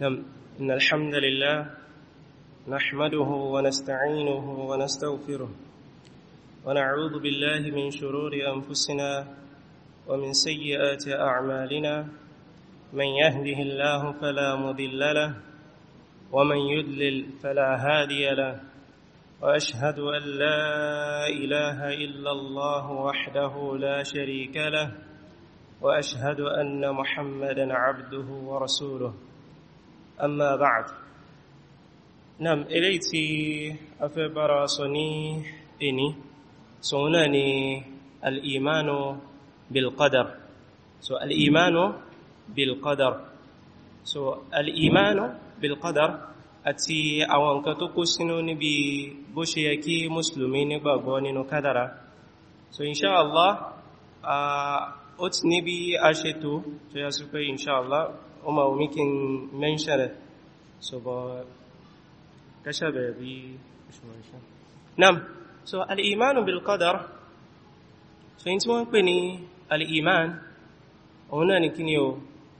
نعم إن الحمد لله نحمده ونستعينه ونستغفره ونعوذ بالله من شرور أنفسنا ومن سيئات أعمالنا من يهده الله فلا مضل له ومن يدلل فلا هادي له وأشهد أن لا إله إلا الله وحده لا شريك له وأشهد أن محمدا عبده ورسوله أما بعد نعم إليتي أفبر صني إني صناني الإيمان بالقدر so الإيمان بالقدر so الإيمان بالقدر àti àwọn nǹkan tó kó sínú níbi bó ṣe yẹ kí mùsùlùmí nígbàgbọ́ nínú kádàrá so inṣáàlá ó ti níbi a ṣètò tó yá sí pé inṣáàlá ó máa omi kí n mẹ́ńṣẹ́ rẹ̀ sọ̀bọ̀ nam so al'iman bil qadar so yin tí wọ́n pè ní al'iman òun náà ni kí o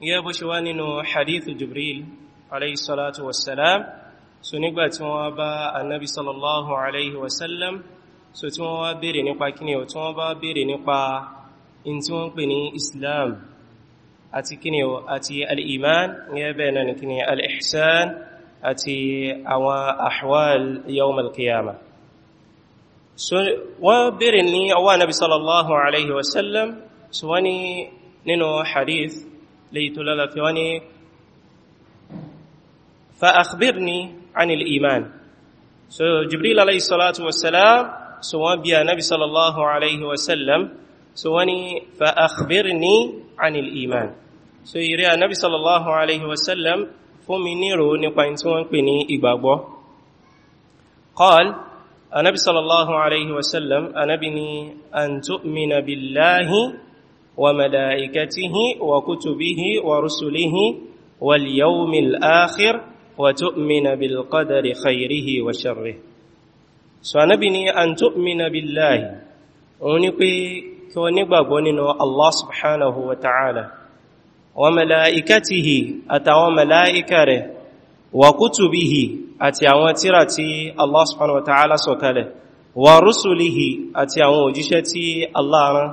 yẹ bó ṣe wá nínú hadithu jibril alayhi salatu wassalam so nígbà tí wọ́n bá annabi sallallahu alayhi wasallam so tí wọ́n wá bèèrè nípa kí ni o tí wọ́n bá bèèrè nípa in tí wọ́n pè ní islam àti kíni o àti al'iman ní ẹbẹ̀ náà ni kíni al'ihsan àti àwọn ahwal yawm al-qiyama so wọ́n bèèrè ní ọwọ́ nabi sallallahu alaihi wasallam so wani nínú hadith lè tó lalafi wani fa akhbirni anil iman so jibril alayhi salatu wasalam so wọ́n bí nabi sallallahu alaihi wasallam so wani fa akhbirni anil iman so ìrẹ́ anábì sallallahu alaihi wasallam fún mi nírò nípa tí wọ́n pè ní ìgbàgbọ́ qal anábì sallallahu alaihi wasallam anábì ni an tu'mina billahi wa malaikatihi wa kutubihi wa rusulihi wal yawmil akhir wa tu'mina bil qadari khairihi wa sharrihi so anábì ni an tu'mina billahi òun ni pé kí wọ́n nígbàgbọ́ Allah subhanahu wa ta'ala wa malaikatihi àtàwọn mẹ́láìkà rẹ̀ wa kutubihi àti àwọn tíra tí Allah subhanahu wa ta'ala sọ̀kalẹ̀ wa rusulihi àti àwọn òjíṣẹ́ tí Allah rán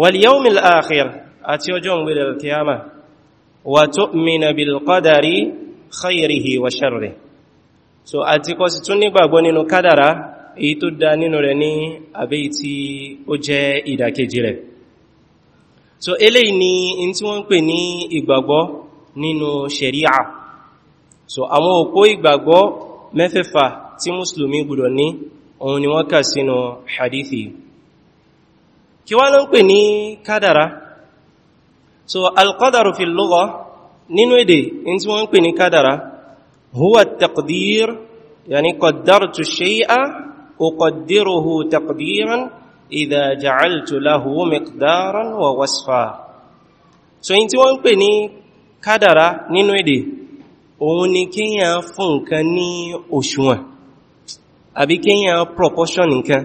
wal yawmil àti ọjọ́ ìgbẹ̀rẹ̀ kìyàmà wa so àti kò sì tún nígbàgbọ́ nínú kádàrá èyí tó so eléyìí ni in tí wọ́n ń pè ní ìgbàgbọ́ nínú so àwọn òpó ìgbàgbọ́ mẹ́fẹ̀fà tí mùsùlùmí gbọ́dọ̀ ní òun ni wọ́n kà sínú hadithi kí wá ló ń pè ní kádàrá so alqadaru fi lugha nínú èdè in tí wọ́n ń pè ní kádàrá huwa taqdir yani qaddartu shay'a uqaddiruhu taqdiran idha ja'altu lahu miqdaran wa wasfa so yin tí wọ́n pè ní kádàrá nínú èdè ohun ni kíyàn fún nǹkan ní òṣùwọ̀n àbí kíyàn proportion nǹkan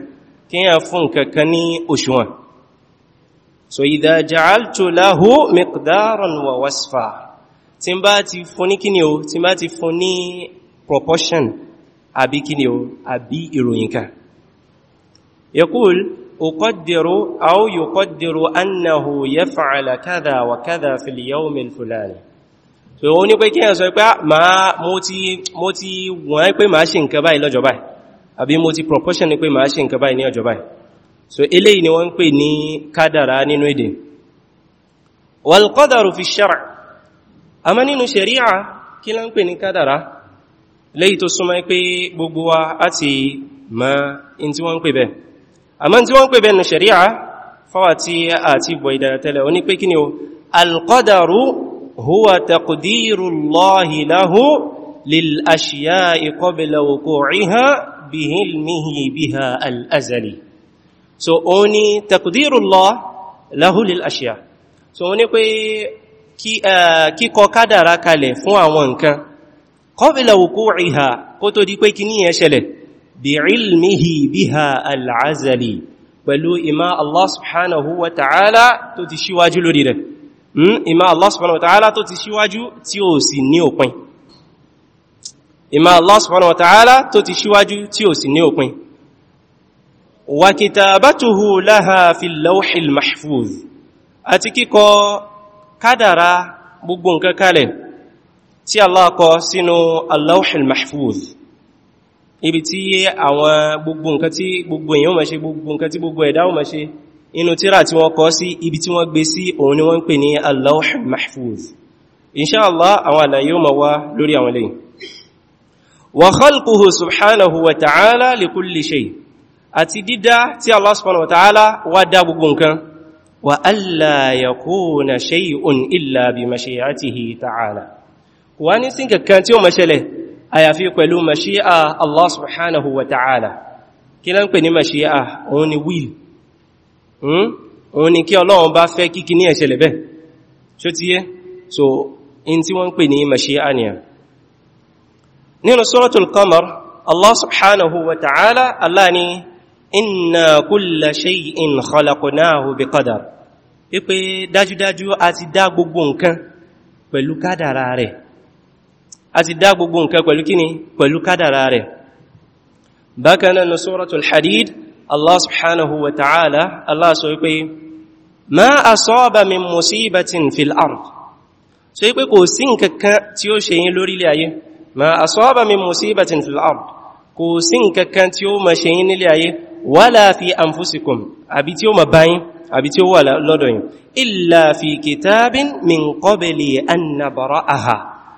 kíyàn fún nǹkan kan ní òṣùwọ̀n so idha ja'altu lahu miqdaran wa wasfa tí n bá ti fún ní kíni o tí n bá ti fún ní proportion àbí kíni o àbí ìròyìn kan yaqul أقدر أو يقدر أنه يفعل كذا وكذا في اليوم الفلاني so ó ní pé kíyàn sọ pé ah, máa mo ti mo ti wọ́n pé máa ṣe nǹkan báyìí lọ́jọ́ báyìí àbí mo ti proportion pé máa ṣe nǹkan báyìí ní ọjọ́ báyìí so eléyìí ni wọ́n ń pè ní kádàrá nínú wal qadaru fi shar' àmọ́ nínú sharia kí la ń pè ní kádàrá léyìí tó súnmọ́ gbogbo wa àti ma in tí wọ́n ń pè àmọ́ tí wọ́n pè bẹ́ẹ̀ nù ṣẹ̀ríà fáwà tí a ti bọ̀ ìdàrà tẹ́lẹ̀ o ní pé kí ni o alqadaru huwa taqdirullahi lahu lil ashiya'i qabla wuqu'iha bi hilmihi biha al so o ní taqdirullah lahu lil so o ní pé kíkọ kádàrá kalẹ̀ fún àwọn nǹkan qabla wuqu'iha bi'ilmihi biha al'azali pẹ̀lú ima Allah subhanahu wa ta'ala tó ti ṣíwájú lórí rẹ̀ ima hmm? Allah subhanahu wa ta'ala tó ti ṣíwájú tí ó sì ní òpin ima Allah subhanahu wa ta'ala tó ti ṣíwájú tí ó sì ní òpin wa kitabatuhu laha fi lawhil mahfuz àti kíkọ kádàrá gbogbo nǹkan kalẹ̀ tí Allah kọ sínú al-lawhil mahfuz ibi tí àwọn gbogbo nǹkan tí gbogbo èèyàn máa ṣe gbogbo nǹkan tí gbogbo ẹ̀dá máa ṣe inú tírà tí wọ́n kọ sí ibi tí wọ́n gbé sí òun ni wọ́n ń pè ní al-lawh mahfuz inṣáàlá àwọn àlàyé ó máa wá lórí àwọn lẹ́yìn wa khalquhu subhanahu wa ta'ala li kulli ní sí tí ó máa àyàfi pẹ̀lú mashi'a Allah subhanahu wa ta'ala kí ló ń pè ní mashi'a òun ni will hmm? òun ni kí Ọlọ́run bá fẹ́ kíkí ní ẹ̀ṣẹ̀lẹ̀ bẹ́ ṣó ti yé so in tí wọ́n pè ní mashi'a ni nínú suratul qamar Allah subhanahu wa ta'ala Allah ni inna kulla shay'in khalaqnahu bi qadar wípé dájúdájú a ti dá gbogbo nǹkan pẹ̀lú kádàrà rẹ̀ a ti dá gbogbo nǹkan pẹ̀lú kíni pẹ̀lú kádàrà rẹ̀ bákanáà na suratul hadid allah subhanahu wa ta'ala allah sọ wípé ma asaba min musibatin fil ard so wípé kò sí nǹkankan tí ó ṣe yín lórílẹ̀ ayé ma asaba min musibatin fil ard kò sí nǹkankan tí ó ma ṣe yín nílẹ̀ ayé wala fi anfusikum àbí tí ó ma báyín àbí tí ó wà lọ́dọ̀ yín illa fi kitabin min qabli an nabra'aha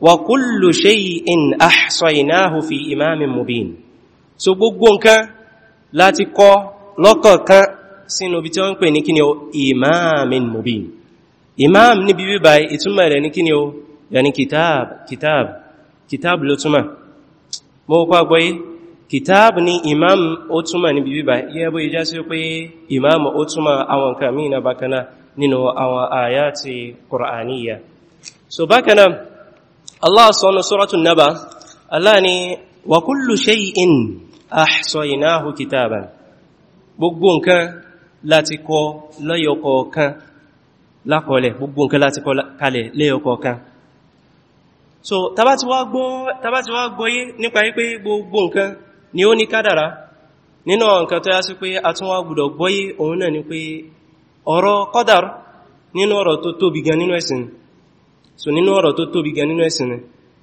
وكل شيء احصيناه في امام مبين so gbogbo nǹkan láti kọ lọ́kọ̀ọ̀kan sínú bí tí wọ́n ń pè ní kíni o imamin mubin imam ní bíbí báyìí ìtumọ̀ rẹ̀ ní kíni o yàní kitab kitab kitab ló túmọ̀ mọ́ ọkọ̀ agbóyí kitab ní imam ó túmọ̀ ní bíbí báyìí yẹ́bọ́ ìjá sí pé imam ó túmọ̀ àwọn nǹkan na bákaná nínú àwọn àyàtì Qur'aniyya so bákanáà Allah sọ ní Suratul Naba, Allah ni, wa kullu shay'in ahsaynahu kitaban. Gbogbo nǹkan láti kọ lẹ́yọkọ̀ọ̀kan lákọọlẹ̀, gbogbo nǹkan láti kọ kalẹ̀ lẹ́yọkọ̀ọ̀kan. So, tàbá ti wá gbọ́yé nípa wípé gbogbo nǹkan ni ó ní kádàrá nínú nǹkan tó yá sí pé a tún wá gbọ́dọ̀ gbọ́yé òun náà ni pé ọ̀rọ̀ kádàrá nínú ọ̀rọ̀ tó tóbi gan nínú ẹ̀sìn so nínú ọ̀rọ̀ tó tóbi gan nínú ẹ̀sìn ni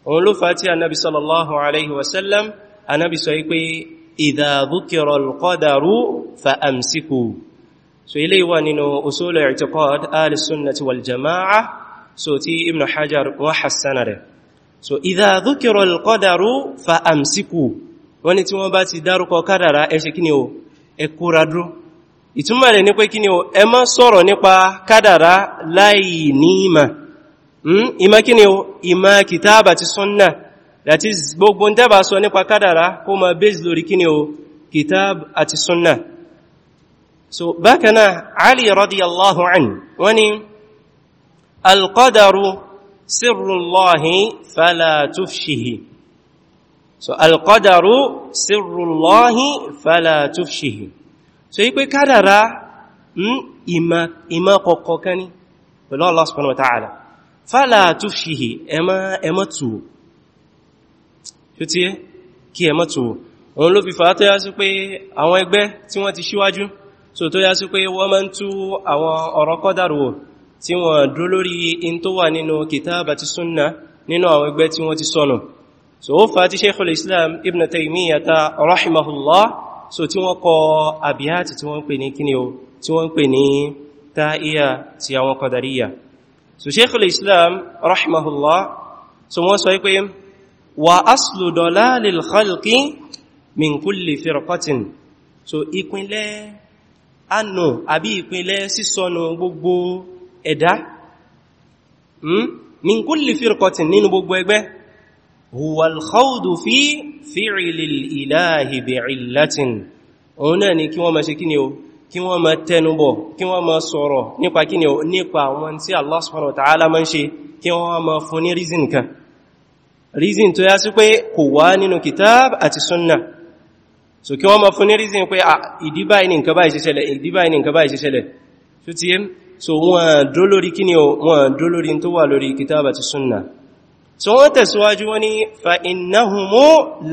òun ló fa tí anábi sallallahu alaihi wasallam anábi sọ wípé idha dhukira al-qadaru fa'amsiku so ilé wà nínú usul i'tiqad al-sunnati wal jama'a so tí ibn hajar wọ́n hassana so idha dhukira al-qadaru fa'amsiku wọ́n ni tí wọ́n ti dárúkọ kádàrá ẹ ṣe kíni o ẹ kúra dúró ìtumọ̀ rẹ̀ ní pé kíni o ẹ má sọ̀rọ̀ nípa kádàrá láì níma Hmm? ìmá kí ni ìmá kìtàbà ti súnnà that is gbogbo dábà sọ nípa kádàrá kó ma base lórí kí ni o kìtàb àti súnnà so bákanáà Ali radiyallahu an wani alqadaru sirrullahi fala tufshihi so alqadaru sirrullahi fala tufshihi so yí pé kádàrá hmm, ìmá kọ̀kọ̀ kan ni pẹ̀lú Allah subhanahu wa ta'ala fàlà tó fìhì ẹmọ́tù tí kí ẹmọ́tù òun ló fi fàá tó yá sí pé àwọn ẹgbẹ́ tí wọ́n ti ṣíwájú so tó yá sí pé wọ́n máa ń tú àwọn ọ̀rọ̀ kọ́dàrùwò tí wọ́n dúró lórí in tó wà nínú kìtàbà ti súnnà nínú àwọn ẹgbẹ́ tí wọ́n ti sọnù so ó fàá Islam Ibn Taymiyyata rahimahullah so tí wọ́n kọ àbíyàtì tí wọ́n ń pè ní kíni o tí wọ́n ń ti àwọn kọ̀dàríyà so sheikhul islam rahimahullah so wọ́n sọ pé wa aslu dalalil khalqi min kulli firqatin so ìpínlẹ̀ anu àbí ìpínlẹ̀ sísọnù gbogbo ẹ̀dá hmm? min kulli firqatin nínú gbogbo ẹgbẹ́ huwa al-khawdu fi fi'li al-ilahi bi'illatin òun ni kí wọ́n máa ṣe kí ni o kí wọ́n ma tẹnubọ̀ kí wọ́n ma sọ̀rọ̀ nípa kí ni nípa wọn tí Allah subhanahu wa ta'ala ma ń ṣe kí wọ́n ma fún ní reason kan reason tó yá sí pé kò wá nínú kitab àti sunna so kí wọ́n ma fún ní reason pé ah, ìdíbà ní nǹkan báyìí ṣẹlẹ̀ ìdíbà ní nǹkan báyìí ṣẹlẹ̀ tó ti yẹ so wọ́n dó lórí kí ni wọ́n dó lórí tó wà lórí kitab àti sunna so wọ́n tẹ̀síwájú wọ́n ni fa innahumu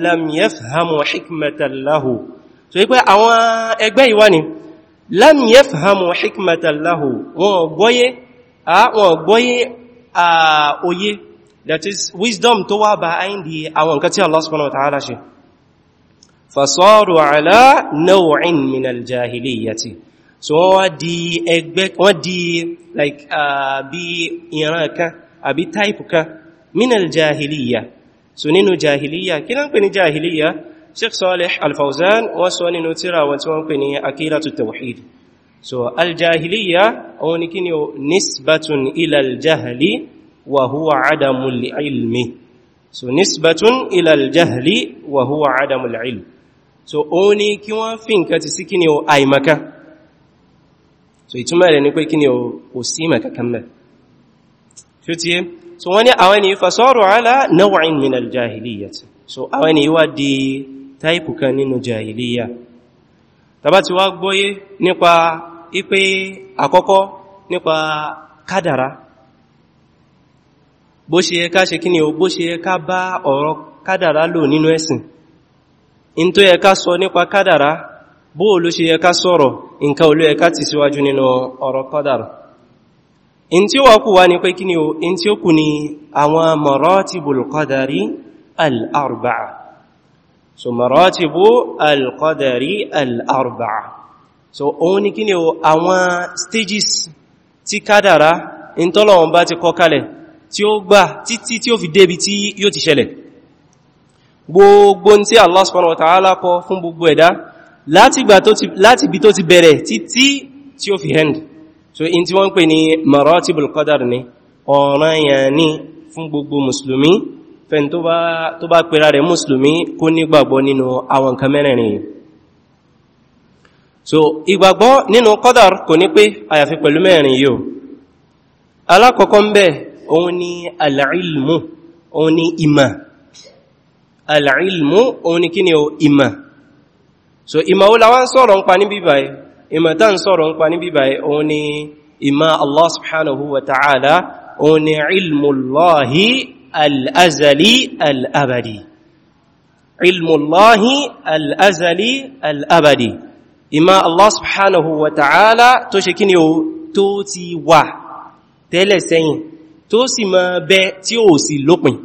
lam yafhamu hikmatan lahu so yí pé àwọn ẹgbẹ́ ìwá ni lam yafhamu hikmatan lahu wọn gbọ́yé wọn gbọ́yé òye that is wisdom tó wà bá ayin di àwọn nǹkan tí Allah subhanahu wa ta'ala ṣe fasaru ala naw'in min aljahiliyyati so wọ́n wá di ẹgbẹ́ wọ́n di like bí ìran kan àbí type kan min aljahiliyya so nínú jahiliyya kí náà pè jahiliyya sheikh salih al-fawzan wọ́n sọ nínú tírà wọn tí wọ́n pè ní akíratù tawhid so aljahiliya òun ni kíni o nisbatun ila aljahli wa huwa adamul ilmi so nisbatun ila aljahli wa huwa adamul ilmi so òun ni kí wọ́n fi nǹkan ti sí kíni o àìmaka so ìtumọ̀ rẹ̀ ni pé kíni o kò sí makakan mẹ́ so wọ́n ni àwọn ènìyàn fasaru ala naw'in min aljahiliyati so àwọn ènìyàn táìpù kan nínú jahiliya tàbá ti wá gbọ́yé nípa ipé àkọ́kọ́ nípa kádàrá bó ṣe yẹ ká ṣe kí ni o bó ṣe yẹ ká bá ọ̀rọ̀ kádàrá lò nínú ẹ̀sìn in tó yẹ ká sọ nípa kádàrá bó ló ṣe yẹ ká sọ̀rọ̀ nǹkan olú yẹ ti síwájú nínú ọ̀rọ̀ kádàrá in tí ó wà wá ní pé kí ni o in tí ó kù ni àwọn maratibul qadari al-arba'a so maratibu al-qadari al-arba'a so òun ni kí ni o àwọn stages tí kádàrá in tọ́lọ̀wọ̀n bá ti kọ kalẹ̀ tí ó gbà títí tí ó fi débi tí yóò ti ṣẹlẹ̀ gbogbo tí Allah subhanahu wa ta'ala kọ fún gbogbo ẹ̀dá láti bí tó ti bẹ̀rẹ̀ títí tí ó fi end so in tí wọ́n pè ní maratibul qadar ni ọ̀ranyàn ni fún gbogbo musulmi fẹ́n tó bá pèrà rẹ̀ mùsùlùmí kó nígbàgbọ́ nínú àwọn nǹkan mẹ́rẹ̀rin so ìgbàgbọ́ nínú qadar kò ní pé àyàfi pẹ̀lú mẹ́rin yóò alákọ̀ọ́kọ́ ń bẹ òun ni al-ilmu òun ni ìmà al-ilmu òun ni kí ni o ìmà so ìmà ó láwá ń sọ̀rọ̀ ń pa ní bíbáyé ìmà Allah subhanahu wa ta'ala òun ni ilmullahi الأزلي الأبدي علم الله الأزلي الأبدي إما الله سبحانه وتعالى تشكيني توتي وا tẹ́lẹ̀ sẹ́yìn tó sì mọ̀ bẹ tí ó sì lópin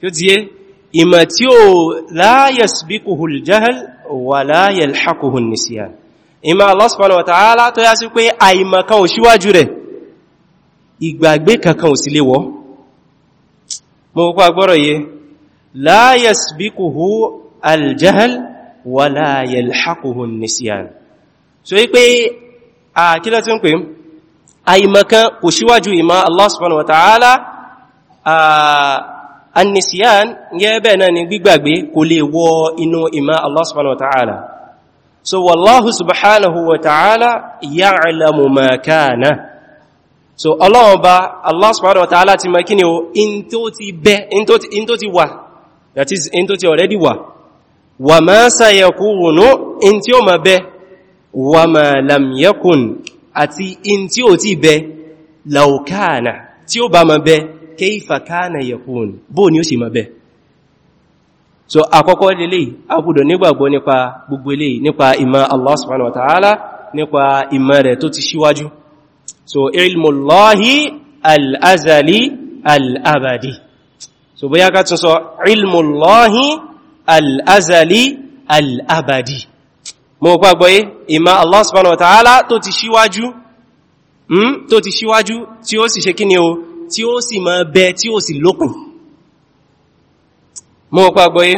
tí ó díẹ̀ ìmọ̀ tí ó la yasbiquhu al-jahl wa la yalhaquhu an-nisyan ìmọ̀ Allah subhanahu wa ta'ala tó yá sí pé àìmọ̀ kan rẹ̀ ìgbàgbé kankan ò sí léwọ́ gbogbo agbọ́rọ̀ yé la yasbiquhu aljahl wala yalhaquhu nisyan so yí pé a kílẹ̀ tí ń pè àìmọ̀kan kò síwájú ìmọ̀ Allah subhanahu wa ta'ala annisiyan yẹ́ bẹ́ẹ̀ náà ni gbígbàgbé kò lè wọ inú ìmọ̀ Allah subhanahu so ọlọ́run ọba Allah subhanahu wa ta'ala ti mọ̀ kí ni o in tó ti wà that is in tó ti already wà wa ma sayakunu in tí ó ma bẹ́ wa ma lam yakun àti in tí ó ti bẹ́ law kana tí ó bá ma bẹ́ kayfa kana yakun bó ni ó sì ma bẹ́ so àkọ́kọ́ lélẹ̀ àbúdọ̀ nígbàgbọ́ nípa gbogbo lè nípa ìmọ̀ Allah subhanahu wa ta'ala nípa ìmọ̀ rẹ̀ tó ti síwájú so ilmullahi al'azali al'abadi so bóyá ká tó sọ ilmullahi al'azali al'abadi mọ̀ pa gbọ́yé ìmá Allah subhanahu wa ta'ala tó ti ṣíwájú hmm, tó ti ṣíwájú tí ó sì ṣe kí ni o tí ó sì máa bẹ tí ó sì lókun mọ̀ pa gbọ́yé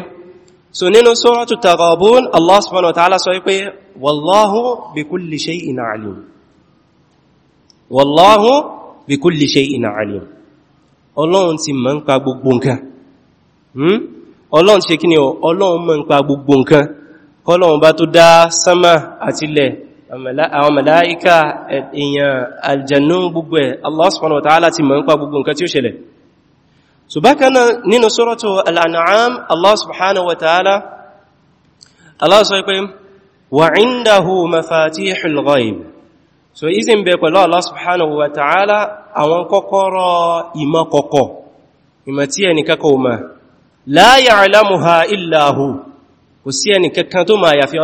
so nínú suratu Taghabun Allah subhanahu wa ta'ala sọ wípé wallahu bi kulli shay'in alim wallahu bi kulli shay'in alim ọlọ́run ti mọ̀ ń pa gbogbo nǹkan hmm? ọlọ́run ti ṣe kí ni ọlọ́run mọ̀ ń pa gbogbo nǹkan kọlọ́run bá tó dá sánmà àtilẹ̀ àwọn màláíkà èèyàn aljannu gbogbo ẹ̀ Allah subhanahu wa ta'ala ti mọ̀ ń pa gbogbo nǹkan tí ó ṣẹlẹ̀ mafatihul ghaib so isi n bẹ pẹ̀lú Allah subhanahu wa ta'ala àwọn kọ́kọ́rọ́ ìmọ̀ kọ̀kọ̀ ìmọ̀ tí ẹni kẹ́kọ̀ ma la ya'lamuha illa hu kò sí ẹni kẹ́kàn tó ma àfi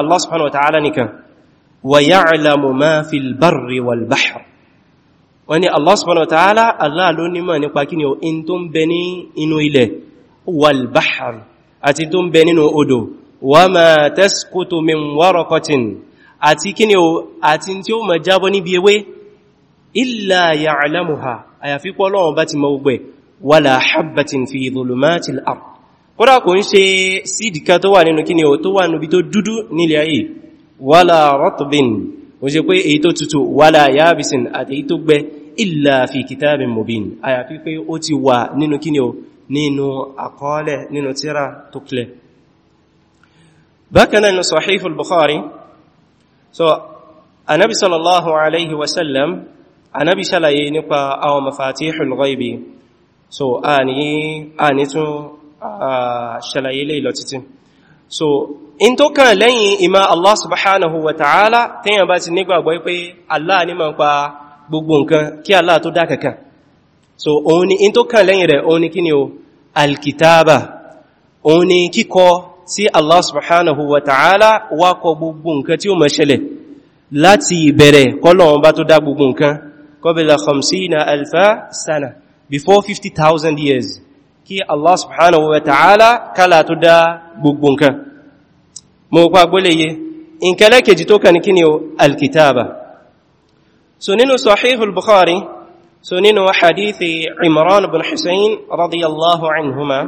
Allah subhanahu wa ta'ala nìkan wa ya'lamu ma fil barri wal bahr wani Allah subhanahu wa ta'ala Allah ló nímọ̀ nípa kí ni o in tó ń bẹ ní inú ilẹ̀ wal bahr àti tó ń bẹ nínú odò wa ma tasqutu min waraqatin àti kíni o àti tí ó mọ̀ jábọ́ níbi ewé illa ya'lamuha àyàfi pé Ọlọ́run bá ti mọ gbogbo ẹ̀ wala habbatin fi dhulumatil ard kódà kò ń ṣe sídìká tó wà nínú kíni o tó wà níbi tó dúdú nílẹ̀ ayé wà nínú kíni o Sahihul Bukhari so anabi sallallahu alayhi wa sallam anabi ṣàlàyé nípa àwọn mafatihul ghaibi so a ní a ní tún ṣàlàyé lè so in tó kàn lẹ́yìn ìmá allah subhanahu wa ta'ala tẹ́yàn bá ti nígbàgbọ́ pé allah ní ma pa gbogbo nǹkan kí allah tó dá kankan so òun ni in tó kàn lẹ́yìn rẹ̀ òun ni kí ni o alkitaba òun ni sí Allah subhanahu wa ta'ala wá kọ gbogbo nǹkan tí ó máa ṣẹlẹ̀ láti ìbẹ̀rẹ̀ kọ́lọ̀wọ́n bá tó dá gbogbo nǹkan qabla khamsina alfa sana before 50,000 years kí Allah subhanahu wa ta'ala kálà tó dá gbogbo nǹkan mọ̀ pa gbólẹ̀yẹ ìkẹlẹ́kẹjì tó kàn kí ni o alkitaba so nínú sahihul bukhari so nínú hadithi imran bin hussein radiyallahu anhuma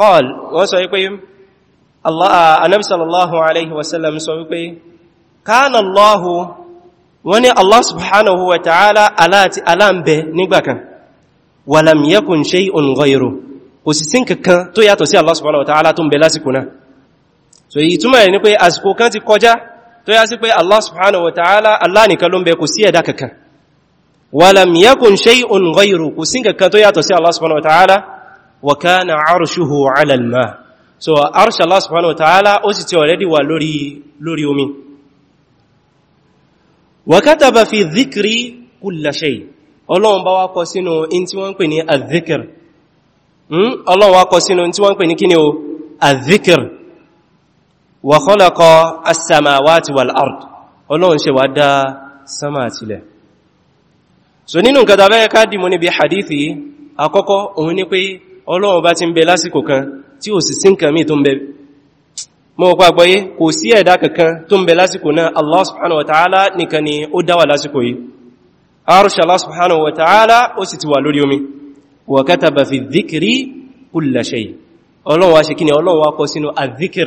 qal wọ́n sọ ikpe Ànábì sallallahu alaihi wasallam sọ wípé kana Allahu wọ́n ní Allah subhanahu wa ta'ala aláti aláàbẹ̀ nígbàkan walam yakun shay'un ghayru kò sì sí nǹkankan tó yàtọ̀ sí Allah subhanahu wa ta'ala tó ń bẹ lásìkò náà so èyí túmọ̀ ní pé àsìkò kan ti kọjá tó yá sí pé Allah subhanahu wa ta'ala Allah nìkan ló ń bẹ kò sí ẹ̀dá kankan walam yakun shay'un ghayru kò sí nǹkankan tó yàtọ̀ sí Allah subhanahu wa ta'ala wa kana arshuhu 'ala al so arṣe Allah subhanahu wa ta'ala ó sì ti already wà lórí lórí omi wa kataba fi dhikri kulla shay ọlọ́run bá wá kọ sínú in tí wọ́n ń pè ní adhikr hmm? ọlọ́run wá kọ sínú in ọlọ́run ṣe wá dá sama àtilẹ̀ so nínú nǹkan tàbẹ́ ká dìmọ́ níbi hadithi àkọ́kọ́ òun ni pé ọlọ́run bá ti ń bẹ lásìkò kan tí ò sì sí nǹkan mí tó ń bẹ mọ́ ọ̀pá àgbọ́yé kò sí ẹ̀dá kankan tó ń bẹ lásìkò náà Allah subhanahu wa ta'ala nìkan ni ó dáwà lásìkò yìí arṣà Allah subhanahu wa ta'ala ó sì ti wà lórí omi wa kataba fi dhikri kulla shay Ọlọ́run wá ṣe kí ni Ọlọ́run wá kọ sínú adhikr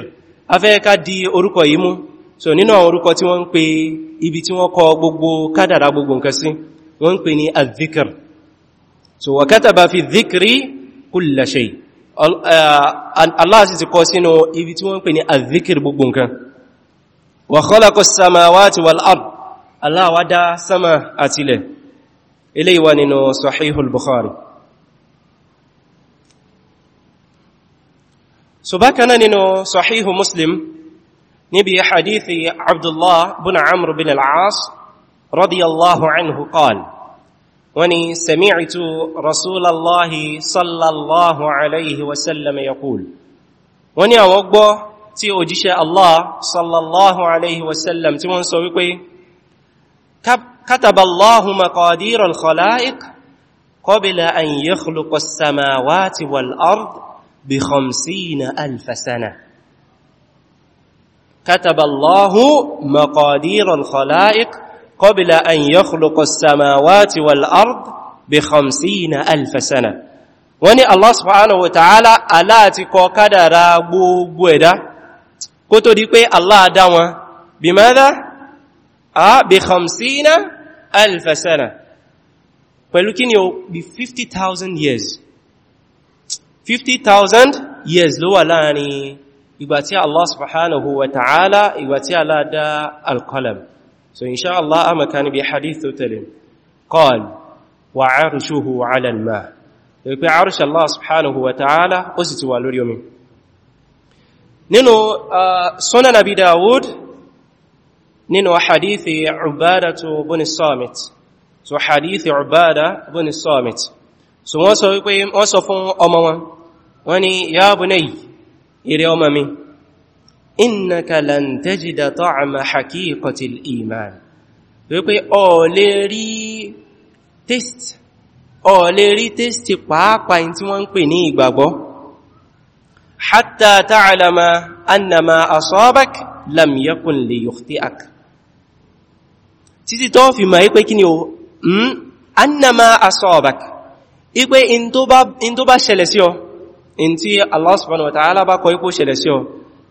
kulla shay Eh, Allah sì ti kọ sínú ibi tí wọ́n pè ní azikir gbogbo nǹkan wa khalaqa as-samawati wal ard Allah wá dá sama àtilẹ̀ ilé ìwà nínú sahihul Bukhari so bákaná nínú sahihu Muslim níbi hadithi Abdullah bin Amr bin al-As radiyallahu anhu qala وني سمعت رسول الله صلى الله عليه وسلم يقول وني اوغبو تي اوجيشه الله صلى الله عليه وسلم تي مون كتب الله مقادير الخلائق قبل ان يخلق السماوات والارض بخمسين ألف سنه كتب الله مقادير الخلائق قبل أن يخلق السماوات والأرض بخمسين ألف سنة wọ́n ní Allah subhanahu wa ta'ala aláàti kọ kádàrá gbogbo ẹ̀dá kó tó di pé Allah dá wọn bí mẹ́dá a bí khamsina alfa sana pẹ̀lú kí ni o bí 50,000 years 50,000 years ló wà láàrin ìgbà tí Allah subhanahu wa ta'ala ìgbà tí Allah dá al-qalam so inshallah ama kan bi hadith tó tẹ̀lé qal wa arshuhu ala al-ma to pe arsh Allah subhanahu wa ta'ala ó sì ti wà lórí omi nínú uh, sunan abi daud nínú hadithi ubada to bin samit so hadithi ubada bin samit so wọ́n sọ pé wọ́n sọ fún ọmọ wọn wọ́n ní ya bunay ire ọmọ mi innaka lan tajida ta'ama haqiqatil iman wípé ó lè rí taste ó lè rí taste pàápàá in tí wọ́n ń pè ní ìgbàgbọ́ hatta ta'lama annama asabak lam yakun li yukhti'ak títí tó fi máa wípé kí ni o hmm? annama asabak wípé in tó bá ṣẹlẹ̀ sí ọ in tí Allah subhanahu wa ta'ala bá kọ ipò ṣẹlẹ̀ sí ọ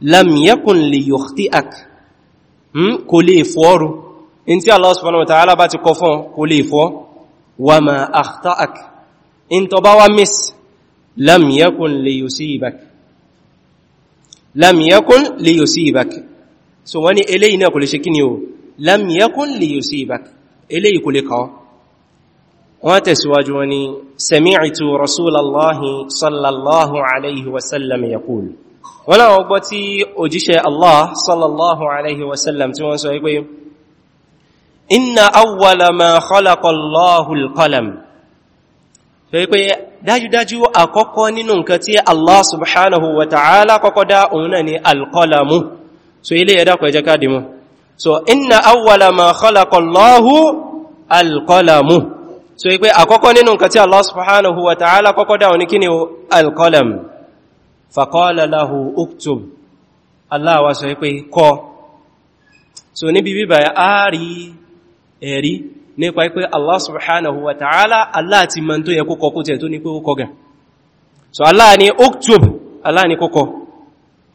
lam yakun liyukhti'ak hmm kò lè foru inti allah subhanahu wa ta'ala bá ti kọ fún kò lè fo wa ma akhta'ak in tó bá wá miss lam yakun liyusibak lam yakun liyusibak so wani eléyìí náà kò lè ṣe kíni o lam yakun liyusibak eléyìí kò lè kàn wọ́n tẹ̀síwájú wani sami'tu rasulallahi sallallahu alaihi wasallam yaqul wọ́n láwọn gbọ́ tí òjíṣẹ́ Allah sallallahu alaihi wasallam tí wọ́n sọ wípé inna awwala ma khalaqa Allahu al-qalam sọ wípé dájúdájú àkọ́kọ́ nínú nǹkan tí Allah subhanahu wa ta'ala kọ́kọ́ dá òun náà ni al-qalamu so ilé ẹ̀dá kọ̀ ẹjẹ́ káàdì mú so inna awwala ma khalaqa Allahu al-qalamu so wípé àkọ́kọ́ nínú nǹkan tí Allah subhanahu wa ta'ala kọ́kọ́ dá òun ní kíni al-qalam fàkọ́ọ́lá láhù uktub aláwà sọ pé kọ́ so níbi bíbà ya áàrí ẹ̀rí nípa pé Allah subhanahu wa ta'ala Allah ti man tó yẹ kó tẹ̀ tó ní pé ó kọ́ so Allah ni uktub Allah ni kọ́kọ́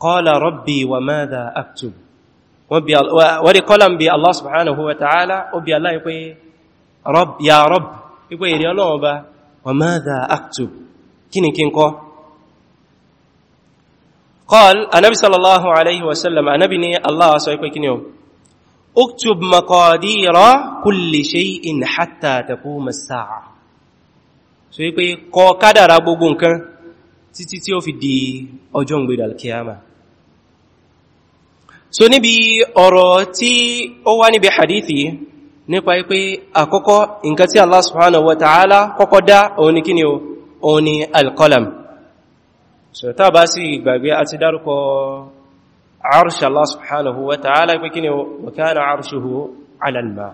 qala rabbi wa madha aktub wọ́n kọ́lá bí Allah subhanahu wa ta'ala ó bí Allah pé ya Rabb ipé ìrẹ́ ọlọ́wọ́ ba wa madha aktub kí ni kí n kọ́ قال النبي صلى الله عليه وسلم أنبني الله سيكون يوم اكتب مقادير كل شيء حتى تقوم الساعة سيكون kọ kádàrá gbogbo nǹkan títí tí ó fi di ọjọ́ ìgbèrè alkiyama so níbi ọ̀rọ̀ tí ó wá níbi hadithi nípa pé àkọ́kọ́ nǹkan tí Allah subhanahu wa ta'ala kọ́kọ́ dá òun ni kíni òun ni alqalam so tá bá sì gbàgbé àti dárúkọ arṣe Allah subhanahu wa ta'ala pé kíni wa kana arṣuhu ala al-ma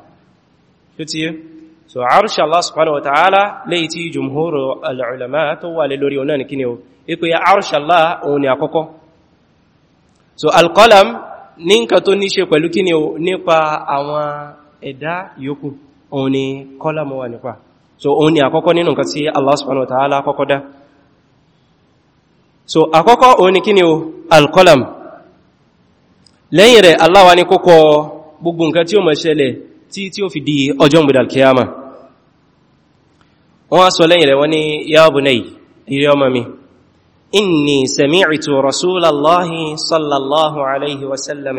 tó tí so arṣe Allah subhanahu wa ta'ala léyìí tí jùmhúrù al-ulama tó wà lé lórí ọ̀nà ní kíni o ipò ya arṣe Allah òun ni àkọ́kọ́ so al-qalam ní nǹkan tó ní ṣe o nípa àwọn ẹ̀dá yòókù òun ni kọ́lámù wà so òun ni àkọ́kọ́ nínú nǹkan Allah subhanahu wa ta'ala kọ́kọ́ so àkọ́kọ́ òun ni kí ni o alkolam lẹ́yìn rẹ̀ Allah wá ní kókọ gbogbo nǹkan tí ó máa ṣẹlẹ̀ tí tí ó fi di ọjọ́ ìgbìdà kíyàmà wọ́n á sọ lẹ́yìn rẹ̀ wọ́n ní ya bunay ìrẹ́ ọmọ mi inni sami'tu rasulallahi sallallahu alaihi wasallam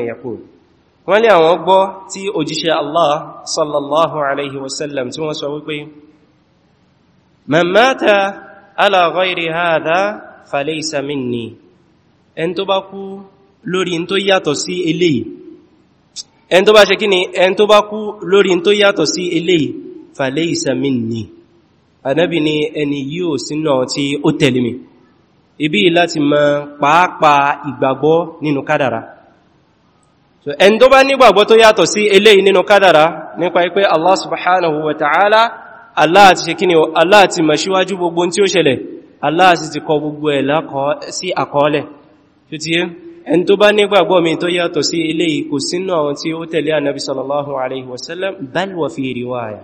falaysa minni ẹn tó bá kú lórí n tó yàtọ̀ sí eléyìí ẹn tó bá ṣe kíni ẹn tó bá kú lórí n tó yàtọ̀ sí eléyìí falaysa minni anábì ni ẹni yíò sínú tí ó tẹ̀lé ibi láti mọ̀ pàápàá ìgbàgbọ́ nínú kádàrá so ẹn tó bá nígbàgbọ́ tó yàtọ̀ sí eléyìí nínú kádàrá nípa ipé Allah subhanahu wa ta'ala Allah ti ṣe kíni Allah ti mọ̀ síwájú gbogbo tí ó ṣẹlẹ̀ Allah sì ti kọ gbogbo ẹ̀ sí àkọọ́lẹ̀ tó ti yé ẹni tó bá nígbàgbọ́ mi tó yàtọ̀ sí eléyìí kò sínú àwọn tí ó tẹ̀lé ànábì sallallahu alaihi wasallam bal wa fi riwaya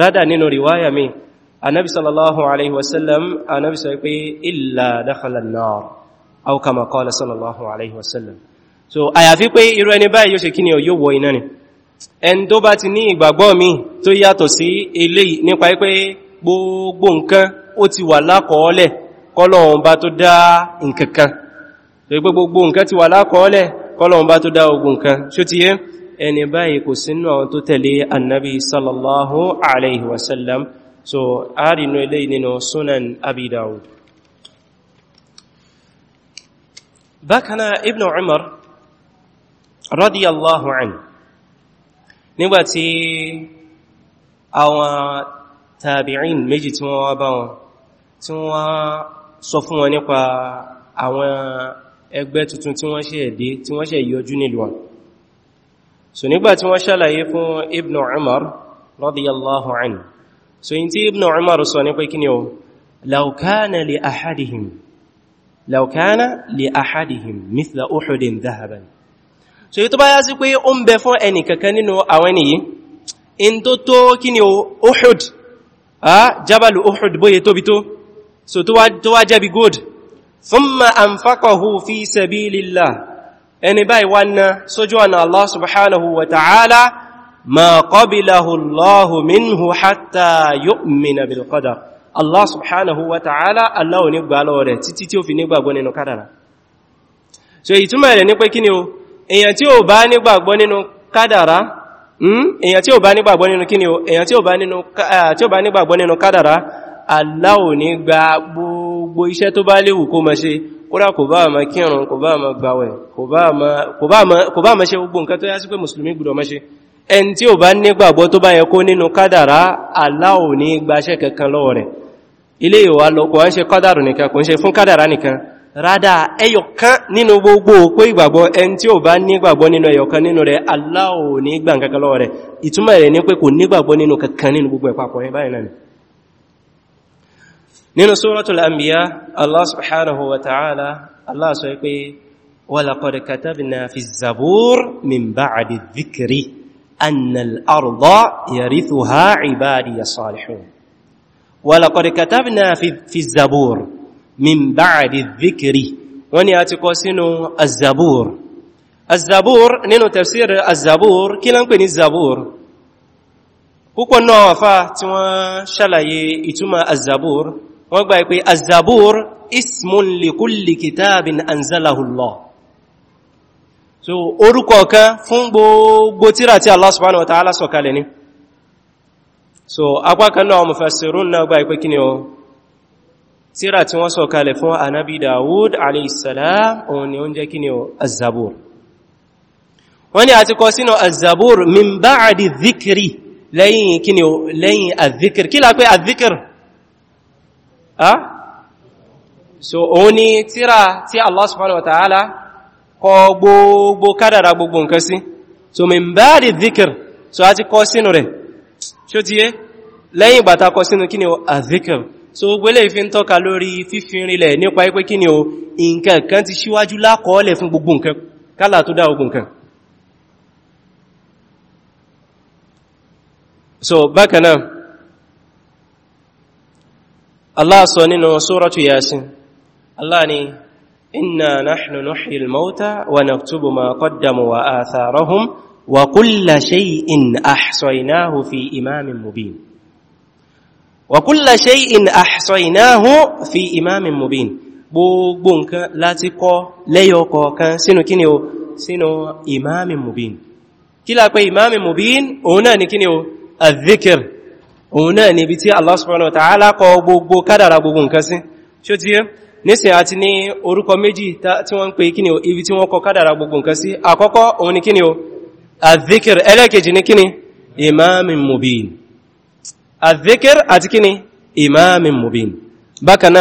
rádà nínú riwaya mi ànábì sallallahu alaihi wasallam ànábì sọ pé illa dakhala so àyàfi pé irú ẹni báyìí yóò ṣe kí ni ò yóò wọ iná ni ẹni tó bá ti gbogbo nǹkan ó ti wà lákọọ́lẹ̀ kọ́lọ̀wọ̀n bá tó dá nkankan gbogbo gbogbo nkan ti wà lákọọ́lẹ̀ kọ́lọ̀wọ̀n bá tó dá ogun nkan ṣó ti yé ẹni báyìí kò sínú àwọn tó tẹ̀lé annabi sallallahu alaihi wasallam so àrínú ilé nínú sunan abi dawud bákaná ibn umar radiyallahu anhu nígbàtí àwọn tàbí'in méjì tí wọ́n wá bá wọn tí wọ́n sọ fún wọn nípa àwọn ẹgbẹ́ tuntun tí wọ́n ṣe ẹ̀dẹ́ tí wọ́n ṣe yọjú nílùú wọn so nígbà tí wọ́n ṣàlàyé fún Ibn Umar radiyallahu anhu so yin tí Ibn Umar sọ nípa kí ni o law kana li ahadihim law kana li ahadihim mithla uhudin dhahaban so yí tó bá yá sí pé ó ń bẹ fún ẹnì kankan nínú àwọn ènìyàn in tó tó kí o uhud ah jabalu uhud bóyẹ tóbi tó so tó wá jẹ́bi gold thumma anfaqahu fi sabilillah ẹni báyìí wá ná sójú ọ̀nà Allah subhanahu wa ta'ala ma qabilahu Allahu minhu hatta yu'mina bil qadar Allah subhanahu wa ta'ala Allah ò ní gbà lọ́wọ́ rẹ̀ títí tí ó fi nígbàgbọ́ nínú kádàrà so ìtumọ̀ rẹ̀ ní pé kí ni o èyàn tí ó bá nígbàgbọ́ nínú kádàrá hmm? èyàn tí ó bá nígbàgbọ́ nínú kí ni o èyàn tí ó bá nígbàgbọ́ eh, nínú kádàrá aláwò ní gba gbogbo iṣẹ́ tó bá léwu kó ma ṣe kódà kò bá ma kírun kò bá ma gbàwẹ̀ kò bá ma ṣe gbogbo nǹkan tó yá sí pé mùsùlùmí gbọ́dọ̀ ma ṣe ẹni tí ò bá nígbàgbọ́ tó bá yẹ kó nínú kádàrá aláwò ní gbaṣẹ́ kankan lọ́wọ́ rẹ̀ ilé ìwà lọ́kọ̀ wọ́n ṣe kádàrù nìkan kò ń ṣe fún kádàrá nìkan rádá ẹyọkan nínú gbogbo òpó ìgbàgbọ́ ẹni tí ò bá nígbàgbọ́ nínú ẹyọkan nínú rẹ̀ نين سورة الأنبياء الله سبحانه وتعالى الله سيقول ولقد كتبنا في الزبور من بعد الذكر أن الأرض يرثها عبادي الصالحون ولقد كتبنا في, في الزبور من بعد الذكر وني أتقوسين الزبور الزبور نين تفسير الزبور كلا نقول الزبور kúkọ̀ náà wà fà tí wọ́n wọ́n gbà pé azabur ismun likulli kitabin anzalahullah so orúkọ kan fún gbogbo tírà tí Allah subhanahu wa ta'ala sọ̀kalẹ̀ ni so apá kan náà mufassirun náà gbà pé kí ni o tírà tí wọ́n sọ̀kalẹ̀ fún anabi Dawud alayhisalam òun ni ó kí ni o azabur so òun ni tíra tí Allah subhanahu wa ta'ala kọ gbogbo kádàrà gbogbo nǹkan sí so min ba'di dhikr so a ti kọ sínú rẹ̀ ṣó ti yé lẹ́yìn ìgbàta kọ sínú kí ni o adhikr so gbogbo ilé ìfin tọ́ka lórí fífinrinlẹ̀ nípa ipé kí ni o nǹkan kan ti ṣíwájú lákọọ́lẹ̀ fún gbogbo nǹkan kálà tó dá ogun kan so bákan Allah sọ nínú suratu Yasin Allah ni inna nahnu nuhyi al-mauta wa naktubu ma qaddamu wa atharahum wa kulla shay'in ahsaynahu fi imamin mubin wa kulla shay'in ahsaynahu fi imamin mubin gbogbo nǹkan láti kọ lẹ́yọ kọ̀ọ̀kan sínú kíni o sínú imamin mubin kí la imamin mubin òun náà ni kíni o òun náà ni ibi tí Allah subhanahu wa ta'ala kọ gbogbo kádàrà gbogbo nǹkan sí ṣó tí yẹ́ nísìn àti ní orúkọ méjì tí wọ́n ń pè kíni o ibi tí wọ́n kọ kádàrà gbogbo nǹkan sí àkọ́kọ́ òun ni kíni o azikir ẹlẹ́kejì ni kíni imamin mubin azikir àti kíni imamin mubin bákan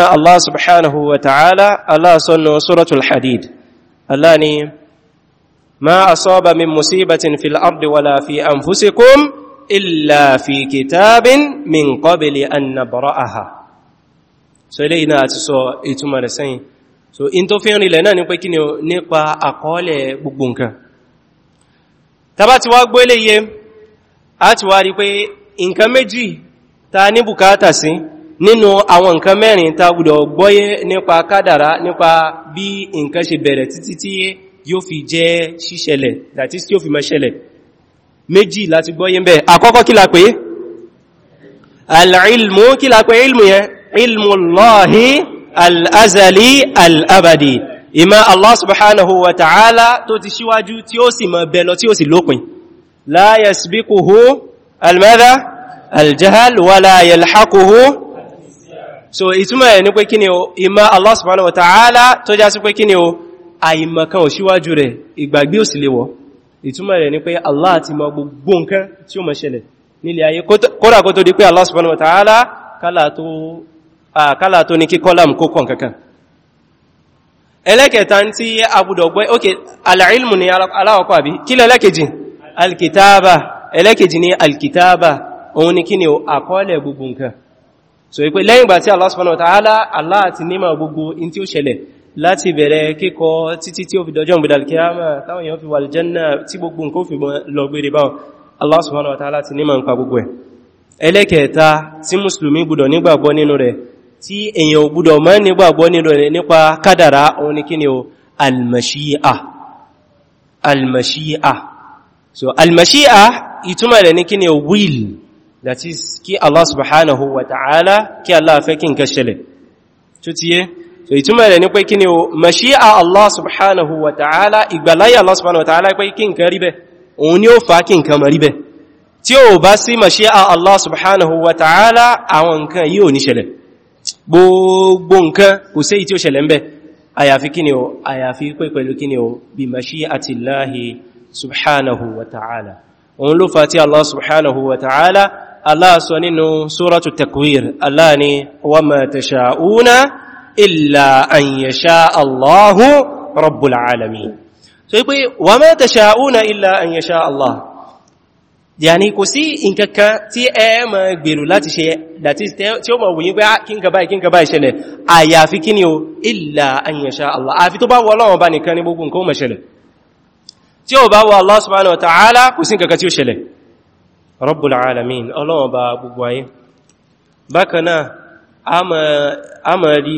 illa fi kitabin min qabli an nabra'aha so ile ina àti sọ ìtumọ̀ rẹ̀ sẹ́yìn so in tó fi ń rilẹ̀ náà ní pé kíni nípa àkọọ́lẹ̀ gbogbo nǹkan tàbá ti wá gbọ́ eléyé a ti wá rí pé nǹkan méjì ta ní bùkátà sí nínú àwọn nǹkan mẹ́rin ta gbọ́dọ̀ gbọ́yé nípa kádàrá nípa bí nǹkan ṣe bẹ̀rẹ̀ títí tí yóò fi jẹ́ ṣíṣẹlẹ̀ that is tí fi máa ṣẹlẹ̀ méjì láti gbọ́yé bẹ́ àkọ́kọ́ kí la pé al'ilmu kí la pé ilmu yẹn ilmu Allahi al'azali al'abadi ìmá Allah subhanahu wa ta'ala tó ti ṣíwájú tí ó sì mọ̀ bẹ̀lọ tí ó sì lópin la yasbiquhu almadha aljahal wa la yalhaquhu so ìtumọ̀ ẹ̀ ní pé kí ni o ìmá Allah subhanahu wa ta'ala tó já sí pé kí ni o àìmọ̀kan ò ṣíwájú rẹ̀ ìgbàgbé ò sì léwọ́ ìtumọ̀ rẹ̀ ni pé Allah ti mọ gbogbo nǹkan tí ó mọ̀ ṣẹlẹ̀ nílé ayé kódà kó tó di pé Allah subhanahu wa ta'ala kálà tó ní kíkọ́ láàmù kó kàn kankan ẹlẹ́kẹta tí abúdọ̀gbẹ́ ok al'ilmu ni aláwọ̀kọ́ àbí kí lẹ́lẹ́kẹjì alkitaba ẹlẹ́kẹjì ni alkitaba òun ni kí ni àkọọ́lẹ̀ gbogbo nǹkan so ipé lẹ́yìn gbà tí Allah subhanahu wa ta'ala Allah ti nímọ̀ gbogbo in tí ó ṣẹlẹ̀ láti bẹ̀rẹ̀ kíkọ títí tí ó fi dọjọ́ ìgbìdàlkíyàmà táwọn èèyàn fi wà aljanna tí gbogbo nǹkan fi lọ gbére báwọn Allah subhanahu wa ta'ala ti ní ma ń pa gbogbo ẹ̀ ẹlẹ́kẹ̀ẹ́ta tí mùsùlùmí gbọ́dọ̀ nígbàgbọ́ nínú rẹ̀ tí èèyàn gbọ́dọ̀ má nígbàgbọ́ nínú rẹ̀ nípa kádàrá òun ni kí ni o so ìtumọ̀ rẹ̀ ní pé kí ni o mashi'a Allah subhanahu wa ta'ala ìgbàláyà Allah subhanahu wa ta'ala pé kí nǹkan rí bẹ́ òun ni ó fa kí nǹkan mọ̀ rí bẹ́ tí ó bá sí mashi'a Allah subhanahu wa ta'ala àwọn nǹkan yìí ní ṣẹlẹ̀ gbogbo nǹkan kò sí èyí ó ṣẹlẹ̀ ń bẹ Allah sọ nínú suratu takwir Allah ni wa ma tasha'una illa an yasha Allahu rabbul alamin so pé wa ma tashauna illa an yasha Allah yani kò sí nǹkankan tí ẹ ma gbèrò láti ṣe that is tí ó ma wuyin pé ah, kin ka báyìí kin ka báyìí ṣẹlẹ̀ àyàfi kíni o illa an yasha Allah àfi tó bá wo Ọlọ́run bá nìkan ni gbogbo nǹkan ó ma ṣẹlẹ̀ tí ó bá wo Allah subhanahu wa ta'ala kò sí nǹkankan tí ó ṣẹlẹ̀ rabbul alamin Ọlọ́run bá gbogbo ayé bákan a mọ̀ rí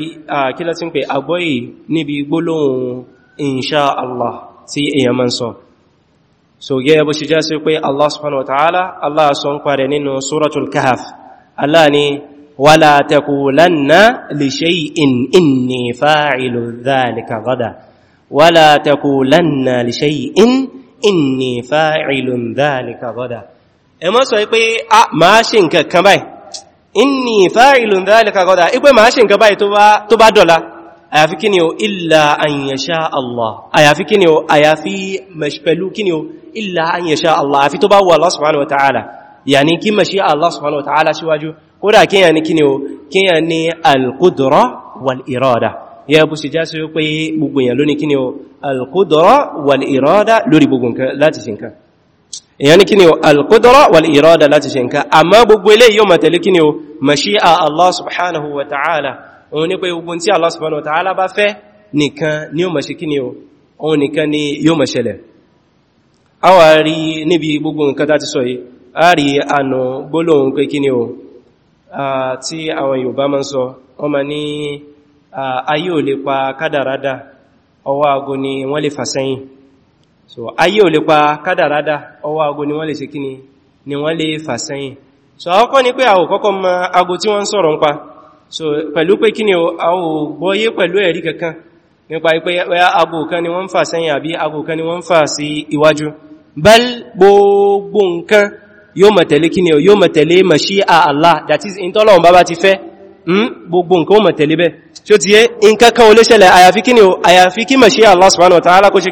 kílá tí ń pè agbóyì níbi gbólóhùn insha Allah tí èyàn mọ́ sọ so gẹ́ ẹbú ṣe já sí pé Allah subhanahu wa ta'ala Allah sọ ń parẹ nínú suratul kahf Allah ni wala taqulanna li shay'in inni fa'ilu dhalika ghadan wala fa'ilu dhalika ghadan ẹ má sọ pé a ah, máa ṣe nǹkan kan báyìí inni fa'ilun dhalika gọ́dá ipé ma ṣe nǹkan báyìí tó bá dọ̀la àyàfi kí ni o illa an yasha Allah àyàfi kí ni o àyàfi pẹ̀lú kí ni o illa an yasha Allah àfi tó bá wù Allah subhanahu wa ta'ala yàní kí mashi'a Allah subhanahu wa ta'ala síwájú kódà kí yà ní kí ni o kí yà al-qudra wal-irada ya bú sí jásí pé gbogbo yà lónìí kí ni o al-qudra wal-irada lórí gbogbo láti ṣe èyàn ní kíni o al-qudra wal-irada láti ṣe nǹkan àmá gbogbo eléyìí yóò máa tẹ̀lé kíni o mashi'a Allah subhanahu wa ta'ala òun ní pé ogun tí Allah subhanahu wa ta'ala bá fẹ́ nìkan ni yóò máa ṣe kíni o òun nìkan ni yóò máa ṣẹlẹ̀ a rí níbi gbogbo nǹkan tá sọ yìí a rí so ayé ò lè pa kádàrádà ọwọ́ ago ni wọ́n lè ṣe kí ni ni wọ́n lè fà sẹ́yìn so àkọ́kọ́ ni pé a ò kọ́kọ́ mọ ago tí wọ́n ń sọ̀rọ̀ so pẹ̀lú pé kí ni a ò gbọ́yé pẹ̀lú ẹ̀rí kankan nípa pé ago kan ni wọ́n ń fà sẹ́yìn àbí ago kan ni wọ́n fà sí iwájú bal gbogbo nǹkan yóò mọ̀ Allah that is in tọ́lọ̀ bá bá ti fẹ́ hmm? gbogbo nǹkan ó mọ̀ tẹ̀lé bẹ́ tí ó ti yé Allah subhanahu ta'ala kó ṣe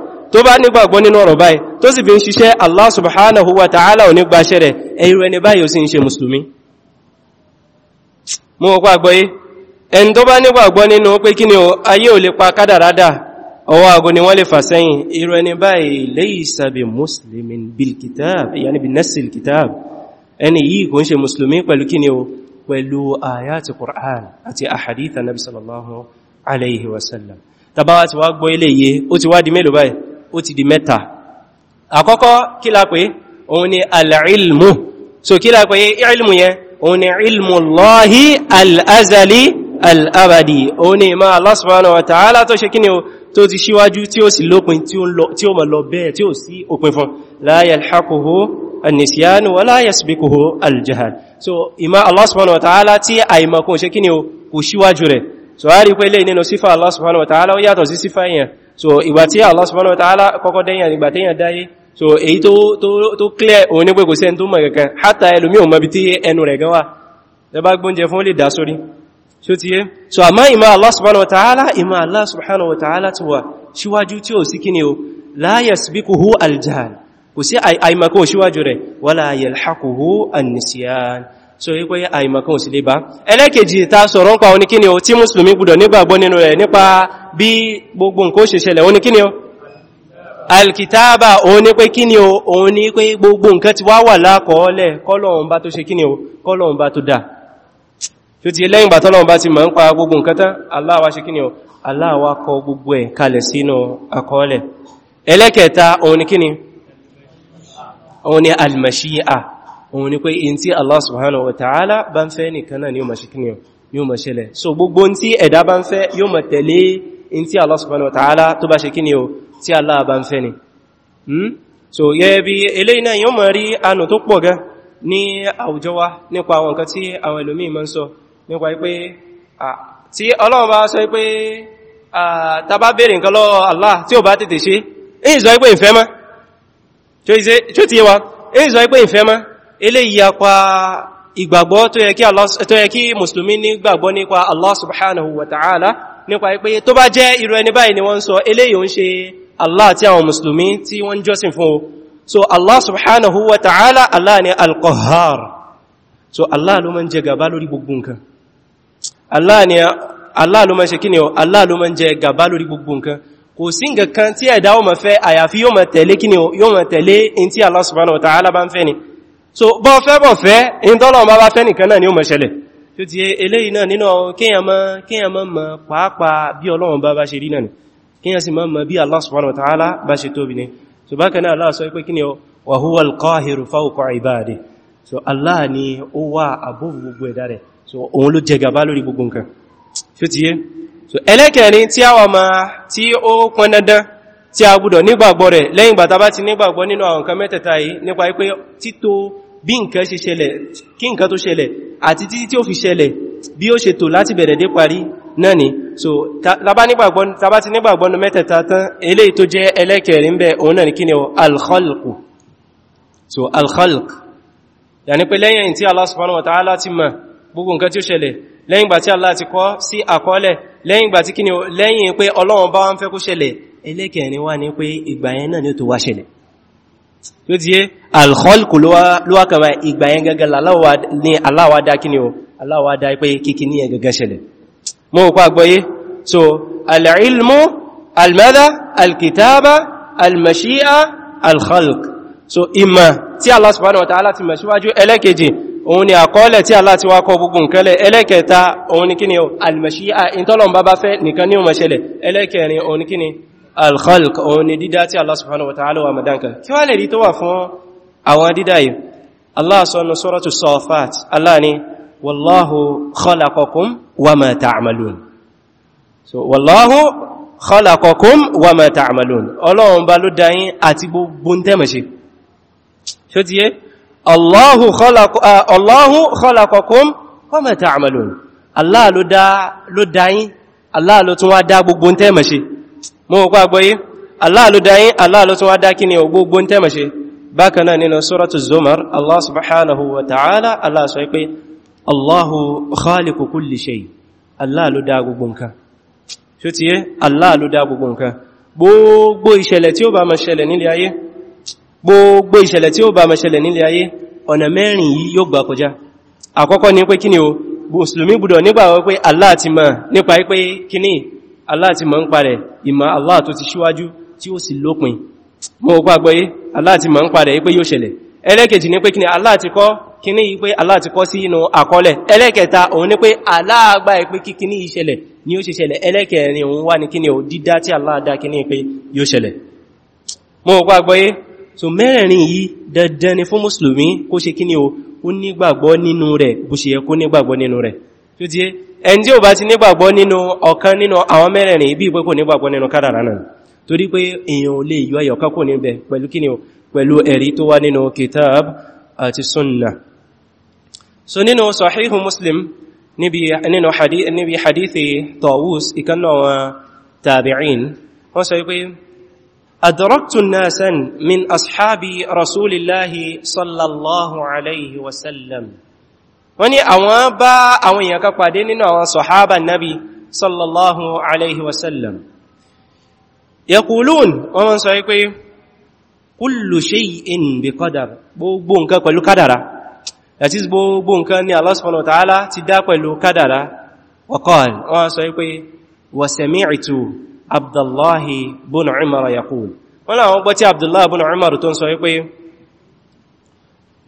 tó bá nígbàgbọ́ nínú ọ̀rọ̀ báyìí tó sì fi ń ṣiṣẹ́ Allah subhanahu wa ta'ala ò nígbà ṣẹ́ rẹ̀ ẹ̀rù ẹni báyìí ò sí ń ṣe mùsùlùmí mú ọpá àgbọ́yé ẹni tó bá nígbàgbọ́ nínú pé kí ni ayé ò lè pa kádàrádà ọwọ́ ago ni wọ́n lè fà sẹ́yìn ẹ̀rù ẹni báyìí laysa bi muslimin bil kitab yani bi nassil ti wá gbọ́ ilé yìí ó ti wá di mélòó báyìí ó ti di mẹ́ta àkọ́kọ́ kí la pè òun ni al so kí la pè ilmu yẹn òun ni ilmu Allahi al-azali al-abadi òun ni ma Allah subhanahu wa ta'ala tó ṣe kí ni o tó ti ṣíwájú tí ó sì lópin tí ó mọ̀ lọ bẹ́ẹ̀ tí ó sí òpin fún la so ìmá Allah subhanahu wa ta'ala tí àìmọ̀kún ṣe kí ni so a rí pé lè nínú sífà Allah subhanahu wa ta'ala ó yàtọ̀ sí sífà èèyàn so ìgbà tí Allah subhanahu wa ta'ala kọ́kọ́ dẹ́yàn ìgbà tẹ́yàn dáyé so èyí tó clear òun ní pé kò sí ẹni tó mọ̀ kankan hátà ẹlòmí ò mọ̀bí tí ẹnu rẹ̀ gan wà lẹ́bá gbóúnjẹ fún lè dá sórí so ti yé so àmá ìmọ̀ Allah subhanahu wa so yí pé àìmọ̀kan òsì lè bá ẹlẹ́kejì ta sọ̀rọ̀ nípa oníkíni o tí mùsùlùmí gbọ́dọ̀ nígbàgbọ́ nínú rẹ̀ nípa bí gbogbo nǹkan ṣe ṣẹlẹ̀ oníkíni o alkitaba òun kíni o òun gbogbo nǹkan ti wá wà lákọọ́lẹ̀ kọ́lọ̀un o gbogbo òun ni pé in tí Allah subhanahu wa ta'ala bá ń fẹ́ nìkan náà ni ó ma ṣe kíni ni ma ṣẹlẹ̀ so gbogbo tí ẹ̀dá bá ń fẹ́ yóò ma tẹ̀lé in tí Allah subhanahu wa ta'ala tó bá ṣe kíni tí Allah bá ń fẹ́ ni hmm? so yẹ bí eléyìí náà yóò ma rí àánú tó pọ̀ gan ní àwùjọ wa nípa àwọn nǹkan tí àwọn ẹlòmíì máa ń sọ nípa pé tí Ọlọ́run bá sọ pé tàbá bèèrè nǹkan lọ́wọ́ Allah tí ó bá tètè ṣe èyí sọ pé ìfẹ́ mọ́ tí ó ti yẹ wa èyí sọ pé ìfẹ́ mọ́ eléyìí yapa ìgbàgbọ́ tó yẹ kí Allah tó yẹ kí mùsùlùmí nígbàgbọ́ nípa Allah subhanahu wa ta'ala nípa pé tó bá jẹ́ irú ẹni báyìí ni wọ́n sọ eléyìí ń ṣe Allah àti àwọn mùsùlùmí tí wọ́n jọ́sìn fún so Allah subhanahu wa ta'ala Allah ni al so Allah ló máa ń jẹ gàbá lórí gbogbo nǹkan Allah ni Allah ló máa ń ṣe kíni o Allah ló máa ń jẹ gàbá lórí gbogbo nǹkan kò sí nǹkan kan tí ẹ̀dá ó fẹ́ àyàfi yóò máa tẹ̀lé kíni yóò máa tẹ̀lé in tí Allah subhanahu wa ta'ala bá ń fẹ́ ni so bọ́ fẹ́ bọ̀ fẹ́ in tọ́lọ̀ bá bá fẹ́ nìkan náà ni ó mọ̀ ṣẹlẹ̀ tó ti eléyìí náà nínú kíyàn mọ́ mọ́ pàápàá bí Ọlọ́run bá bá so bákan náà Allah sọ pé kí ni wa huwa so Allah ni ó wà above so òun ló jẹ gàbá lórí ti yé so ẹlẹ́kẹ̀ẹ́ni tí a wà máa tí ó pọn dandan tí a gbọ́dọ̀ nígbàgbọ́ rẹ̀ lẹ́yìn bàtà bá ti nígbàgbọ́ nínú àwọn nǹkan mẹ́tẹ̀ẹ̀ta yìí nípa pé títò bí nǹkan ṣe ṣẹlẹ̀ kí nǹkan tó ṣẹlẹ̀ àti títí tí ó fi ṣẹlẹ̀ bí ó ṣe láti bẹ̀rẹ̀ dé parí náà ni so tàbá ti nígbàgbọ́ ní mẹ́tẹ̀ta tán eléyìí tó jẹ́ ẹlẹ́kẹ̀ẹ́rin bẹ́ o al so al-khalq yàní pé lẹ́yìn tí Allah subhanahu wa ta'ala ti mọ̀ gbogbo nǹkan tí ó ṣẹlẹ̀ lẹ́yìn gbà tí Allah ti kọ ni lẹ́yìn pé Ọlọ́run bá wá ń fẹ́ tó ti yé alkhọ́lùkù lówákàwà ìgbà yẹn gẹ́gẹ́ ní aláwádá kí ni o aláwádá pé kíkí ní ẹgẹ́gẹ́ ṣẹlẹ̀ mọ́ pa gbọ́yé so al'ilmu almada alkitaba almashi'a alkhalq so ìmọ̀ tí Allah subhanahu wa ta'ala ti mọ̀ síwájú ẹlẹ́kejì òun ni àkọọ́lẹ̀ tí Allah ti wá kọ gbogbo nkẹlẹ̀ ẹlẹ́kẹta òun ni kí ni o almashi'a ìtọ́lọ̀ bá bá fẹ́ alkhalq òun ni dídá tí Allah subhanahu wa ta'ala wa madanka kí wá lè rí tó wà fún àwọn dídá yìí Allah sọ ní suratu Safat Allah ni wallahu khalaqakum wa ma ta'malun so wallahu khalaqakum wa ma ta'malun Ọlọ́run bá ló dá yín àti gbogbo tẹ́mọ̀ ṣe ṣó ti yé Allahu khalaqakum wa ma ta'malun Allah ló dá yín Allah ló tún wá dá gbogbo tẹ́mọ̀ ṣe mọ́ ọ̀pá agbóyí Allah ló dáyín Allah ló tún wá dákí ni gbogbo ń tẹ́mà ṣe bákan náà nínú suratu zumar Allah subhanahu wa ta'ala Allah sọ pé Allahu khaliqu kulli shay Allah ló dá gbogbo nǹkan ṣó ti yé Allah ló dá gbogbo nǹkan gbogbo ìṣẹ̀lẹ̀ tí ó bá ma ṣẹlẹ̀ nílé ayé gbogbo ìṣẹ̀lẹ̀ ọ̀nà mẹ́rin yìí yóò gbà kọjá àkọ́kọ́ ni pé kíni o mùsùlùmí gbọ́dọ̀ nígbà wọ́n pé Allah ti mọ̀ nípa pé kíni Allah ti mọ̀ ń parẹ̀ ìmọ̀ Allah tó ti ṣíwájú tí ó sì lópin mọ́ ọgbà gbọ́yé Allah ti mọ̀ ń parẹ̀ pé yóò ṣẹlẹ̀ ẹlẹ́kẹ̀jì ní pé kí ni Allah ti kọ́ kí ní pé Allah ti kọ́ sí inú àkọọ́lẹ̀ ẹlẹ́kẹta òun ní pé aláàgbà ìpé kíkí ní ìṣẹlẹ̀ ni ó ṣe ṣẹlẹ̀ ẹlẹ́kẹrin òun wá ní kí ni ò dídá tí Allah dá kí ní pé yóò ṣẹlẹ̀ mọ́ ọgbà gbọ́yé so mẹ́rẹ̀rin yìí dandan ni fún mùsùlùmí kó ṣe kí ni ó nígbàgbọ́ nínú rẹ̀ bó ṣe yẹ kó nígbàgbọ́ nínú rẹ̀ tó díẹ̀ ẹni tí ó bá ti nígbàgbọ́ nínú ọ̀kan nínú àwọn mẹ́rẹ̀rin ibi ìpé kò nígbàgbọ́ nínú kádàrá náà torí pé èèyàn ò lè yọ ẹyọ̀ká kò ní bẹ pẹ̀lú kíni o pẹ̀lú ẹ̀rí tó wá nínú kitab àti sunna so nínú sahihu muslim níbi hadithi tawus wọ́n ní àwọn bá àwọn èèyàn kan pàdé nínú àwọn sọ̀hábà nabi sallallahu alaihi wasallam yaqulun wọ́n mọ́ sọ wípé kullu shay'in bi qadar gbogbo nǹkan pẹ̀lú kádàrá that is gbogbo nǹkan ni Allah subhanahu ti dá pẹ̀lú kádàrá wọ́n sọ wípé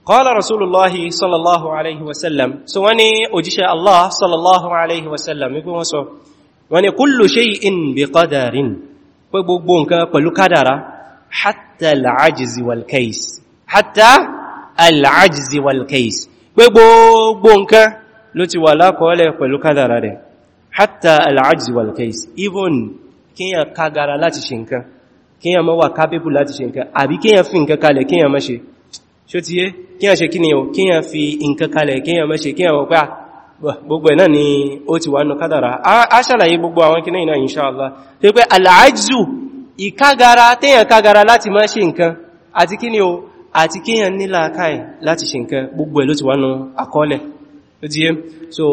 قال رسول الله صلى الله عليه وسلم سواني أجيش الله صلى الله عليه وسلم يقول وصف واني كل شيء بقدر ويقولون كل قدر حتى العجز والكيس حتى العجز والكيس ويقولون لتي ولا قولي كل قدر حتى العجز والكيس even كيا كاغارا لاتي شنكا كيا ما كابيبو لاتي شنكا أبي كيا فينكا كالي كيا ماشي ṣó ti yé kí yàn ṣe kí ni o kí yàn fi nǹkan kalẹ̀ kí yàn mẹ́ṣe kí yàn wọ́pá ah, gbogbo ẹ̀ náà ni ó ti wà nù kádàrá a ṣàlàyé gbogbo àwọn kí náà inṣáàlá tó pé aláàjù ìkágara téyàn kágara láti má ṣe nǹkan àti kí ni o àti kí yàn nílà káì láti ṣe nǹkan gbogbo ẹ̀ ló ti wà nù àkọọ́lẹ̀ ó so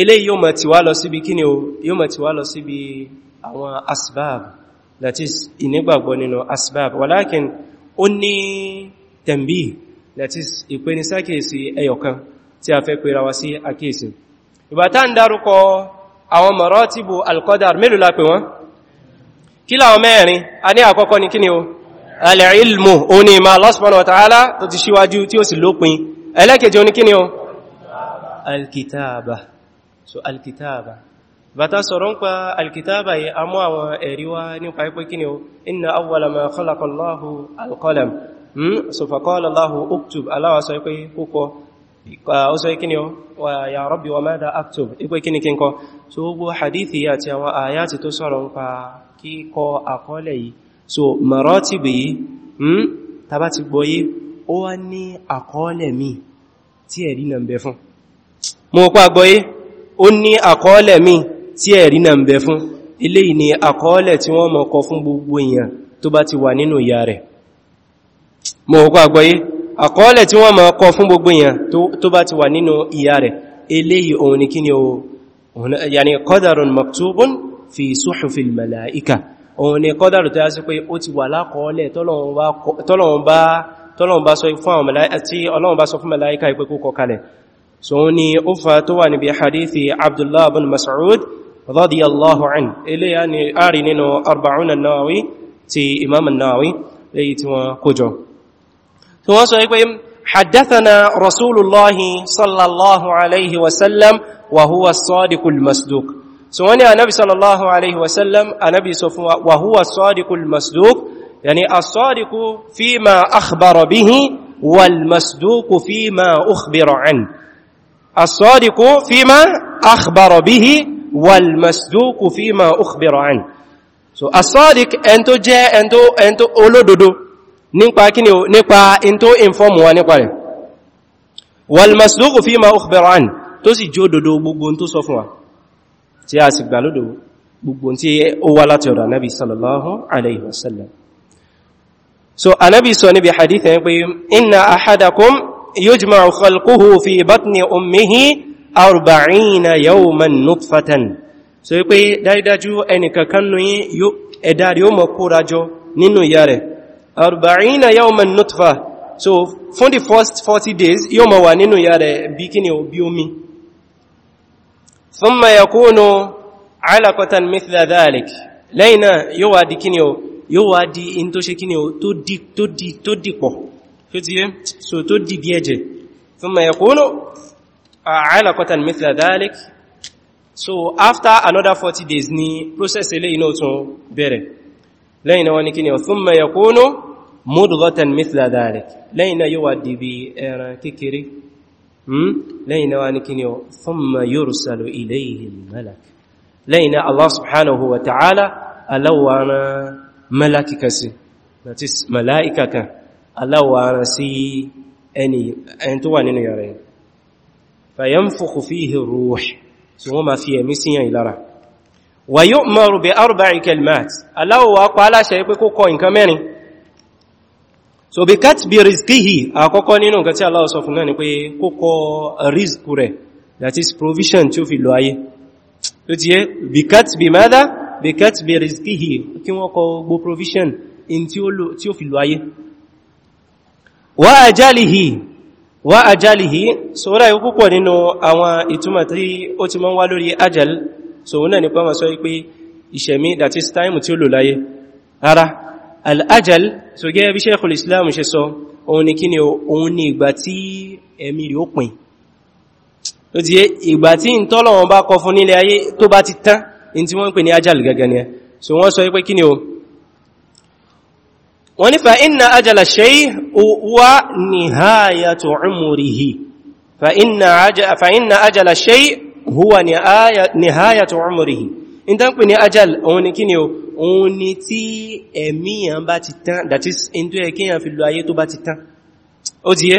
eléyìí yóò máa ti ni o yóò máa ti wá lọ asbab that is ìnígbàgbọ́ nínú asbab walakin ó ní that is ìpeni sákèsí ẹyọkan tí a fẹ́ pèrà wá sí àkèsí ìbátá ń dárúkọ àwọn maratibu alqadar mélòó la pè wọ́n kí láwọn mẹ́rin a ní àkọ́kọ́ ní kíni o al-ilmu o ní ìmá Allah subhanahu wa ta'ala tó ti ṣíwájú tí ó sì lópin ẹlẹ́kẹ̀ẹ́jì o ní kíni o alkitaba ma khalaqa Hmm? so faqala Allahu uktub Allah sọ wa ya rabbi wa madha aktub ipé so gbogbo hadithi àti hmm, ti àyàtì tó to kíkọ yi so maratibu yìí tàbá ti gbọ́yé o ní àkọọ́lẹ̀ mi tí mo mi ni gbogbo mọ̀ ọkọ̀ àgbọ́yé àkọọ́lẹ̀ tí wọ́n ma kọ fún gbogbo èèyàn tó bá ti wà nínú ìyá rẹ̀ eléyìí òun ni kíni òun yàní qadarun maktubun fi suhufil malaika òun ni qadarun tó yá sí pé ó ti wà lákọọ́lẹ̀ tọ́lọ́run bá sọ fún malaika ìpé kó kọkalẹ̀ so ni ó fa tó wà níbi hadithi abdullah bin mas'ud radiyallahu ti imam an-nawawi léyìí tí kójọ tí wọ́n sọ wípé haddathana rasulullahi sallallahu alaihi wasallam wa huwa sadiqul masduq so wọ́n ní anabi sallallahu alaihi wasallam anabi sọ fún wa huwa sadiqul masduq yani as-sadiqu fi ma akhbara bihi wal masduqu fi ma ukhbira an as-sadiqu fi ma akhbara bihi wal masduqu fi ma ukhbira an so as-sadiq ẹni tó jẹ́ ẹni tó nípa kíni o nípa in tó inform wa nípa rẹ̀ walmasduq fi ma ukhbir an tó sì jó dodo gbogbo tó sọ fún wa tí a sì gbà lódò gbogbo tí ó wá láti ọ̀dọ̀ anábi sallallahu alaihi wasallam so anábi sọ níbi hadith yẹn pé inna ahadakum yujma'u khalquhu fi batni ummihi arba'ina yawman nutfatan so pé dájúdájú ẹnìkankan nù yí ẹ̀dà rí ó mọ̀ kórajọ nínú ìyá rẹ̀ arba'ina yawman nutfa so for the first 40 days yóò máa wà nínú ìyá rẹ̀ bí kíni o bí omi thumma yakunu alaqatan mithla dhalik lẹ́yìn náà yóò wá di kíni o yóò wá di in tó ṣe kíni o tó di tó di tó di pọ̀ tó ti yé so tó di bí ẹ̀jẹ̀ thumma yakunu alaqatan mithla dhalik so after another 40 days ni process eléyìí náà tún bẹ̀rẹ̀ lẹ́yìn náà wọ́n ní kí ni ọ̀ thumma yakunu mudghatan mithla dhalik lẹ́yìn náà yóò wá di bí ẹran kékeré lẹ́yìn náà wọ́n ní kí ni ọ̀ thumma yursalu ilayhi al-malak lẹ́yìn náà Allah subhanahu wa ta'ala aláwọ̀ana malakika sí láti mala'ika kan aláwọ̀ana sí ẹni tó wà nínú yàrá yìí fayanfukhu fihi ruh so wọ́n ma fi ẹ̀mí síyàn ìlara wa yu'maru bi arba'i kalimat aláwọ̀ wa pa aláṣẹ pé kó kọ nǹkan mẹ́rin so bi katbi rizqihi àkọ́kọ́ nínú nǹkan tí aláwọ̀ sọ fún náà ni pé kó kọ rẹ̀ that is provision tí ó fi lọ ayé tó ti yẹ bi katbi madha bi katbi rizqihi kí wọ́n kọ gbogbo provision in tí ó fi lọ ayé wa ajalihi wa ajalihi so rẹ̀ púpọ̀ nínú àwọn ìtumọ̀ tí ó ti mọ́ wá lórí ajal so wọn náà ni pọ́mọ̀ sọ pé ìṣẹ̀mí that is time tí ó lò láyé rárá al'ajal so gẹ́ bí Sheikhul Islam ṣe sọ òun ni kíni òun ni ìgbà tí ẹ̀mí rí ó pin ó ti yé ìgbà tí ń tọ́lọ̀ wọn bá kọ fún nílé ayé tó bá ti tán in tí wọ́n pè ní ajal gẹ́gẹ́ ni so wọ́n sọ pé kíni o wọ́n ní fa inna ajala shay wa nihayatu umrihi fa inna ajala shay huwa nihayatu umrihi in tan pè ní ajal òun ni kíni o òun ni tí ẹ̀mí yàn bá ti tán that is in tó yẹ kí yàn fi lo ayé tó bá ti tán ó ti yé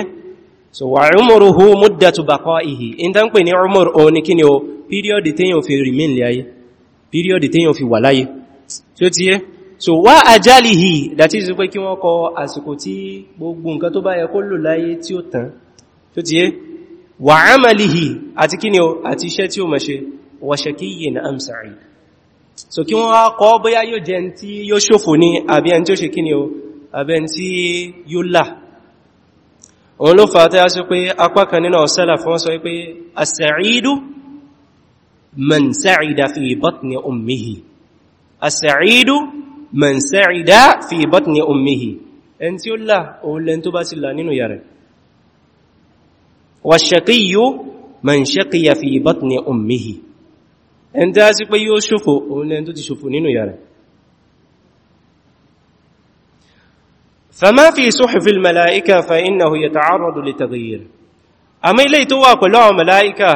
so wa umruhu muddatu baqaihi in tan pè ní umur òun ni kíni o period tí yàn fi remain lé ayé period tí yàn fi wà láyé so ti yé so wa ajalihi that is pé kí wọ́n kọ àsìkò tí gbogbo nǹkan tó bá yẹ kó lò láyé tí ó tán so ti yé wà ámàlìhì àti kí ni o àti iṣẹ́ tí ó mọ̀ ṣe wà ṣekíyè na amsari so kí wọ́n kọ́ bóyá yóò jẹ tí yóò ṣòfò ní àbí ẹni tí ó ṣe kí ni o àbí ẹni tí yóò là òun ló fàátẹ́ á sọ pé apá kan nínú ọ̀sẹ́là fún sọ pé as-sa'idu fi batni ummihi والشقي من شقي في بطن امه ẹn tí a sí pé yóò ṣòfò òun lẹ́n tó ti ṣòfò nínú ìyá rẹ̀ فما في صحف الملائكة فإنه يتعرض لتغيير àmì ilé tó wà pẹ̀lú àwọn mẹ́láíkà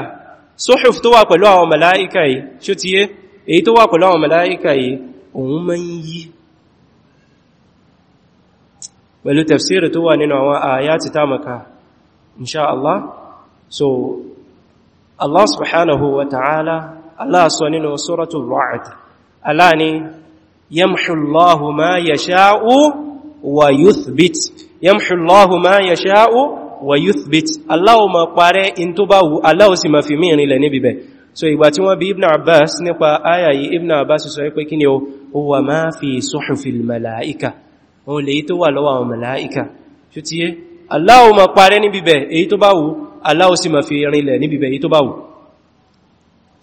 صحف tó wà pẹ̀lú àwọn mẹ́láíkà yìí ṣó ti yé èyí tó wà pẹ̀lú àwọn mẹ́láíkà yìí òun mẹ́ ń yí pẹ̀lú tafsiri tó wà nínú àwọn àyá ti támaka inṣáàlá so Allah subhanahu wa ta'ala Allah sọ nínú suratul Ra'd Allah ni yamhu Allahu ma yasha'u wa yuthbit yamhu Allahu ma yasha'u wa yuthbit Allah ma parẹ́ in tó bá wù Allah sì ma fi mí rinlẹ̀ níbi bẹ̀ so ìgbà tí wọ́n bi Ibn Abbas nípa aya yìí Ibn Abbas sọ pé kí ni ó wà máa fi suhufil mala'ika òun lè tó wà lọ́wọ́ mala'ika ṣútíyé Allah ma parẹ́ níbi bẹ̀ èyí tó bá wù Allah sì ma fi rinlẹ̀ níbi bẹ̀yí tó bá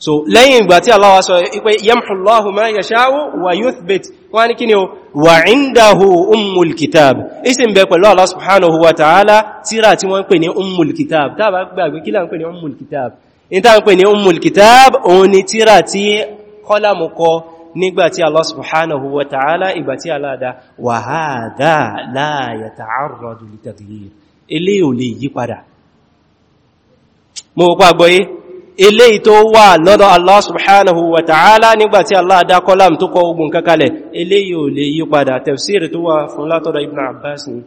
so lẹ́yìn ìgbà tí Allah sọ ipé yamhullahu ma yasha'u wa yuthbit wọ́n ní kíni o wa indahu ummul kitab isin bẹ pẹ̀lú Allah subhanahu wa ta'ala tíra tí wọ́n pè ní ummul kitab tá bá gbàgbé kí la ń pè ní ummul kitab in ta ń pè ní ummul nígbàtí Allah subhanahu wa ta'ala ìgbàtí aláda wa hadha la yata'arradu li taghyir ilé ò lè yípadà mo pa gbọ́yé eléyìí tó wà lọ́dọ̀ Allah subhanahu wa ta'ala nígbàtí Allah dá kọ́lám tó kọ ogun kakalẹ̀ eléyìí ò lè yí padà tafsir tó wà fún látọ̀dọ̀ Ibn Abbas ni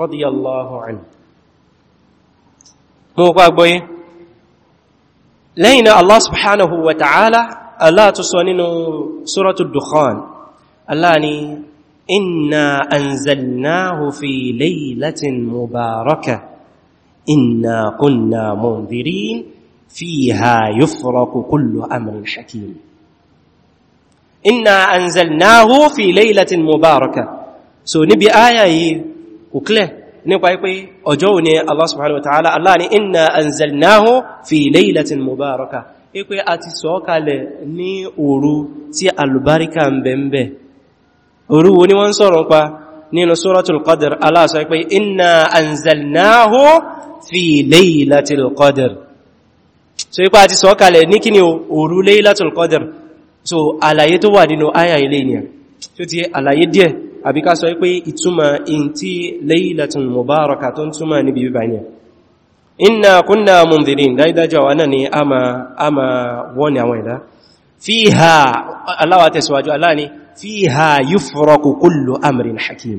radiyallahu anhu mo pa gbọ́yé lẹ́yìn náà Allah subhanahu wa ta'ala Allah tó sọ nínú suratul Dukhan Allah ni inna anzalnahu fi laylatin mubarakah إنا كنا منذرين فيها يفرق كل أمر حكيم إنا أنزلناه في ليلة مباركة so níbi áyà yìí kò clear nípa ipé ọjọ́ òní Allah subhanahu wa ta'ala Allah ni inna anzalnahu fi laylatin mubaraka ipé a ti sọ̀kalẹ̀ ní òru tí albarika ń bẹ̀m̀bẹ̀ òru wo ni wọ́n sọ̀rọ̀ pa nínú suratul qadr Allah sọ ipé inna anzalnahu fi Laylatul Qadr so ipa àti sọ̀kalẹ̀ ní kíni òru Laylatul Qadr so àlàyé tó wà nínú àyà ilé ni so ti àlàyé díẹ̀ àbí ká sọ pé ìtumọ̀ in ti Laylatul Mubarakah tó ń túmọ̀ níbi bíbá ni inna kunna mundhirin dáidájọ́ wa náà ni a ma wọ́n ni àwọn ìdá fiha aláwà tẹ̀síwájú aláà ni fiha yufraqu kullu amrin hakim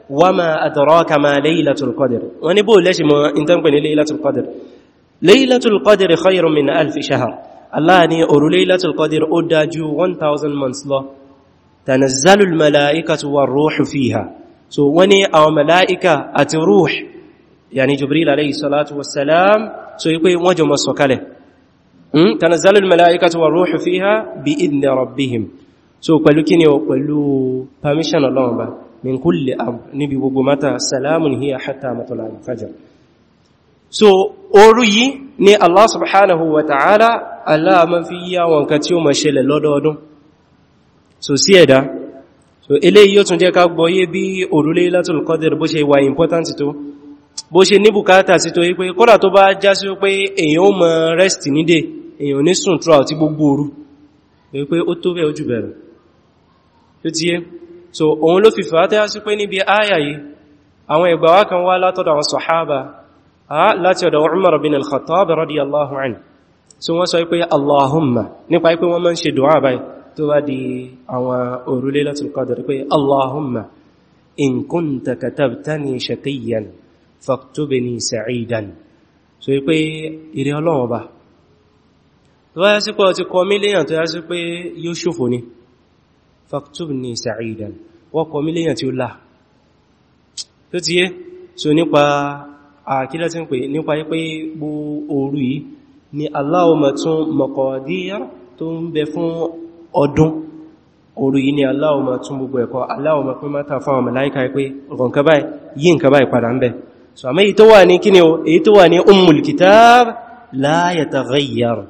وما أدراك ما ليلة القدر ونبو ليش ما انتم قلنا ليلة القدر ليلة القدر خير من ألف شهر الله أني أرو ليلة القدر أداجو 1000 months لا تنزل الملائكة والروح فيها so وني أو ملائكة أتروح يعني جبريل عليه الصلاة والسلام so يقول وجه مصوكاله تنزل الملائكة والروح فيها بإذن ربهم so قلو كيني وقلو permission الله min abu níbi gbogbo mata salamun hiya hatta matula so oru yi ni allah subhanahu wa ta'ala allah ma fi yá wọn ka tí ó ma ṣẹlẹ̀ lọ́dọọdún so si ẹ̀dá so eléyìí yóò tún jẹ́ ká gbọ́yé bí orule Laylatul Qadr bó ṣe wà important tó bó ṣe ní bùkátà sí tó wípé kódà tó bá já sí wípé èyàn ma rest ní èyàn gbogbo oru. wípé ó tó ojú bẹ̀rẹ̀ tó ti so òun ló fi fàátẹ́ á sí pé níbi áyà yìí àwọn ìgbàwá kan wá látọ̀dọ̀ àwọn sọ̀hábà láti ọ̀dọ̀ Umar bin al-Khattab radiyallahu anhu so wọ́n sọ pé Allahumma nípa pé wọ́n máa ń ṣe dùá báyìí tó bá di àwọn òrùlé Lailatul Qadr pé faktubni sa'idan wọ́n kọ mí léyàn tí ó láà tó ti yé so nípa àkílẹ̀ tí ń pè nípa yí pé bó òru yìí ni aláwọ̀mọ̀ tún maqadir tó ń bẹ fún ọdún òru yìí ni aláwọ̀mọ̀ tún gbogbo ẹ̀kọ́ aláwọ̀mọ̀ pín mátà fáwọn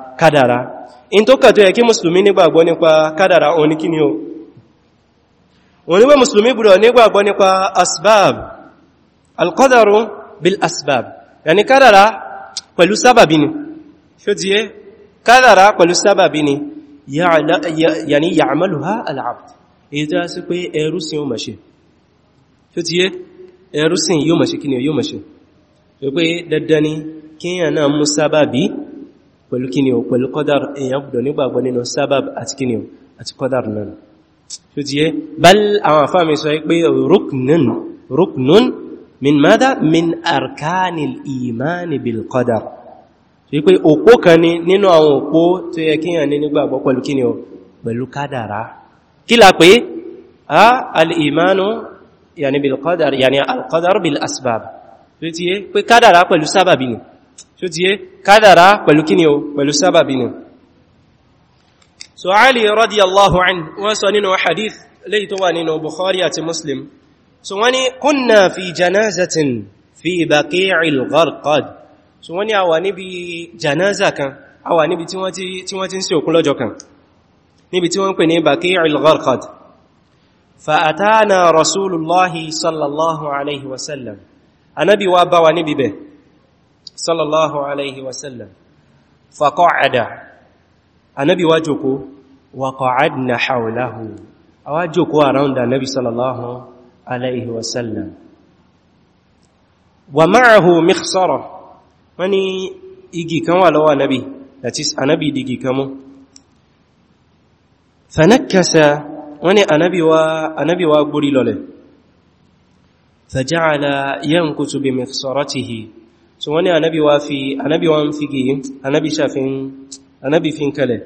kádàrá in tó kàtọ́ yẹ kí musulmi nígbàgbọ́ nípa kádàrá oníkíní o oníwẹ́ musulmi búrọ̀ nígbàgbọ́ nípa asbab alkọ́dàrú bil asbab yàní kádàrá pẹ̀lú sábàbí ni ṣó ti yẹ kádàrá pẹ̀lú sábàbí ni yàní ya'maluha al-abd èyí tó sí pé ẹrúsìn yóò pẹ̀lú kíni o pẹ̀lú kọ́dàr èyàn gbọ́dọ̀ nígbàgbọ́ nínú sábàb àti kíni o àti kọ́dàr náà tó ti yẹ bal àwọn àfáàmì sọ pé ruknun ruknun min mada min arkanil imani bil kọ́dàr tó yí pé òpó kan ni nínú àwọn òpó tó yẹ kíyàn ní nígbàgbọ́ pẹ̀lú kíni o pẹ̀lú kádàrá kí la pé tó ti yé kádàrá pẹ̀lú kíni o pẹ̀lú sábàbí ni so Ali radiyallahu anhu wọ́n sọ nínú hadith léyìí tó wà nínú Bukhari àti Muslim so wọ́n ní kunna fi janazatin fi Baqi'il Gharqad so wọ́n ní a wà níbi janaza kan a wà níbi tí wọ́n ti ń ṣe òkú lọ́jọ́ kan níbi tí wọ́n pè ní Baqi'il Gharqad fa rasulullahi sallallahu alaihi wasallam anabi wa bá níbi bẹ́ẹ̀ صلى الله عليه وسلم فقعد النبي واجوكو وقعدنا حوله واجوكو around النبي صلى الله عليه وسلم ومعه مخصرة wani igi kan wà lọ́wọ́ nabi that is anabi digi kan mú fanakasa wani anabi wa anabi wa gbori lọ́lẹ̀ faja'ala yankutu bi so wọ́n ní ànábì wá fi ànábì wọ́n fi gí ànábì sàfin ànábì fi ń kalẹ̀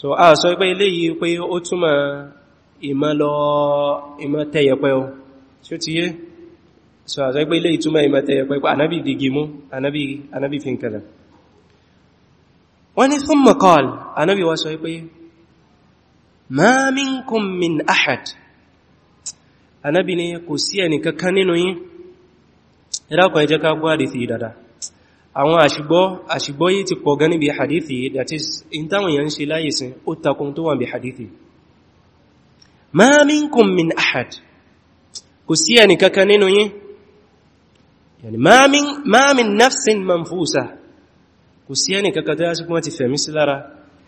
so a sọ pé eléyìí pé ó túmọ̀ ìmọ̀ lọ ìmọ̀ tẹ́yẹpẹ́ o tí ó ti yé so a sọ pé eléyìí túmọ̀ ìmọ̀ tẹ́yẹpẹ́ pé ànábì dìgì mú ànábì fi ń kalẹ̀ wọ́n ní thumma qala ànábì wá sọ pé ma minkum min ahad ànábì ni kò sí ẹnìkankan nínú yín ẹ̀dàkọ̀ ẹjẹ́ ká gbọ́ àdìsí dada àwọn àṣìgbọ́ àṣìgbọ́ yìí ti pọ̀ gan níbi hadithi that is in táwọn èèyàn ṣe láyé sin ó takun tó wà níbi hadithi ma minkum min ahad kò sí ẹni kankan nínú yín yani ma min ma min nafsin manfusa kò sí ẹni kankan tó yá sí kún ti fẹ̀mí sí lára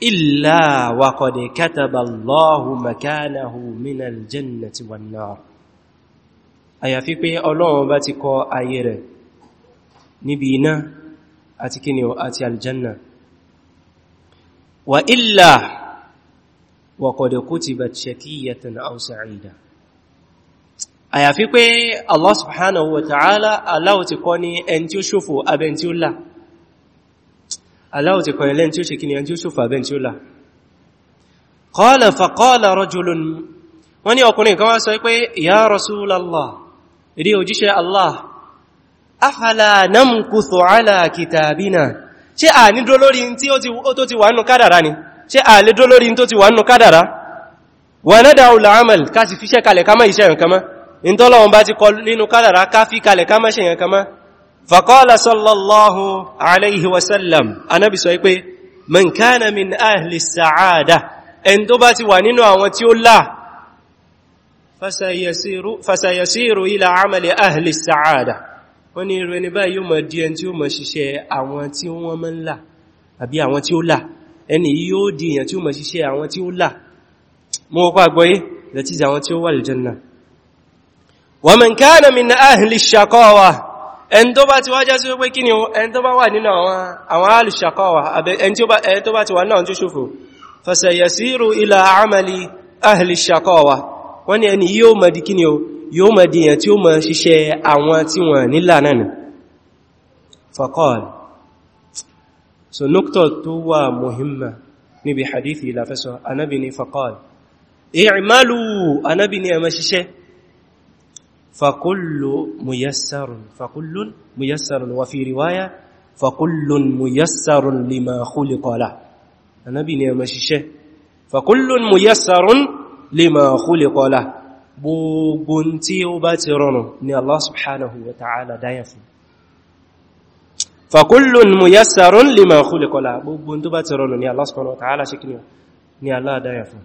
illa wa qad kataba Allahu makanahu min àyàfi pé ọlọ́run bá ti kọ ayé rẹ̀ níbi iná àti kíni àti aljanna wa illa wa qad kutibat shakiyatan aw sa'ida àyàfi pé Allah subhanahu wa ta'ala Allah ti kọ ní ẹn tí ó ṣòfò abẹ́ tí ó là Allah ti kọ ní tí ó ṣe kíni ẹn tí ó ṣòfò abẹ́ tí ó là qala fa qala rajulun wọ́n ní ọkùnrin kan wá sọ pé ya Rasulallah rí òjíṣẹ́ Allah afala namkuthu ala kitabina ṣe a ní dúró lórí tí ó tó ti wà nù kádàrá ni ṣe a lè dúró lórí tó ti wà nù kádàrá wà náà dáwò la'amal ká sì ti fi ṣe yẹn kama faqala sallallahu ẹn tó bá ti wà nínú àwọn tí ó láà فسيسير, فسيسير إلى عمل أهل السعادة wọ́n ní irú ẹni báyìí yóò mọ̀ di ẹni tí ó mọ̀ ṣiṣẹ́ àwọn tí wọ́n mọ́ ń là àbí àwọn ó là ẹni yóò di tí ó mọ̀ ṣiṣẹ́ àwọn tí ó là mọ́ ọpá àgbọ́yé that àwọn tí ó wà lè jẹ́nà ومن كان من أهل الشقاوة ẹni tó bá ti wá jásí wípé kí ni ẹni tó bá wà nínú àwọn أهل الشقاوة فسيسير إلى عمل أهل الشقاوة wọ́n ní ẹni yóò mọ̀ di kíni o yóò mọ̀ di èyàn tí ó mọ̀ ṣiṣẹ́ àwọn tí wọ́n nílà náà faqal so nukta tó wà muhimma níbi hadithi ìlàfẹ́sọ anábi ni faqal i'malu anábi anábi ni ẹmọ ṣiṣẹ́ fakullun muyassarun lima khuliqa lah gbogbo tí ó bá ti rọrùn ni Allah subhanahu wa ta'ala dáyà fún fakullun muyassarun lima khuliqa lah gbogbo tó bá ti rọrùn ni Allah subhanahu wa ta'ala ṣe kí ni Allah dáyà fún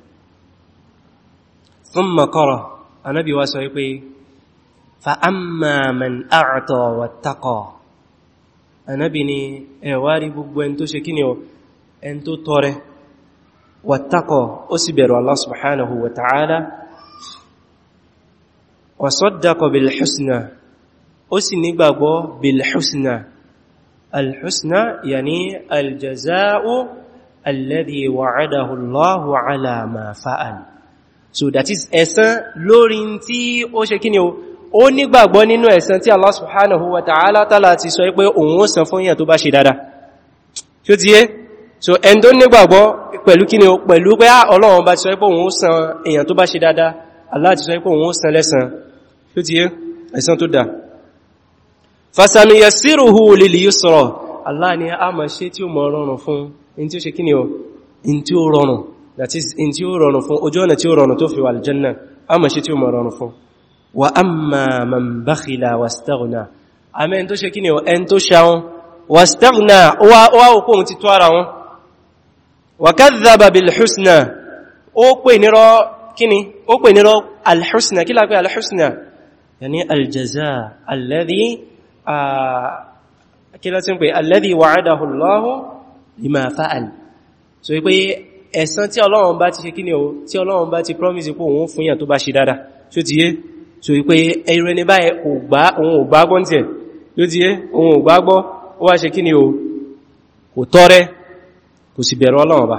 thumma qara anábi sọ wípé fa amma man a'ta wattaqa anábi ni ẹ̀wárí gbogbo ẹn tó ṣe kí ni ẹn tó tọrẹ wàtàkọ̀ ó sì bẹ̀rù Allah subhanahu wa ta'ala wa saddaqa bil husna ó sì nígbàgbọ́ bil husna al husna yani al jaza'u alladhi wa'adahu Allahu ala ma fa'al so that is ẹ̀san lórí tí ó ṣe kíni ó nígbàgbọ́ nínú ẹ̀san tí Allah subhanahu tààlá ti sọ pé òun ó san fún yẹn tó bá ṣe dáadáa so ẹn tó nígbàgbọ́ pẹ̀lú kí ni pẹ̀lú pé ah, Ọlọ́run bá ti sọ pé òun ó san èèyàn tó bá ṣe dáadáa Allah ti sọ pé òun ó san lẹ́san tó ti yé ẹ̀san tó dá fasaniyasiruhu lil yusra Allah ni a máa ṣe tí ó mọ rọrùn fún in tí ó ṣe kí ni ó that is in tí ó rọrùn fún ojú ọ̀nà tí ó rọrùn tó fi wà aljanna a máa ṣe tí ó mọ rọrùn fún wa amma man bakhila wastaghna àmẹ́ ẹn tó ṣe kí ni o ẹn tó ṣe àwọn wastaghna ó wá òkú òun ti tó ara wọn wàkádàbà bilhusna ó pè nírọ́ kíni ó pè nírọ́ alhusna kí lápẹ́ alhusna yàní aljaza alladhi kílá tí ń pè alladhi wa'adahu Allahu lima fa'al so wípé ẹ̀san tí Ọlọ́run bá ti ṣe kíni o tí Ọlọ́run bá ti promise pé òun fún yàn tó bá ṣe kò sì bẹ̀rọ ọlọ́wọ́ bá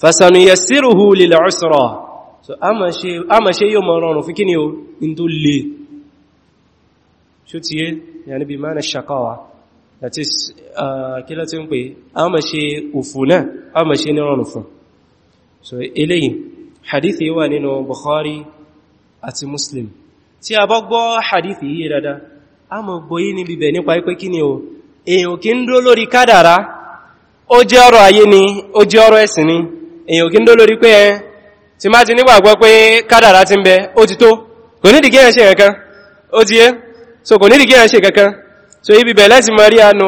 fasanu yassiruhu lil usra so a ma ṣe yóò mọ̀ rọrùn fi kí ni o in tó lè ṣútíyé ya níbi mana shakawa that is kí láti ń pè a ma ṣe òfò náà a ma ṣe ní rọrùn fún so eléyìn hadithi wà nínú Bukhari àti Muslim tí a bá gbọ́ hadithi yìí dada a ma gbọ́ yìí níbi bẹ̀ nípa ipé kí ni o èèyàn kí ń dó lórí kádàrá ó jẹ́ ọ̀rọ̀ ayé ni ó jẹ́ ọ̀rọ̀ ẹ̀sìn ni èyàn kí ń dó lórí pé ti má ti nígbàgbọ́ pé kádàrá ti ń bẹ ó ti tó kò ṣe kankan ó ti yé so kò nídìí kí ẹ ṣe kankan so ibi bẹ̀ láti mọ̀ rí àánú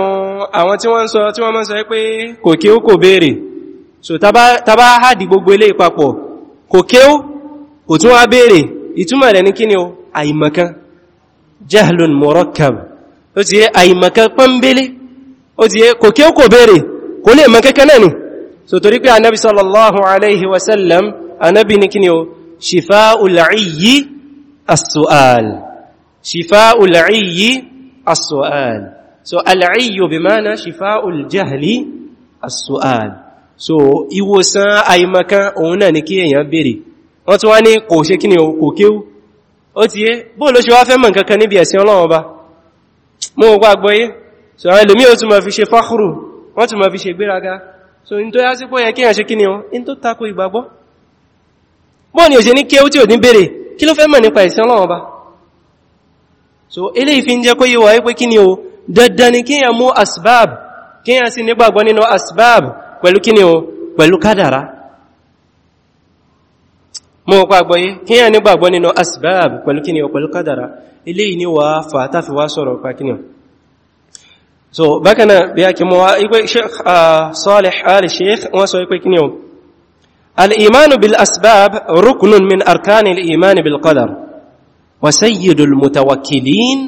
àwọn tí wọ́n sọ tí wọ́n ó so ti yé ó ti yé kò lè mọ̀ kẹ́kẹ́ náà ni so torí pé anábi sallallahu alaihi wasallam anábi ní kíni o shifa'ul 'ayyi as-su'al shifa'ul 'ayyi as-su'al so al-'ayyu bi ma'na shifa'ul jahli as-su'al so ìwòsàn àìmọ̀kan òun náà ni kí èèyàn béèrè wọ́n tún wá ní kò ṣe kíni kò kéwú ó ti yé bóò ló ṣe wá fẹ́ mọ̀ nǹkan níbi ẹ̀sìn Ọlọ́run ọba mú gbogbo àgbọ́yé so àwọn ẹlòmí ó tún fi ṣe fáhùrù wọ́n tún ma fi ṣe gbéraga so n tó yá sí pọ́ yẹ kí kí ni ọ in tó tako ìgbàgbọ́ bọ́ ni ò ṣe ní kí ó tí ò ní bèèrè kí ló fẹ́ mọ̀ nípa Ọba so ilé fi ń jẹ́ kó yíwa wa wípé kí ni o dandan ni kí ẹ mú asbab kí ẹ nígbàgbọ́ nínú asbab pẹ̀lú kí pẹ̀lú kádàrá so bákanáà bí a kí mọ́ wá sheikh salih al-sheikh wọ́n sọ ikwé kíni o al'imanu bil asbab rukunun min arkan arkani al'imani bil qadar wa sayyidul mutawakilin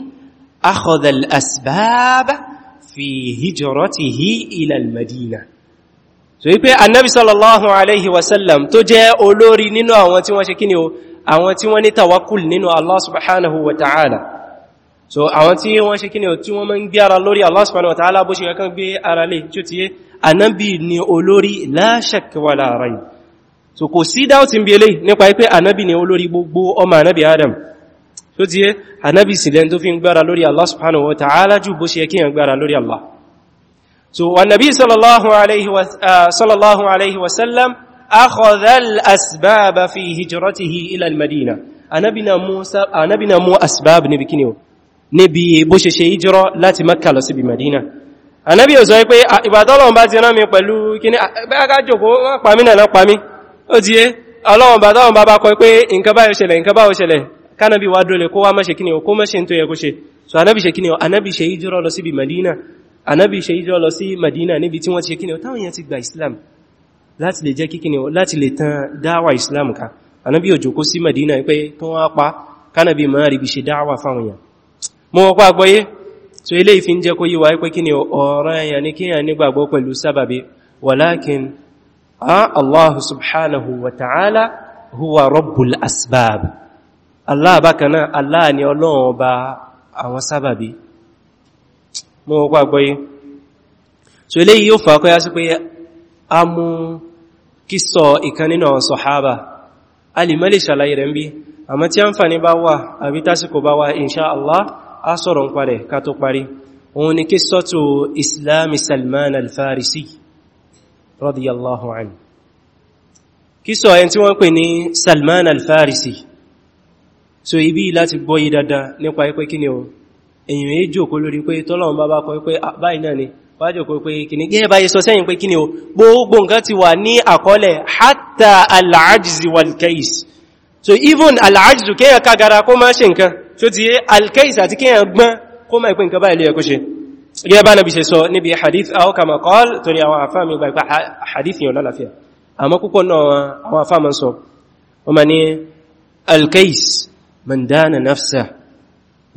akhadha al asbab fi hijratihi ila al madina so ipe annabi sallallahu alaihi wasallam tó jẹ́ olórí nínú àwọn tí wọ́n ṣe kíni o àwọn tí wọ́n ní tawakkul nínú allah subhanahu wa ta'ala so àwọn tí wọ́n ṣe kíni tí wọ́n máa ń gbé ara lórí Allah subhanahu wa ta'ala bó ṣe kankan gbé ara lè tí ó ti yé anábì ni olórí la shak wala rayb so kò sí dáútí bí eléyìí nípa pé anábì ni olórí gbogbo ọmọ anábì adam tó ti yé anábì sílẹ̀ tó fi ń gbára lórí Allah subhanahu wa ta'ala jù bó anabina ah, mu asbab ni bikini o níbi bó ṣe ṣe ìjírọ́ láti Mẹ́kà lọ síbi Mẹ́dínà anábí ò sọ pé ìbàtọ́lọ́wọ́n bá ti rán mi pẹ̀lú kíní bẹ́ẹ̀ká jòkó pàmí náà pàmí ó ti yé ọlọ́wọ́n bá tọ́wọ́n bá bá kọ pé nǹkan bá ṣẹlẹ̀ nǹkan bá ṣẹlẹ̀ kánábí wá dólẹ̀ kó wá mẹ́ṣe kíní kó mẹ́ṣe tó yẹ kó ṣe so anábí ṣe kíní anábí ṣe ìjírọ́ lọ síbi Mẹ́dínà anábí ṣe ìjírọ́ lọ sí Mẹ́dínà níbi tí wọ́n ti ṣe kíní táwọn yẹn ti gba Islam láti lè jẹ́ kíkíní láti lè tàn dáwà mọ́ wọ́pá agbọ́yé so ilé ìfi ń jẹ́ kó yíwa ipé kí ni ọ̀ràn èyàn ní kíyàn nígbàgbọ́ pẹ̀lú sábàbí walakin allahu subhanahu wa ta'ala huwa rabbul asbab allah bákaná allah ni ọlọ́run ọba àwọn sábàbí mọ́ wọ́pá agbọ́yé so ilé yíò fà kọ́ yá sí pé a mú kí sọ ìkan nínú sọ̀hábà a sọ̀rọ̀ ń parẹ̀ ká tó parí òun ni kí sọ́tò islami salman al-farisi radiyallahu anhu kí sọ ẹni tí wọ́n pè ní salman al-farisi so ibi láti gbọ́ yí dada nípa ipé kí ni o èyàn yí jòkó lórí pé tọ́lọ̀un bá bá kọ pé ah, báyìí náà ni wá jòkó pé kí ni gẹ́ẹ̀ báyìí so even al-ajzu kéyà kagara kó má ṣe nǹkan so ti yé alkeis àti kíyàn gbọ́n kó máa ìpín kaba ilé ẹkú ṣe ilé ẹbá nàbí ṣe sọ níbi hadith aw kama qal tó ní àwọn àfáàmì ìgbà ìpá hadith yàn lálàáfíà àmọ́ púpọ̀ náà àwọn àfáàmà sọ wọ́n ma ní alkeis man dana nafsa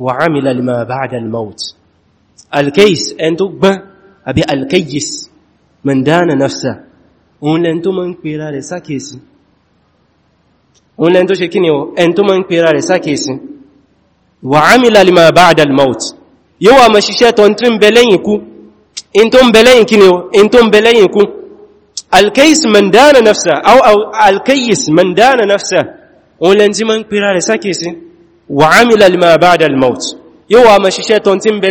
wa amila lima ba'da al-maut alkeis ẹn tó gbọ́n àbí alkeis wa amila lima ba'da al-maut yóò wà máa ṣiṣẹ́ tó ń tí ń bẹ lẹ́yìn ikú in tó ń bẹ lẹ́yìn kí ni o in tó ń bẹ lẹ́yìn alkayis man nafsa alkayis man nafsa òun lẹ́n tí ma ń pèrà rẹ̀ sákèsí wa amila lima ba'da al-maut yóò wà máa ṣiṣẹ́ tó ń tí hmm? ń bẹ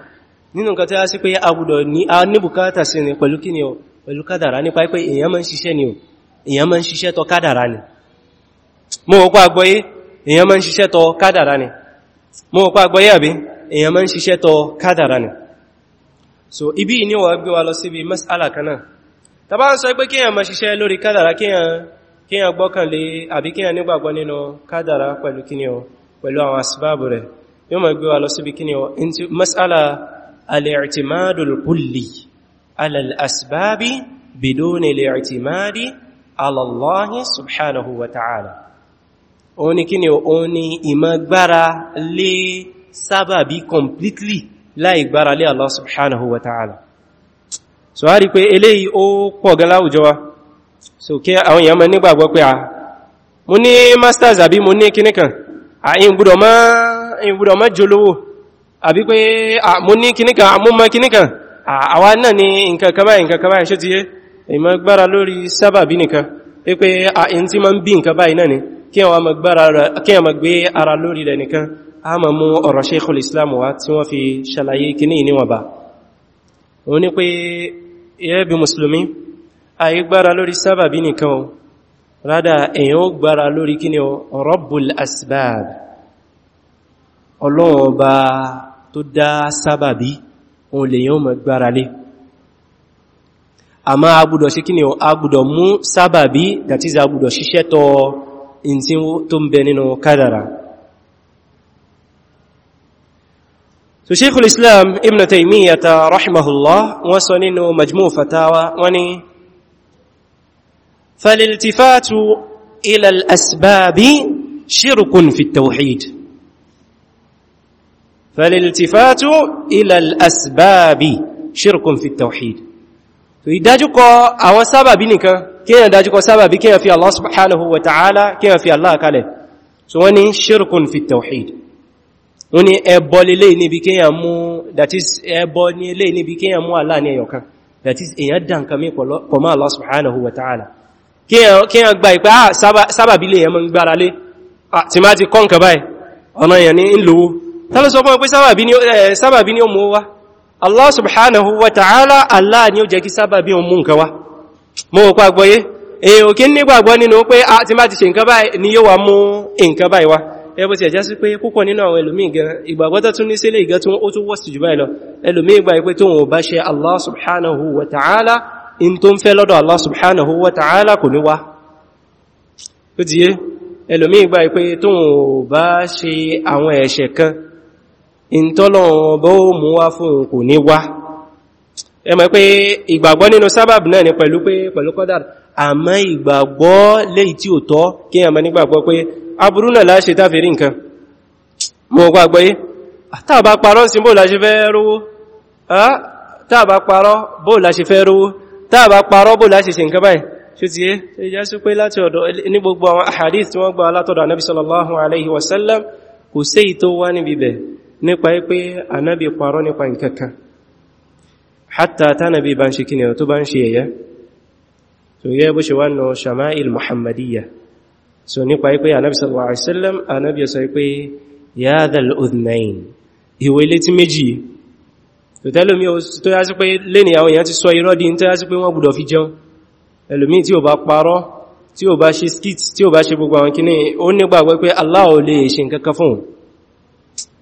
nínú nǹkan tí a sí pé agbùdọ̀ ní a ní bùkátà sí ni pẹ̀lú kíni o pẹ̀lú kádàrá nípa pé èyàn máa ń ṣiṣẹ́ ni o èyàn máa ń ṣiṣẹ́ tọ kádàrá ni mo wọ́pá agbọ́yé èyàn máa ń ṣiṣẹ́ tọ kádàrá ni mo wọ́pá agbọ́yé àbí èyàn máa ń ṣiṣẹ́ tọ kádàrá ni so ibi ni wà gbé wa lọ síbi mas'ala kanáà ta bá ń sọ pé kíyàn máa ṣiṣẹ́ lórí kádàrá kíyàn gbọ́kànlé àbí kíyàn nígbàgbọ́ nínú kádàrá pẹ̀lú kíni o pẹ̀lú àwọn asbáàbù rẹ̀ yóò máa gbé wa lọ síbi kíni o mas'ala الاعتماد الكلي على الأسباب بدون الاعتماد على الله سبحانه وتعالى oni kini oni imagbara lé sábàbí completely láì gbára lé Allah subhanahu wa ta'ala so a rí pé eléyìí ó pọ̀ gan láwùjọ wa so kí àwọn èèyàn mọ́ nígbàgbọ́ pé a mú ní masters àbí mú ní kíníkan àyín gbọ́dọ̀ mọ́ jolówó àbí pé mo ní kíníkà àmúmọ́ kíníkà àwa náà ni nǹkan kan báyìí nǹkan kan báyìí ṣe ti yé ìmọ̀ gbára lórí sábàbí nìkan pé a in tí ma ń bí nǹkan báyìí náà ni kí wọ́n gbé ara lórí rẹ̀ nìkan a ma mú ọ̀rọ̀ Sheikhul Islam wá tí wọ́n fi ṣàlàyé kíní níwọ̀n bá tó dá sábàbí òun lè yàn mọ̀ gbára lé àmá agbúdọ̀ sí kí ni ó agbúdọ̀ mú sábàbí that is agbúdọ̀ ṣiṣẹ́ tọ́ in tí tó ń bẹ nínú kádàrà so Sheikhul Islam Ibn Taymiyyah rahimahullah wọ́n sọ nínú Majmu' Fatawa wọ́n ni فالالتفات إلى الأسباب شرك في التوحيد فالالتفات إلى الأسباب شرك في التوحيد ìdájúkọ àwọn sábàbí nìkan kí èyàn dájúkọ sábàbí kí èyàn fi Allah subhanahu wa ta'ala kí èyàn fi Allah kalẹ̀ so wọ́n ni shirkun fi tawhid wọ́n ni ẹbọ lélé níbi kí èyàn mú that is ẹbọ ní ilé níbi kí èyàn mú Allah ní ẹyọkan that is èyàn dánkan mí pọ̀mọ́ Allah subhanahu wa ta'ala kí èyàn gba ìpé ah, sábàbí lè èyàn mọ́ gbára lé ah, tọ́lọ́ sọ fún ọ pé ni o ọmọ wa Allah subhanahu wa ta'ala Allah ni ó jẹ́ kí sábàbí ọmọ nǹkan wá mọ́ òkú agbọ́yé èyàn kí ní gbàgbọ́ nínú pé a ti má ti ṣe nǹkan báyìí ni ti gan wa ta'ala in tó ń fẹ́ Allah subhanahu wa ta'ala kò ní wá ó ti yé ẹlòmí ìgbà ìpé tó wọ́n bá ṣe ìntọ́lọ̀wọ̀n bó mú wá fún kò ní wá ẹ mọ̀ pé ìgbàgbọ́ nínú sábàbù náà ni pé pẹ̀lú kọ́dàrù àmọ́ ìgbàgbọ́ léyìí tí ò tọ́ kí ẹ mọ̀ nígbàgbọ́ pé aburú náà láṣe táfèrí nǹkan mọ̀ gbàgbọ́ yé tàbá parọ́ sí bóò láṣe fẹ́ rówó parọ́ bóò láṣe fẹ́ rówó parọ́ bóò láṣe ṣe nǹkan báyìí ṣe nípa pé anábi parọ́ nípa nkankan hatta tánàbí bá ń ṣe kíni tó bá ń ṣe ẹ̀yà tó yẹ bó ṣe wánà shama'il muhammadiyya so nípa pé anábi sallallahu alaihi wasallam anábi sọ pé ya dhal udhnayn ìwé létí méjì tó tẹ́lómi tó yá sí pé lẹ́ni àwọn èèyàn ti sọ irọ́ tó yá sí pé wọ́n gbọ́dọ̀ fi jẹun ẹlòmí tí ò bá parọ́ tí ò bá ṣe skit tí ò bá ṣe gbogbo àwọn kíní ó nígbàgbọ́ pé Allah ò lè ṣe nǹkankan fún un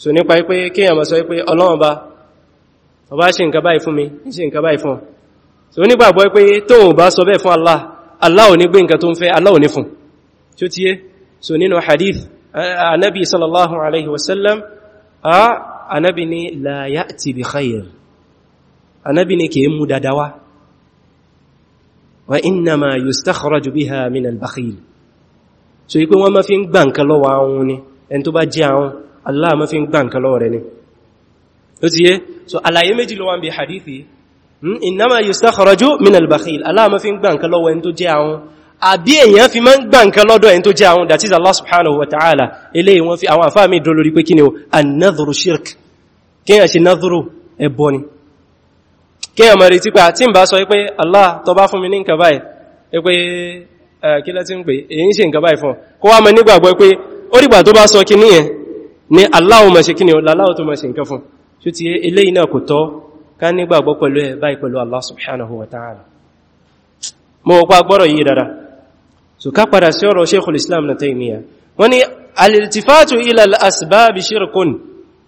so nípa pé kí èyàn mọ̀ sọ pé ọlọ́run bá ọba ṣe nǹkan báyìí fún mi ṣe nǹkan báyìí fún so nígbàgbọ́ pé tóun bá sọ bẹ́ẹ̀ fún Allah Allah ò ní gbé nǹkan tó yustakhraju biha min al-bakhil so ipe wọ́n ma fi ń gbà nǹkan lọ́wọ́ àwọn ni ẹni tó bá jẹ́ àwọn Allah ma fi ń gbà nǹkan lọ́wọ́ rẹ̀ ni ó ti yé so àlàyé méjì ló wà ń bí hadithi hmm? innama yustakhraju min al-bakhil Allah ma fi ń gbà nǹkan lọ́wọ́ ẹni tó jẹ́ àwọn àbí èèyàn fi ma ń gbà nǹkan lọ́dọ̀ ẹni tó jẹ́ àwọn that is Allah subhanahu wa ta'ala eléyìí wọ́n fi àwọn àfáà mi dúró lórí pé kí ni o an-nadhru shirk kí yẹn ṣe nadhru ẹbọ ni kí yẹn mọ̀ rí tí pé àti ń bá sọ pé Allah tó bá fún mi ní nǹkan báyìí pé kí lẹ́tí ń pè èyí ń ṣe nǹkan báyìí fún kó wá mọ nígbàgbọ́ pé ó dìgbà tó bá sọ kí níyẹn ní aláwọ̀ ma ṣe kí ni aláwọ̀ tó ma ṣe nǹkan fún ṣe ti eléyìí náà kò tọ́ ká nígbàgbọ́ pẹ̀lú ẹ̀ báyìí pẹ̀lú Allah subhanahu wa ta'ala mọ́ ọgbà gbọ́rọ̀ yìí dada so ká padà sí ọ̀rọ̀ Sheikhul Islam na Taymiyyah wọ́n ni al-iltifatu ila al-asbabi shirkun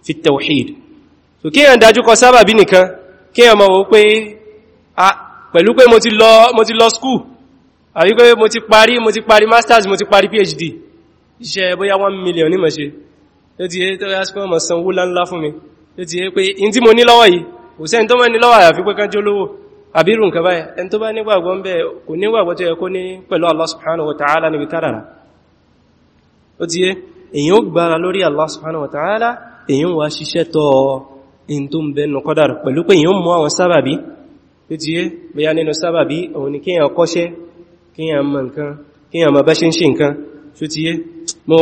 fi tawhid so kí yàn dájú kọ sábàbí nìkan kí yàn mọ̀ wó pé pẹ̀lú pé mo ti lọ school àbí pé mo ti parí mo ti parí masters mo ti parí phd iṣẹ́ bóyá 1 million ní mọ̀ ṣe tó ti yé tó yá sí pé ọmọ sanwó láńlá fún mi tó ti yé pé in tí mo ní lọ́wọ́ yìí kò sẹ́ni tó mọ́ ní lọ́wọ́ àyàfi pé kánjọ́ lówó àbírù nǹkan báyìí ẹni tó bá nígbàgbọ́ ń bẹ kò nígbàgbọ́ tó yẹ kó ní pẹ̀lú Allah kíyàn mọ̀ nǹkan kíyàn mọ̀ bá ṣe ń ṣe nǹkan ṣó ti yé mo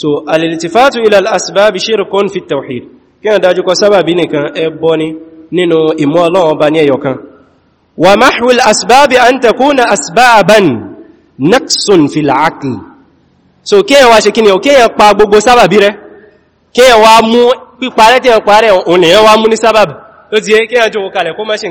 so alìlìtìfàtù ilẹ̀ al'asibábi ṣírkún fi tawhid kí a dájú kọ sábàbí nìkan ẹbọ ni nínú ìmọ̀ ọlọ́run ọba ní ẹyọkan wà máhùl asibábi an takúnà asibában naqsun fi la'aql so kí ẹwà ṣe kíni kí ẹyàn pa gbogbo sábàbí rẹ kí ẹyàn wá mú píparẹ́ tí ẹyàn parẹ́ òun lèyàn wá mú ní sábàbí tó ti yẹ kí ẹyàn jókòó kalẹ̀ kó má ṣe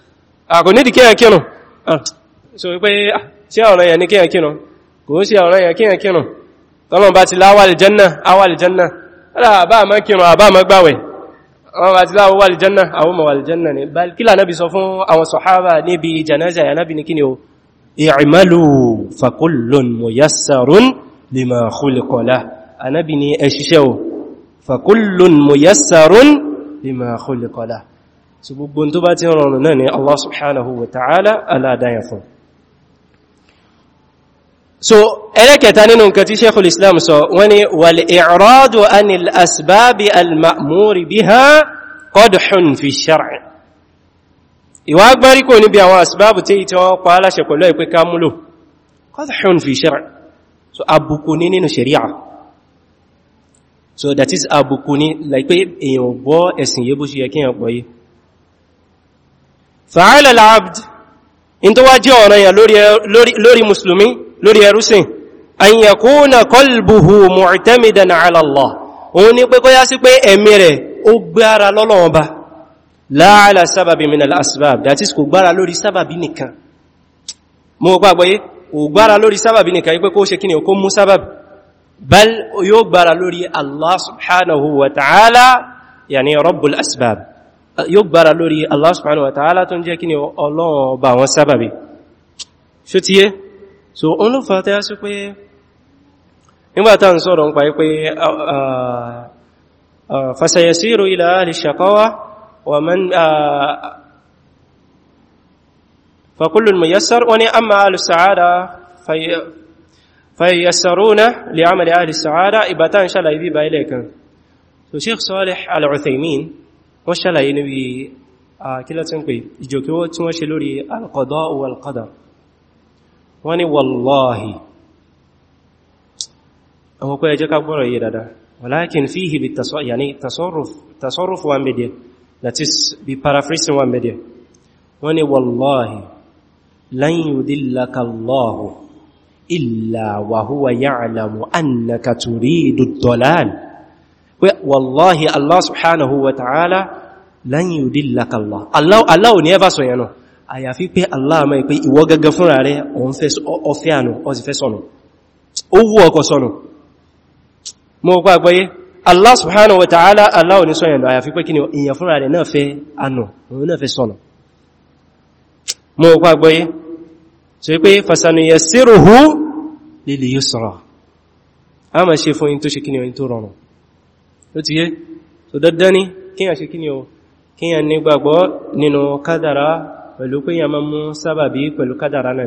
Ah, kò nídìí kíyàn kírùn ah, so wípé sí ah, ọ̀rọ̀ yẹn ní kíyàn kírùn kò sí ọ̀rọ̀ yẹn kíyàn kírùn tọ́lọ̀n bá ti láwàlì jẹ́nà àwàlì jẹ́nà àbá mọ́ kírùn àbá mọ́ gbàwẹ̀ wọ́n bá ti láwàlì jẹ́nà àwọn mọ̀wàlì jẹ́nà ni kílà náà bí sọ fún àwọn sọ̀hábà níbi janaza yà nábi ní kíni o i'malu fakullun muyassarun lima khuliqa so gbogbo tó bá ti rọrùn náà ni Allah subhanahu wa ta'ala aládáyà fún so ẹlẹ́kẹta nínú nǹkan tí sheikhul islam sọ wọ́n ni wal i'radu anil asbabi al-ma'muri biha qadhun fi shar'i ìwà agbárí kò níbi àwọn asbabu tí ìtọ́ pa aláṣẹ pẹ̀lú ìpé kámúlò qadhun fi shar'i so àbùkù ní nínú sharia so that is àbùkù ní like pé èèyàn gbọ́ ẹ̀sìn yẹ bó ṣe yẹ kí èèyàn pọ̀ yìí fa'ala al-abd in tó wá jẹ́ ọ̀nà yà lórí musulmi lórí ẹrúsìn an yakuna qalbuhu mu'tamidan ala Allah òun ní pé kó yá sí pé ẹ̀mí rẹ̀ ó gbára lọ́lọ́wọ́n ba la ala sábàbí min al-asbab that is kò gbára lórí sábàbí nìkan mo gbàgbọ́yé kò gbára lórí sábàbí yóò gbára lórí Allah subhanahu wa ta'ala tó ń jẹ́ kí ni ọlọ́run ọba wọn sábàbí ṣó ti yé so o ló fà sí pé nígbàtà ń sọ̀rọ̀ ń pàí pé fasayasiru ila ahli shaqawa wa man fa wani amma ahli sa'ada fayassaruna li amali ahli sa'ada ibatan shala ibi ba ilaikan so sheikh Salih al-Uthaymin wọ́n ṣàlàyé níbi àkílẹ̀ tí ń pè ìjòkí tí wọ́n ṣe lórí al-qadaa wal-qadar wọ́n ni wallahi àwọn kọ́ ẹjẹ́ kagbọ́rọ̀ yìí dada walakin fihi bi tasarruf wa media that is bi paraphrasing wa media wọ́n ni wallahi lan pé wàláhí Allah subhanahu wa ta'ala lan yudillaka Allah. Allah ò ní ẹbá sọ yẹnu, àyàfi pé Allah mẹ́ pé ìwọ gẹ́gẹ́ fúnra rẹ̀ ọfẹ́ ànù, ó fẹ́ sọnù. Ó wú ọkọ̀ sọnù. Mọ́ ọkọ̀ àgbọ́yé, Allah subhanahu wa ta'ala Allah ò ní sọ yẹnu, àyàfi pé kí pé kí ó ti yé so dandan ni kíyàn ṣe kíni o kíyàn ní gbàgbọ́ nínú kádàrá pẹ̀lú pé yàn máa mú sábàbí pẹ̀lú kádàrá náà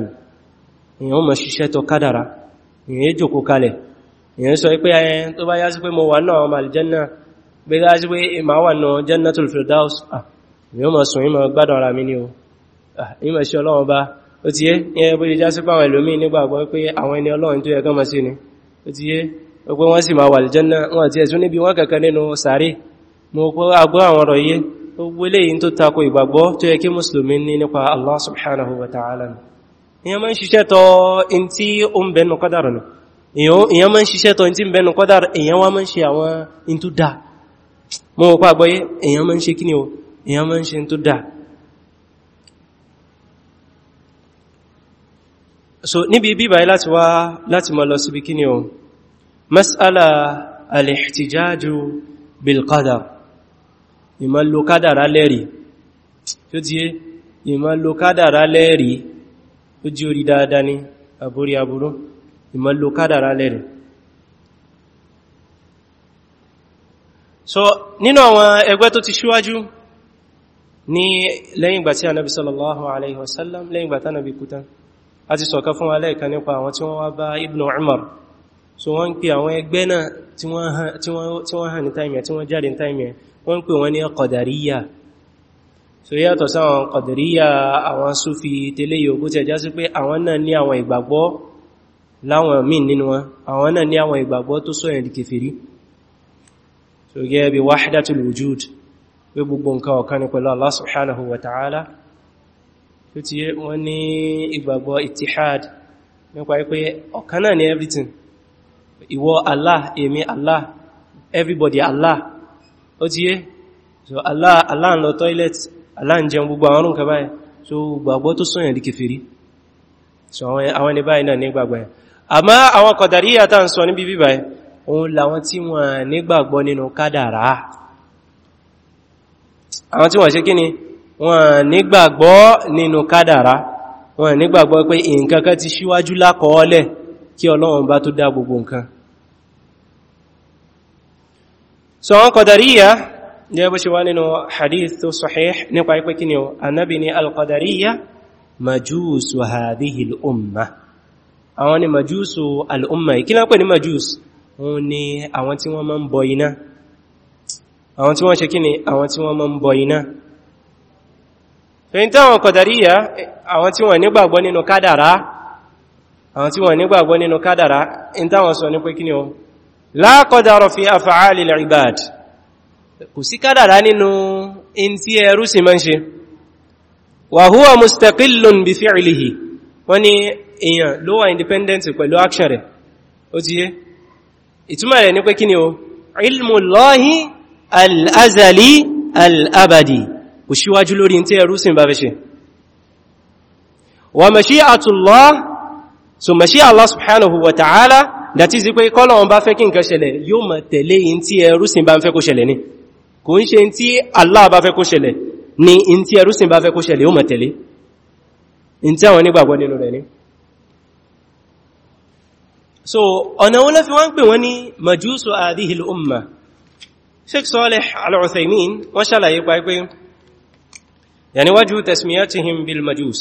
èyàn mọ̀ ṣiṣẹ́ tó kádàrá èyàn jòkó kalẹ̀ èyàn sọ pé ayẹn tó bá yá sí pé mo wà náà ọmọ aljanna bí yá sí pé ìmá wà náà jannatul firdaus èyàn mọ̀ ni o ìmọ̀ ṣe ọlọ́run bá ó tó yẹ gbogbo wọn sì máa wà lìjẹ́nà wọn àti ẹ̀sùn níbi wọn kankan nínú sàárè mo kọ́ agbọ́ àwọn ọ̀rọ̀ yé gbogbo eléyìí tó tako ìgbàgbọ́ tó yẹ kí mùsùlùmí ní nípa Allah subhanahu wa ta'ala ìyẹn máa ń ṣiṣẹ́ tọ́ in so níbi bíbáyé láti wá láti mọ́ lọ síbi kí ni o مسألة الاحتجاج بالقدر bil qadar ìmọ̀ lo kádàrá lẹ́rí tó ti yé ìmọ̀ lo kádàrá lẹ́rí ó jí orí dáadáa ní so nínú àwọn ẹgbẹ́ tó ti ṣíwájú ní lẹ́yìn ìgbà tí anábi sallallahu alaihi wasallam lẹ́yìn ìgbà tánàbí kúta a ti sọ̀ka fún alẹ́ ìkan nípa àwọn tí wọ́n wá bá ibn umar so wọ́n ń pè àwọn ẹgbẹ́ náà tí wọ́n hàn ní táìmì tí wọ́n jáde ní táìmì wọ́n ń pè wọ́n ní Qadariyya so yàtọ̀ Sufi tẹ́lẹ̀ yòókù tẹ́ já sí pé àwọn náà ní àwọn ìgbàgbọ́ láwọn míì nínú wọn àwọn náà ní àwọn ìgbàgbọ́ tó so wujud gbogbo ni wọ́n ní ìgbàgbọ́ nípa ọ̀kan náà ìwọ Allah èmi Allah everybody Allah ó ti yé so Allah Allah ń lọ toilet Allah ń jẹun gbogbo àwọn nǹkan báyìí so gbàgbọ́ tó sọ́yàn di kèfèrí so àwọn ẹni báyìí náà nígbàgbọ́ yẹn àmọ́ àwọn Qadariyya tá ń sọ níbi bíbá yẹn òun làwọn tí wọ́n nígbàgbọ́ nínú kádàrá àwọn tí wọ́n ṣe kíni wọ́n nígbàgbọ́ nínú kádàrá wọ́n nígbàgbọ́ pé nǹkan kan kí Ọlọ́run bá tó dá gbogbo nǹkan so àwọn kọ̀dàríyà jẹ́ bó ṣe wá nínú hadith tó sahih nípa ipé kí ni o annabi ni alkọ̀dàríyà majúsù hadhihi al'umma àwọn ni majúsù al'umma kí la pè ní majúsù wọ́n ni àwọn tí wọ́n máa ń bọ iná àwọn àwọn kọ̀dàríyà àwọn tí wọ́n nígbàgbọ́ nínú kádàrá àwọn tí sọ ní pé kí ni o la qadara fi af'ali al-ibad kò sí kádàrá nínú in tí ẹrú sì máa ń ṣe wa huwa mustaqillun bi fi'lihi wọ́n ni èèyàn ló wà independent pẹ̀lú action rẹ̀ ó ti yé ìtumọ̀ rẹ̀ ní pé kí ni o ilmullahi al-azali al kò síwájú lórí in tí ẹrú sì bá fẹ́ ṣe wa mashi'atullah so mashi Allah subhanahu wa ta'ala that is pé kọ́lọ̀ bá fẹ́ kí nǹkan ṣẹlẹ̀ yóò máa tẹ̀lé in tí ẹrúsìn bá ń fẹ́ kó ṣẹlẹ̀ ní kò ń ṣe in tí Allah bá fẹ́ kó ṣẹlẹ̀ ní in tí ẹrúsìn bá fẹ́ kó ṣẹlẹ̀ yóò máa tẹ̀lé in tí àwọn onígbàgbọ́ nínú rẹ̀ ní so ọ̀nà wọn lọ́fi wọ́n pè wọ́n ní majusu adihil umma Sheikh Saleh Al-Uthaymin wọ́n ṣàlàyé pa pé yàníwájú tasmiyatihim bil majus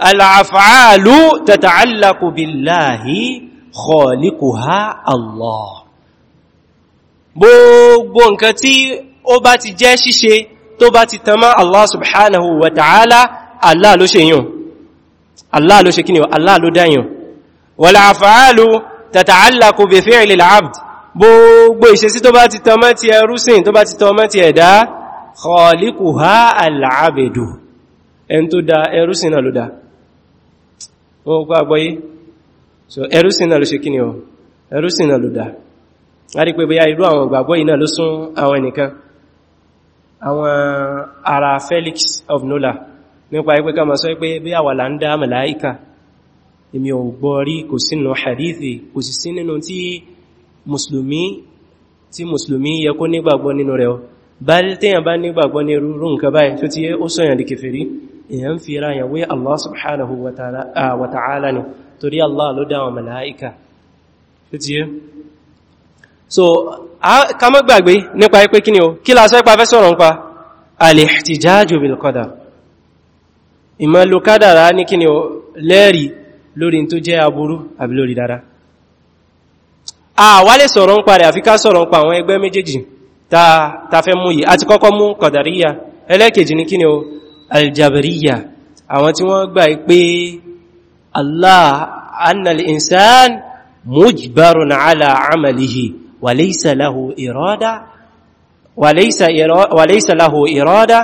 al'afàálù tàtàálàkù billahi khaliquha Allah gbogbo nǹkan tí ó bá ti jẹ́ ṣíṣe tó bá ti tamá Allah subhanahu wa ta'ala Allah ló ṣe yùn Allah ló ṣe kí ni Allah ló dáyùn wàl'afàálù tàtàálàkù bi fi'lil abd gbogbo ìṣesí tó bá ti tamá ti ẹrúsìn tó bá ti tamá ti ẹ̀dá khaliquha al-abdu ẹn tó dá ẹrúsìn náà ló dáa ó gbá agbọ́yé so ẹrúsìn náà ló ṣe kíni o ẹrúsìn náà ló dá a rí pé bóyá irú àwọn ìgbàgbọ́ yìí náà ló sún àwọn ẹnìkan àwọn ará Felix of Nola nípa ipé kama ma sọ pé bóyá wà là ń dá màláíkà èmi ò gbọ́ rí kò sínú hadithi kò sì sí nínú tí mùsùlùmí tí mùsùlùmí yẹ kó nígbàgbọ́ nínú rẹ̀ bá tí bá nígbàgbọ́ ní irú nǹkan báyìí tó ti ó sọ̀yàn di èyàn fi ra yàn Allah subhanahu wa ta'ala ni torí Allah ló dáwọn màláíkà tó so ká mọ́ gbàgbé nípa ipé kí ni o kí lásọ́ ipa fẹ́ sọ̀rọ̀ nípa al-ihtijaju bil qadar ìmọ̀lò ní kí o lẹ́rì lórí tó jẹ́ aburú àbí lórí dára àwa lè sọ̀rọ̀ nípa rẹ̀ àfi ká sọ̀rọ̀ nípa àwọn ẹgbẹ́ méjèèjì ta fẹ́ mú yìí àti kọ́kọ́ mú aljabariya àwọn tí wọ́n gbà pé allah annal insan mujbarun ala amalihi walaysa lahu irada walaysa walaysa lahu irada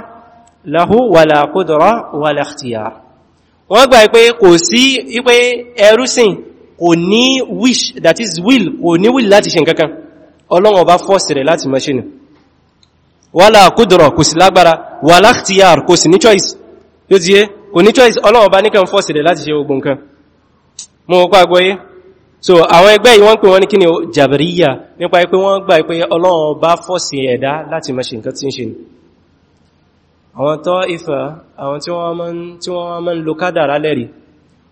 lahu wala qudra wala ikhtiyar wọ́n gbà pé kò sí ipé ẹrúsìn kò ní wish that is will kò ní will láti ṣe nǹkankan ọlọ́run ọba force láti mọ́ wala kudura kò sí lágbára wala ikhtiyar kò sí ní choice yóò ti yé kò ní choice ọlọ́wọ́ bá níkan fọ́sì rẹ̀ láti ṣe gbogbo nǹkan mọ́ ọkọ̀ agbóyé so àwọn ẹgbẹ́ yìí wọ́n pè wọ́n ní kíni jàbìríyà nípa pé wọ́n gbà pé ọlọ́wọ́ bá fọ́sì ẹ̀dá láti máa ṣe nǹkan tí ń ṣe àwọn tọ́ ifá àwọn tí wọ́n máa ń lo kádàrá lẹ́rì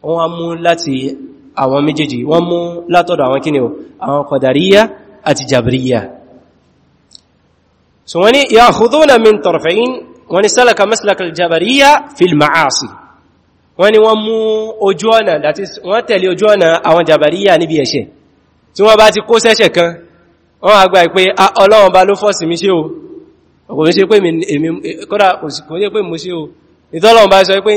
wọ́n mú so wani yakhuduna min tarfain wani salaka maslaka aljabariya fil ma'asi wani wọ́n mú ojú ọ̀nà that is wọ́n tẹ̀lé ojú ọ̀nà àwọn jabariya níbi ẹ̀ṣẹ̀ tí wọ́n bá ti kó sẹ́ṣẹ̀ kan wọ́n àgbà pé ah, Ọlọ́run bá ló fọ́sì mi ṣe o kò ṣe pé mi kódà kò ṣe pé mo ṣe o ìtọ́lọ́run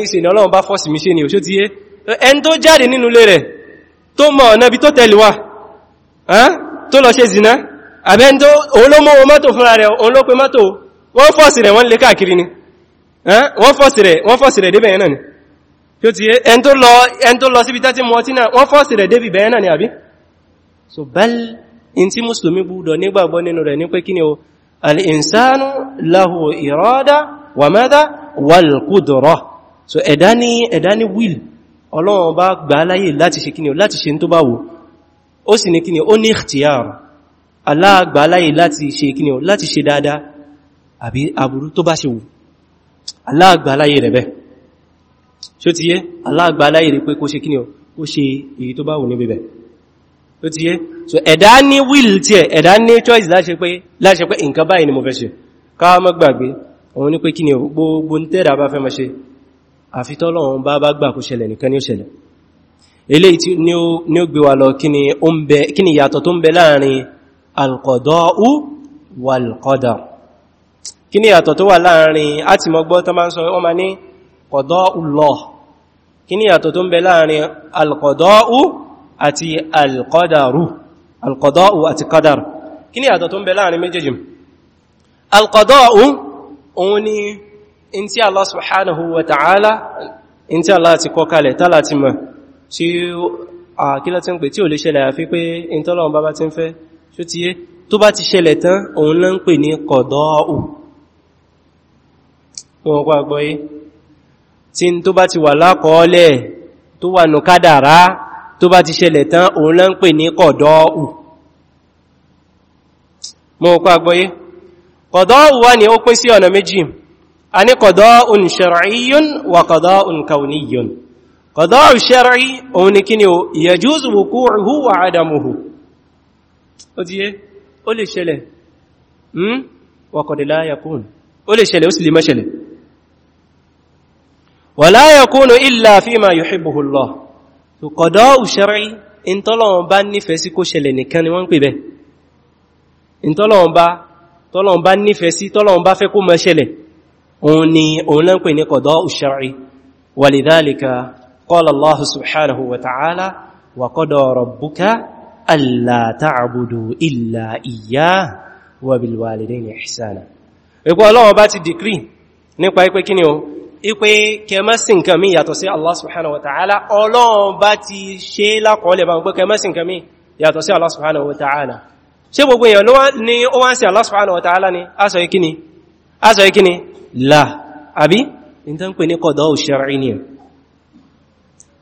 mi ṣe àbẹ́ntó olómọ́ mọ́tò fúnra rẹ̀ olópe mọ́tò wọ́n fọ́sì rẹ̀ wọ́n lè káàkiri ni wọ́n fọ́sì rẹ̀ wọ́n fọ́sì rẹ̀ débẹ̀ ẹ̀nà ni tí ó ti yé ẹn tó lọ síbi tẹ́tí mọ́tí náà wọ́n fọ́sì rẹ̀ débi bẹ̀ẹ́nà ni àbí so bal in tí musulmi gbúdọ̀ nígbàgbọ́ nínú rẹ̀ ní pé kí ni o al-insanu lahu irada aláàgbà láyé láti ṣe kíni láti ṣe dáadáa àbí aburú tó bá ṣe wù aláàgbà láyé rẹ̀ bẹ́ ṣó ti yé aláàgbà láyé rẹ̀ pé kó ṣe kíni ó ṣe èyí tó bá wù ní bẹ̀bẹ̀ ó ti yé so ẹ̀dá ní will tí ẹ̀ ẹ̀dá ní choice láṣẹ pé láṣẹ pé nǹkan ni mo fẹ́ ṣe ká má gbàgbé òun ní pé kíni gbogbo eléyìí ni ó gbé wa lọ kíni ìyàtọ̀ tó ń bẹ láàrin alkọ̀dọ́ú wàlkọ́dà kí ni yàtọ̀ tó wà láàrin àti mọ́gbọ́ tó máa ń sọ ọmọ ní kọ̀dọ́ulọ́ kí ni yàtọ̀ tó ń bẹ láàrin alkọ̀dọ́ú àti alkọ́dàrú alkọ̀dọ́ú àti kọ́dàrú kí ni yàtọ̀ tó ń bẹ láàrin méjèèjì alkọ̀dọ́ú òun ni in tí Allah subhanahu lè ṣẹlẹ̀ àfi pé in bá bá ti ń fẹ́ ṣó ti yé tó bá ti ṣẹlẹ̀ tán òun náà ń pè ní kọ̀dọ́ọ̀ù wọn kọ́ àgbọ́yé tí tó bá ti wà lákọọ́lẹ̀ tó wà nù kádàrá tó bá ti ṣẹlẹ̀ tán òun náà ń pè ní kọ̀dọ́ọ̀ù wọn kọ́ àgbọ́yé kọ̀dọ́ọ̀ù wá ní ó pín sí ọ̀nà méjì a ní òun ni kí ni ó yajuzu wuqu'uhu wa adamuhu ó ti yé ó lè ṣẹlẹ̀ hmm? wàkọ̀dẹ̀ láyàkún ó lè ṣẹlẹ̀ ó sì lè má ṣẹlẹ̀ wà láyàkún illa fima yuhibbuhullah tó kọ̀dọ̀ òṣèrè ìntọ́lọ̀wọ̀n bá nífẹ̀ẹ́ sí kó ṣẹlẹ̀ nìkan ni wọ́n ń pè bẹ́ ìntọ́lọ̀wọ̀n bá nífẹ̀ẹ́ wa ta'ala wa qada rabbuka alla ta'budu illa iyyah wa bil walidayni ihsana ẹgbọ́ ọlọ́wọ́ bá ti dìkrí nípa ipé kíni o ipé kẹmẹ́sìn kàmí yàtọ̀ sí Allah subhanahu wa ta'ala ọlọ́wọ́ bá ti ṣe lákọọlẹ̀ bá gbé kẹmẹ́sìn kàmí yàtọ̀ sí Allah subhanahu wa ta'ala ṣe gbogbo èèyàn ni ó wá ń Allah subhanahu wa ta'ala ni a ikini a ikini la àbí ìntán pè ní kọ̀dọ̀ òṣèrè ní ẹ̀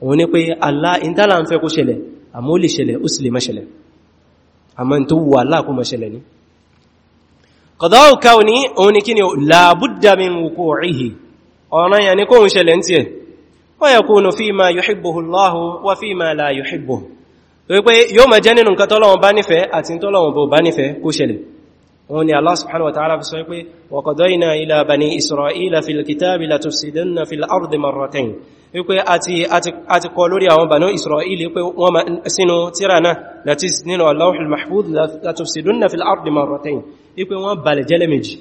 òun ni pé Allah ìntàlà ń fẹ́ kó ṣẹlẹ̀ àmọ́ ó lè ṣẹlẹ̀ ó sì lè má ṣẹlẹ̀ àmọ́ tó wù aláàkó má ṣẹlẹ̀ ní qada'u kawni òun ni kí ni la budda min wuqu'ihi ọ̀nà yà ní kóhun ṣẹlẹ̀ ń tiẹ̀ wa yakunu fima yuhibbuhu Allahu wa fima la yuhibbuhu wípé yóò ma jẹ́ nínú nǹkan tọ́lọ́wọ́n bá ni Allah subhanahu fi sọ pé wa qadayna ila bani Isra'ila fil kitabi la tufsidanna fil wípé a ti kọ lórí àwọn Banu Isra'ili pé wọ́n ma sínú tíra náà láti nínú Allahul Mahfuz la tufsidunna fil ardi marratayn wípé wọ́n balẹ̀ jẹ́ lẹ́mẹ̀jì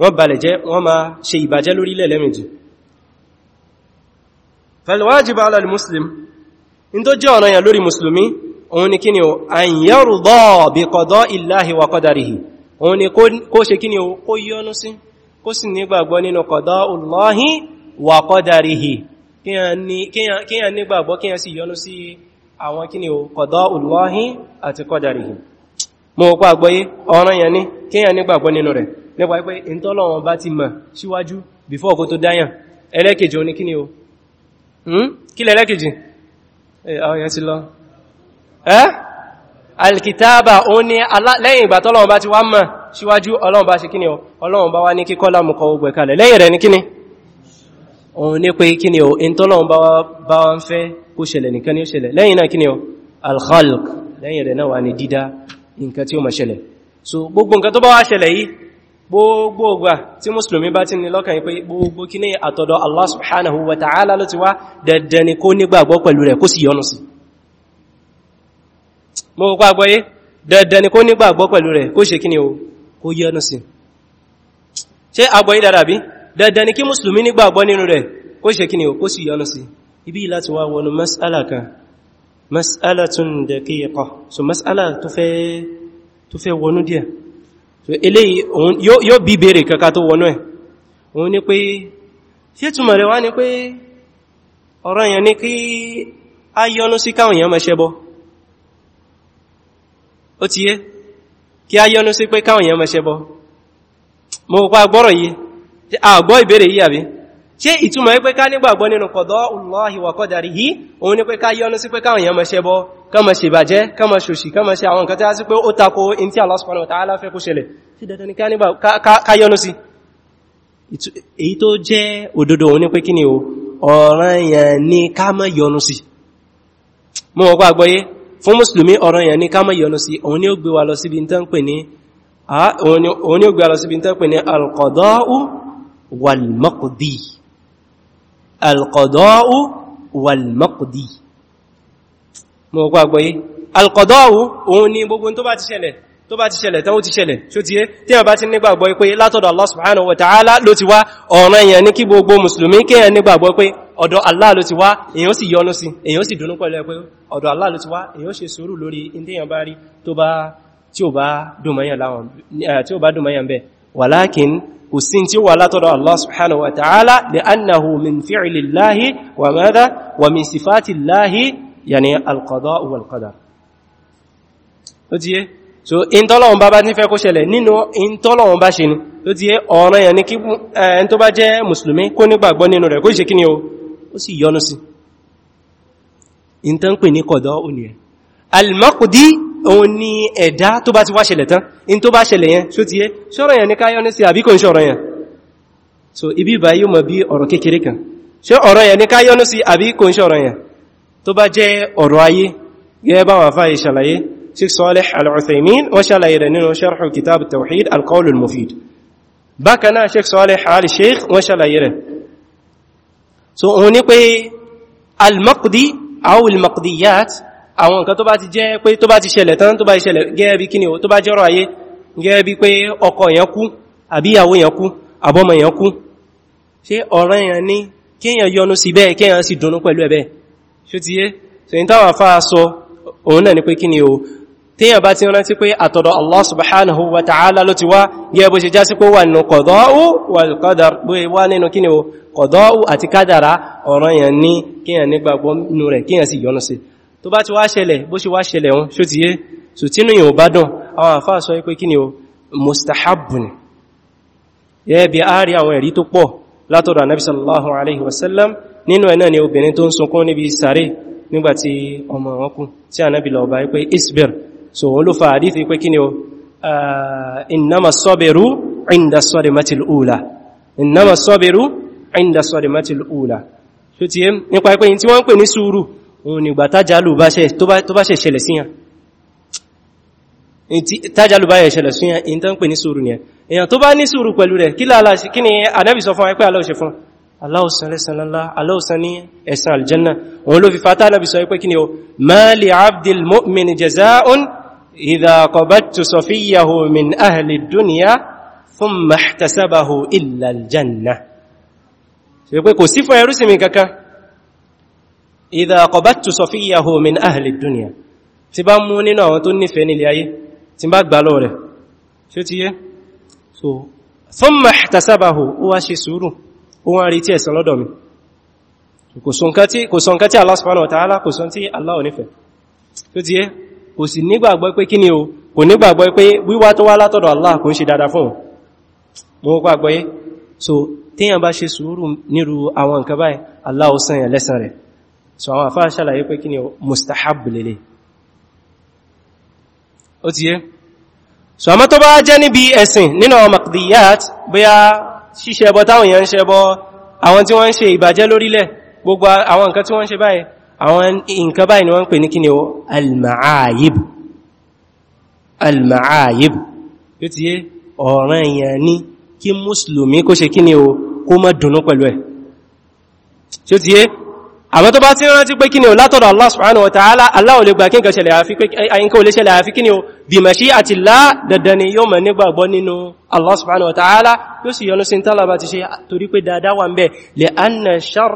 wọ́n balẹ̀ jẹ́ wọ́n ma ṣe ìbàjẹ́ lórí ilẹ̀ lẹ́mẹ̀jì fal wajibu ala al-muslim in tó jẹ́ ọ̀ranyàn lórí mùsùlùmí òun ni kíni o an yarda wa qadarihi kíyàn nígbàgbọ́ kíyàn sì yọnú sí àwọn kíni o kọ̀dọ̀ olùwáhí àti kọjàrìhì mọ́ ọpá àgbọ́yé ọ̀rọ̀ yẹn ní kíyàn nígbàgbọ́ nínú rẹ̀ nípa pé ìntọ́lọ̀wọ̀n bá ti mọ̀ síwájú before kó tó dáyàn ẹlẹ́kejì o ní kíni o hmm? kílẹ̀ eh, eh? alkitaba ó ní lẹ́yìn ìgbà tọ́lọ̀wọ̀n bá ti wá mọ̀ síwájú ọlọ́run bá ṣe kíni o ọlọ́run bá wá ní kíkọ́lá mọ̀kọ̀ òun ní pé kí ni o in tọ́lọ́un bá wá ń fẹ́ kó ṣẹlẹ̀ nìkan ni ó ṣẹlẹ̀ lẹ́yìn náà kí ni o al-khalq lẹ́yìn rẹ̀ náà wà ní dídá nǹkan tí ó ma ṣẹlẹ̀ so gbogbo nǹkan tó bá wá ṣẹlẹ̀ yìí gbogbo ọgbà tí mùsùlùmí bá ti ní lọ́kàn yìí ṣe àgbọ̀ yìí dára bí dandan ni kí mùsùlùmí nígbàgbọ́ nínú rẹ̀ kó ṣe kíni ó sì yọ́nú sí ibi láti wá wọnú mas'ala kan mas'ala tún daqiqa so mas'ala tó fẹ́ tó wọnú díẹ̀ so eléyìí yóò bí bèèrè kaka tó wọnú ẹ̀ òun ni pé ṣe túnmọ̀ rẹ̀ wá ni pé ọ̀rọ̀ èèyàn ni kí a yọ́nú sí káwọn èèyàn máa ṣẹbọ ó ti yé kí a yọ́nú sí pé káwọn èèyàn máa ṣẹbọ mo pa gbọ́rọ̀ yìí àgbọ́ ìbéèrè yìí àbí ṣe ìtumọ̀ wípé ká nígbàgbọ́ nínú qadaa'ullahi wa qadarihi òun ní pé ká yọ́nú sí pé káwọn èèyàn mọ́ ṣe bọ́ kán mọ́ ṣe bàjẹ́ kán mọ́ ṣòṣì kán mọ́ ṣe àwọn nǹkan tí a sí pé ó tako Allah subhanahu wa ta'ala fẹ́ kó ṣẹlẹ̀ sí dandan ní ká yọ́nú sí èyí tó jẹ́ òdodo òun ni o ọ̀ranyàn ni ká má yọ́nú sí mọ́ wọ́n gbàgbọ́yé ni ká má yọ́nú sí òun ni ó gbé wa lọ síbi tán al-qadaa'u والمقضي القضاء والمقضي mo gbọ́ àgbọ́yé alkọ̀dọ́wù òun ni gbogbo tó bá ti ṣẹlẹ̀ tó bá ti ṣẹlẹ̀ tán ó ti ṣẹlẹ̀ tí ó ti yé tí a bá ti nígbàgbọ́ pé látọ̀dọ̀ Allah subhanahu wa ta'ala ló ti wá ọ̀ràn èèyàn ní kí gbogbo mùsùlùmí kí èèyàn nígbàgbọ́ pé ọ̀dọ̀ Allah ló ti wá èèyàn sì yọ́nú sí èèyàn sì dùnú pẹ̀lú ẹgbẹ́ ọ̀dọ̀ Allah ló ti wá èèyàn ṣe sùúrù lórí indéyàn bá rí tí ó bá dùnmọ́yàn bẹ́ẹ̀ wàlákin kò sí tí ó wà látọ̀dọ̀ Allah subhanahu wa ta'ala li annahu min fi'li Allahi wa madha wa min sifati Allahi yani al-qada ó ti yé so in tọ́lọ̀wọ̀n bá bá ní fẹ́ kó ṣẹlẹ̀ nínú in tọ́lọ̀wọ̀n bá ṣe ni ó ti yé ọ̀ràn yẹn ni kí ẹn tó bá jẹ́ mùsùlùmí kó nígbàgbọ́ nínú rẹ̀ kó òun ni ẹ̀dá tó bá ti wá ṣẹlẹ̀ tán in tó bá ṣẹlẹ̀ yẹn ṣó ti yé ṣọ́rọ̀ yẹn ní káyọ́ ní sí àbí kò ń ṣọ́rọ̀ yẹn so ibi ìbá yíò mọ̀ bí ọ̀rọ̀ kékeré kan ṣé ọ̀rọ̀ yẹn ní káyọ́ ní sí àbí kò ń ṣọ́rọ̀ yẹn tó bá jẹ́ ọ̀rọ̀ ayé gẹ́gẹ́ bá wàfà ìṣàlàyé Sheikh Salih al àwọn nǹkan tó bá ti jẹ́ pé tó bá ti ṣẹlẹ̀ tán tó bá ti ṣẹlẹ̀ gẹ́gẹ́ bí kíni o tó bá jọ́rọ̀ ayé gẹ́gẹ́ bí pé ọkọ èèyàn kú àbí ìyàwó èèyàn kú àbọ́mọ èèyàn kú ṣé ọ̀rọ̀ èèyàn ní kéèyàn yọnu sí bẹ́ẹ̀ kéèyàn sì dùnnú pẹ̀lú ẹ̀bẹ̀ ṣó ti yé sọ òun náà ni pé kíni o téèyàn bá ti rántí pé subhanahu wa ta'ala ló ti wá gẹ́gẹ́ bó ṣe já sí pé wà nínú qada'u wal qadar bó wá nínú kíni o qada'u àti kádàrá ní kéèyàn nígbàgbọ́ rẹ̀ kéèyàn sì yọnu sí tó bá ti wá ṣẹlẹ̀ bó ṣe wá ṣẹlẹ̀ wọn ṣó ti yé so tínú yìí ò bá dùn àwọn àfáà sọ wípé kí ni o mustahabun yẹ́ bí a rí àwọn ẹ̀rí tó pọ̀ látọ̀dọ̀ anábi sallallahu alaihi wasallam nínú ẹ̀ náà ni obìnrin tó ń sunkún níbi sàárè nígbàtí ọmọ wọn kú tí anábi lọ ah, inda sọ́dẹ̀mẹ́tìl ula ula ṣó ti yé nípa pé tí wọ́n pè ní sùúrù òun ni gbàtájálù tó bá ṣe ṣẹlẹ̀ síyàn tájálù bá yẹ ṣẹlẹ̀ síyàn in tó ń pè ní sùúrù ni èyàn tó bá ní sùúrù pẹ̀lú rẹ̀ kí ni Ànábì sọ fún wa pé Allah ṣe fún Allah san lẹ́san lọ́lá Allah san ní ẹ̀san aljanna òun ló fi fata Ànábì sọ pé kí ni o ma li abdil ṣe pé kò sí fún ẹrú kankan idha qabattu safiyahu min ahli dunya tí bá mú nínú àwọn tó nífẹ̀ẹ́ nílé ayé tí bá gbà lọ rẹ̀ tí ó ti yé so thumma ihtasabahu ó wá ṣe sùúrù ó wá rí tí ẹ̀san lọ́dọ̀ mi kò sọ nǹkan tí Allah subhanahu wa ta'ala kò sọ tí Allah ò nífẹ̀ẹ́ tí ó ti yé kò sì nígbàgbọ́ pé kí ni o kò nígbàgbọ́ pé wíwá tó wá látọ̀dọ̀ Allah kò ń ṣe dáadáa fún mọ́ pàgbọ́ yé so téèyàn bá ṣe sùúrù nírú àwọn nǹkan báyìí Allah ó san yẹn lẹ́san rẹ̀ so àwọn àfáà ṣàlàyé pé kí ni mustahab lele ó ti yé so àmọ́ tó bá jẹ́ níbi ẹ̀sìn nínú àwọn maqdiyat bóyá ṣíṣe ẹbọ táwọn èèyàn ń ṣe ẹbọ àwọn tí wọ́n ń ṣe ìbàjẹ́ lórílẹ̀ gbogbo àwọn nǹkan tí wọ́n ṣe báyìí àwọn nǹkan báyìí ni wọ́n pè ní kí ni al-ma'ayib al-ma'ayib ó ti yé ọ̀ràn èèyàn ní kí mùsùlùmí kó ṣe kí ni ó kó má dùnú pẹ̀lú ẹ̀ àwọn tó bá ti rántí pé kíni o látọ̀dọ̀ Allah subhanahu wa ta'ala Allah ò lè gbà kí n kà ṣẹlẹ̀ àfi pé àyíká ò lè ṣẹlẹ̀ àfi kíni o bí mashi'atillah dandan ni yóò mọ̀ nígbàgbọ́ nínú Allah subhanahu wa ta'ala yóò sì yọnu sí ń tálàbà ti ṣe torí pé dáadáa wà ń bẹ̀ li'anna ash-sharr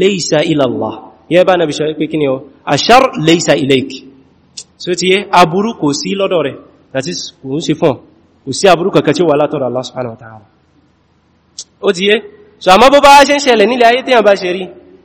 laysa ila Allah yẹ́ bá nàbí ṣe pé kíni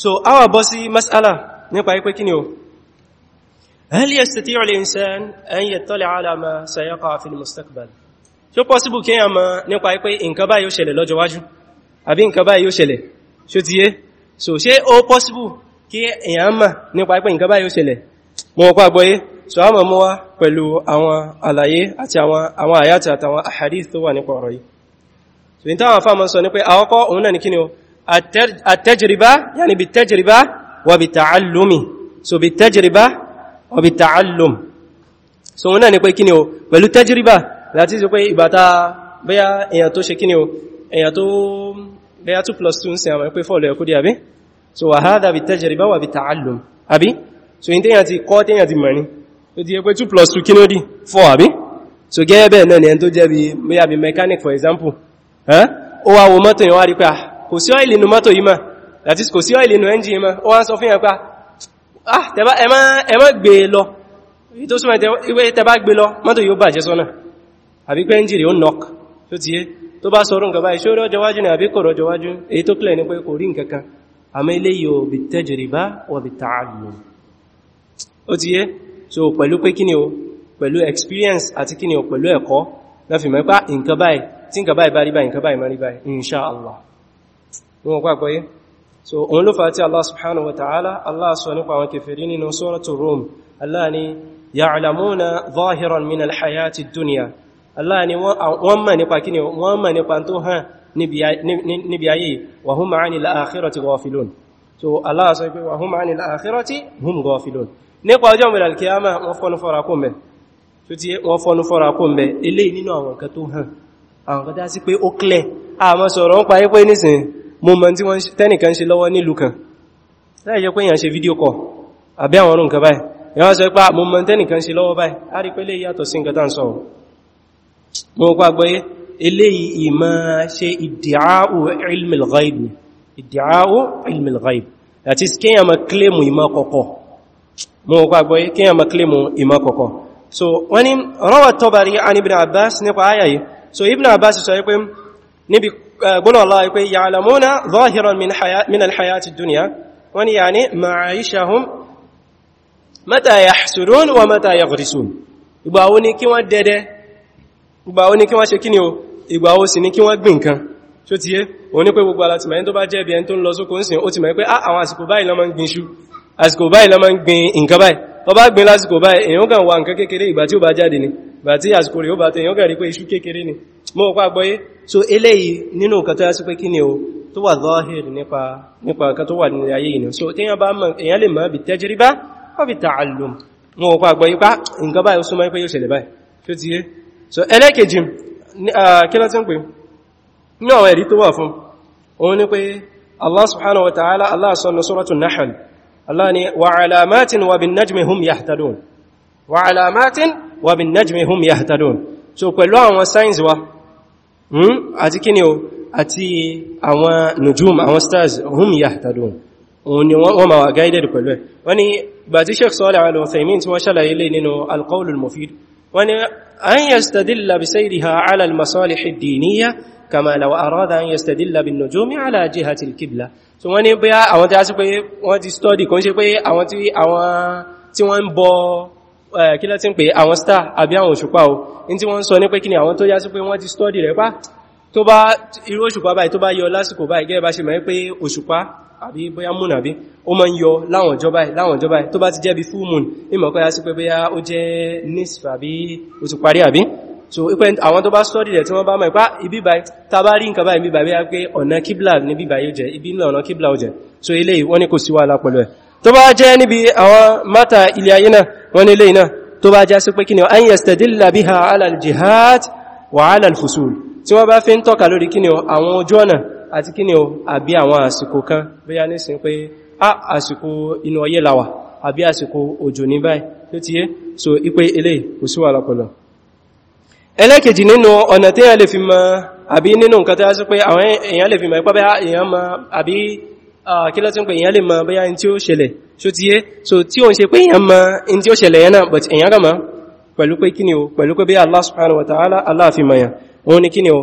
so awa bọ́ sí mas'ala nípa ipé kí ni o hal yastati'u al-insan an yattali'a ala ma sayaqa fi al-mustaqbal tí ó pọ́síbù kí yà máa nípa ipé nǹkan báyìí ó ṣẹlẹ̀ lọ́jọ́ àbí nǹkan báyìí ó ṣẹlẹ̀ ṣó ti so ṣé ó pọ́síbù kí èyàn máa nípa ipé nǹkan báyìí ó ṣẹlẹ̀ mọ́ ọpá àgbọ́yé so a mọ̀ mọ́ wá pẹ̀lú àwọn àlàyé àti àwọn àyàtà àtàwọn àhàdí tó wà nípa ọ̀rọ̀ yìí so ní táwọn afáàmọ́ sọ ní pé àkọ́kọ́ òun náà ní kíni o التجربة يعني بالتجربة وبتعلم so بالتجربة وبالتعلم so wọn náà ni pé kí ni o pẹ̀lú tẹ́jìrìbà láti sọ pé ìbàtà bẹ́yà èyàn tó ṣe kí ni o èyàn tó bẹ́yà 2 plus 2 ń sin àwọn ẹ̀pẹ́ fọ́ọ̀lẹ̀ ẹ̀kú dí àbí so wà hádà bí tẹ́jìrìbà wà bí tààlùm àbí so yí tẹ́yàn ti kọ́ tẹ́yàn ti mọ̀ní ó di ẹgbẹ́ gẹ́gẹ́ bẹ́ẹ̀ náà ni ẹn tó jẹ́ bí mechanic for example ó wá wo mọ́tò yẹn pé kò sí ọ́ìlì inú mọ́tò yìí mọ́ kò sí ọ́ìlì inú ẹ́njì mọ́ ó sọ fún ẹ̀pá ah tẹba ẹmọ́ gbé e e lọ mọ́tò yóò bàjẹ́ sọ́nà àbí pé ẹ́njì knock tó ti yé tó bá sọ̀rọ̀ nǹkan báyìí ọjọ́wájú ni àbí kòrò ọjọ́wájú èyí tó kílẹ̀ kò rí ilé yóò bí wọ́n bí tààlù ó ti yé so experience àti kíni o pẹ̀lú ẹ̀kọ́ ah, nǹkan báyìí tí nǹkan wọn gbàgbọ́ yé so òun ló fàá tí Allah subhanahu wa ta'ala Allah sọ nípa àwọn kèfèrí nínú suratu Rum Allah ni ya'lamuna zahiran min alhayati dunya Allah ni wọ́n mọ̀ nípa kíni wọ́n mọ̀ nípa tó hàn níbi ayé wa hum 'anil akhirati ghafilun so Allah sọ pé wa hum 'anil akhirati hum ghafilun nípa ọjọ́ mẹ́rẹ̀ alkiyama wọ́n fọ́nú fọ́ra kún bẹ̀ tó tí wọ́n fọ́nú fọ́ra kún bẹ̀ eléyìí nínú àwọn nǹkan tó hàn àwọn nǹkan dá sí pé ó clear àmọ́ sọ̀rọ̀ ń pa yí pé nísìnyí mo mọ̀ tí wọ́n tẹ́nìkan ṣe lọ́wọ́ nílùú kan láì jẹ́ pé èyàn ṣe fídíò kọ àbí àwọn orùn kan báyìí èyàn sọ pé mo mọ̀ tẹ́nìkan ṣe lọ́wọ́ báyìí a rí pé lè yàtọ̀ sí nǹkan tán sọ̀rọ̀ mo pa gbọ́ eléyìí ìmọ̀ ṣe ìdíáwò ilmil ghaib ìdíáwò ilmil so wọ́n ní rawa Tabari an Ibn Abbas nípa ayayi so Ibn Abbas sọ pé níbi قول الله يقول يعلمون ظاهرا من حياة من الحياة الدنيا وان يعني معايشهم متى يحسدون ومتى يغرسون ìgbàwo ni kí wọ́n dẹ̀dẹ̀ ìgbàwo ni kí wọ́n ṣe kíni o ìgbàwo sì ni kí wọ́n gbìn nǹkan tí ti yé o ní pé gbogbo ala ah, tó bá gbìn lásìkò báyìí èyàn kàn wà nǹkan kékeré ìgbà tí ó bá jáde ní ìgbà tí àsìkò rẹ̀ ó bá tó èyàn kàn rí pé iṣu kékeré ni mọ́ ọ̀pá gbọ́yé so eléyìí nínú nǹkan tó yá sí pé kí ni o tó wà zahir nípa nípa nǹkan tó wà ní ayé yìí so Allah ni wa alamatin wa bin najmi hum yahtadun wa alamatin wa bin najmi hum yahtadun so pẹ̀lú àwọn signs wa hmm àti kíni o àti àwọn nujum àwọn stars hum yahtadun oni wọ́n ma wa guided pẹ̀lú ẹ̀ wani ba ti Sheikh Salih Al-Uthaymeen tí wọ́n ṣàlàyé lè nínú al mufid wani an yastadilla bi sayriha ala al-masalih ad kama law arada an yastadilla bin nujumi ala jihati al so wọ́n ní pé àwọn tí a sí pé wọ́n ti study kò ń ṣe pé àwọn tí àwọn tí wọ́n ń bọ kí ló ti ń pè àwọn star àbí àwọn òṣùpá o in tí wọ́n ń sọ ní pé kí ni àwọn tó yá sí pé wọ́n ti study rẹ̀ pá tó bá irú òṣùpá báyìí tó bá yọ lásìkò báyìí gẹ́gẹ́ bá ṣe mọ̀ pé òṣùpá àbí bóyá moon àbí ó máa ń yọ láwọn ọjọ́ báyìí láwọn ọjọ́ báyìí tó bá full moon ìmọ̀ kọ́ yá sí pé bóyá ó jẹ́ nisf àbí ó so ipe àwọn tó bá study rẹ̀ tí wọ́n bá mọ̀ ipá ah, ibíbà tàbárí nǹkan bá ibíbà bí a pé ọ̀nà kíblà ní bíbà yóò jẹ́ ibi náà ọ̀nà kíblà ó jẹ́ so ilé wọ́n ní kò sí wàhálà pẹ̀lú ẹ̀ tó bá jẹ́ níbi àwọn mata ilé ayé náà wọ́n ní ilé náà tó bá já sí pé kíni an yastadilla biha ala al-jihad wa ala al-fusul tí wọ́n bá fi ń tọ́ka lórí kíni àwọn ojú ọ̀nà àti kíni o àbí àwọn àsìkò kan bóyá nísìn pé a ah, àsìkò inú ọyẹ́ làwà àbí àsìkò òjò ní báyìí tó ti yé so ipe eléyìí kò sí wàhálà pẹ̀lú ẹlẹ́kejì nínú ọ̀nà tí èyàn lè fi mọ̀ àbí nínú nǹkan tí a sọ pé àwọn èyàn lè fi mọ̀ ìpábẹ́ èyàn mọ̀ àbí kílọ́ tí ń pè èyàn lè mọ̀ bóyá in tí ó ṣẹlẹ̀ ṣó tí é so tí ó ń ṣe pé èyàn mọ̀ in tí ó ṣẹlẹ̀ yẹn náà but èyàn gama pẹ̀lú pé kíni ni kíni o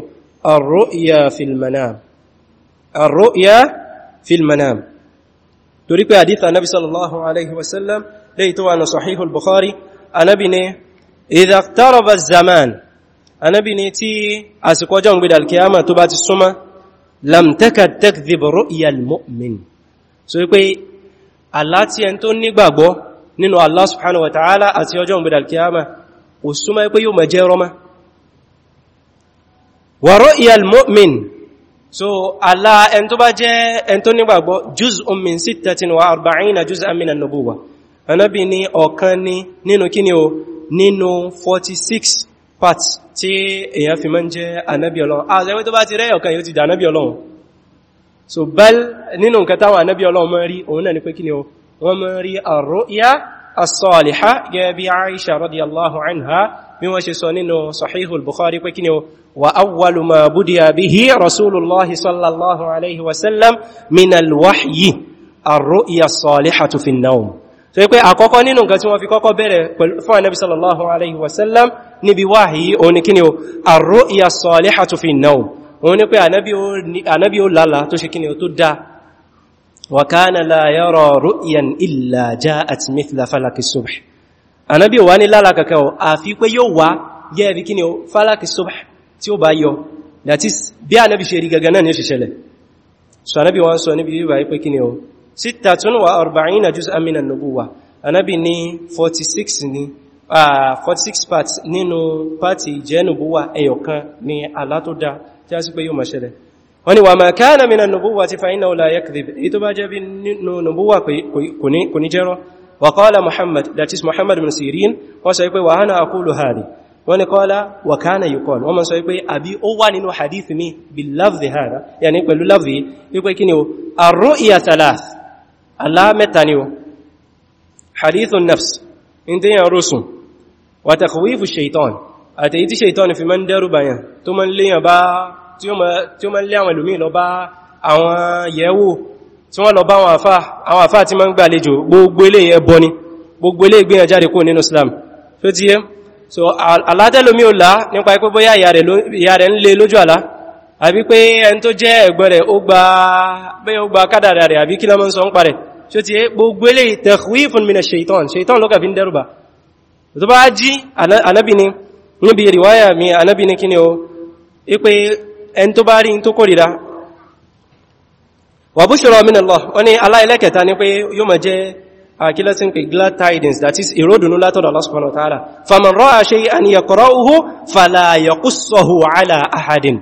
ar-ru'ya anábì ni tí àsìkò ọjọ́ ìgbèdà alkiyama tó bá ti súnmọ́ lamtaka tekdhib ru'ya almu'min so wípé aláti ẹn tó nígbàgbọ́ nínú Allah subhanahu wa ta'ala àti ọjọ́ ìgbèdà alkiyama kò súnmọ́ wípé yóò mọ̀ jẹ́ rọmá wa ru'ya almu'min so alá ẹn tó bá jẹ́ ẹn tó nígbàgbọ́ juz'un min sittatin wa arba'ina juz'an min an-nubuwwa anábì ni ọ̀kan ni nínú kíni o nínú 46 part tí èyàn fi mọ́n jẹ́ anábí ọlọ́run a ṣẹ́wé tó bá ti rẹ́ ọ̀kan yóò ti dà anábí ọlọ́run so bẹ́l nínú nǹkan táwọn anábí ọlọ́run mọ́ rí òun náà ni pé kí ni o wọ́n mọ́ rí ar-ru'ya as bí Aisha fi fún anábí sallallahu alaihi wasallam níbi wáhí òun ni kí ni o ar-ru'ya as-salihatu fi an-nawm òun ni pé ànábí ó lálá tó ṣe kí ni o tó dá wa kana la yara ru'yan illa ja'at mithla falaki subh ànábí ò wá ní lálá kankan o àfi pé yóò wá gẹ́ bí kí ni o falaki 46 ni 46 parts nínú pàtì ìjẹ́nùbúwà ẹyọ̀kan ni àlá tó dá tí a sì pé yóò máa ṣẹlẹ̀ wọ́n ni wà máa kana mina nùbúwà ti fa'inna la yakdhib èyí tó bá jẹ́ bí nínú nùbúwà kò ní jẹ́rọ hadithun nafs in tí yàn wa takhwifu shaitan àti èyí tí shaitan fi ma ń dẹ́rù bayan tó ma ń léyàn bá tí ó ma ń lé àwọn ẹlòmí lọ bá àwọn yẹ̀wò tí wọ́n lọ bá àwọn àfá àwọn àfá gbogbo ilé ẹbọ ni gbogbo ilé ìgbìyàn jáde kó nínú Islam tó ti yẹ so alátẹ́lómí òlá nípa ipé bóyá ìyà rẹ̀ ń lé lójú àlá àbí pé ẹni tó jẹ́ ẹ̀gbọ́n rẹ̀ ó gba bẹ́ẹ̀ ó gba kádàrà rẹ̀ àbí kí lọ́mọ́ ń sọ ń parẹ̀ tó ti yẹ gbogbo ilé takhwifun mina shaitan shaitan ló kà fi ń dẹ́rùbà tó bá jí anábì ni níbi ìrìwáyà mi anábì ni kí ni o ipé ẹn tó bá rí tó kórìíra wà bushra min Allah ó ní aláìlẹ́kẹta ní pé yóò mọ̀ jẹ́ àkílẹ́sìn pé glad tidings that is ìródùnú látọ̀dọ̀ Allah subhanahu wa ta'ala faman ra'a shay'an yakrahuhu fala yaqussuhu ala ahadin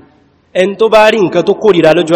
ẹn tó bá rí nǹkan tó kórìíra lójú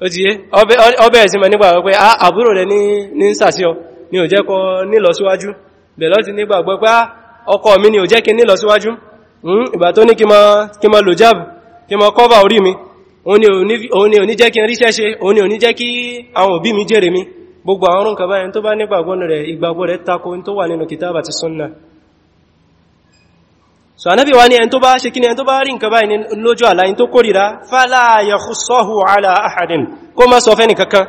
ó ti yé ọbẹ̀ ẹ̀sìn mọ̀ nígbà wọ́pẹ́ ah, àbúrò rẹ̀ ní ń sàṣíọ ni ò jẹ́ kọ nílọsíwájú bẹ̀lọ́ ti nígbà gbọ́ pé ah, ọkọ mi ni ò jẹ́ kí nílọsíwájú hmm, ìgbà tó ní kí ma lò jáàbù kí ma kọ́bà orí mi òun ni ò ní jẹ́ kí ríṣẹ́ ṣe òun ni ò ní jẹ́ kí àwọn òbí mi jèrè mi gbogbo àwọn orúnkà sunna so anabi wa ni en tó bá ṣe kíni en tó bá rí nǹkan báyìí ni lójú àlá en tó kórìíra fala yakhussahu ala ahadin kó má sọ fẹ́ni kankan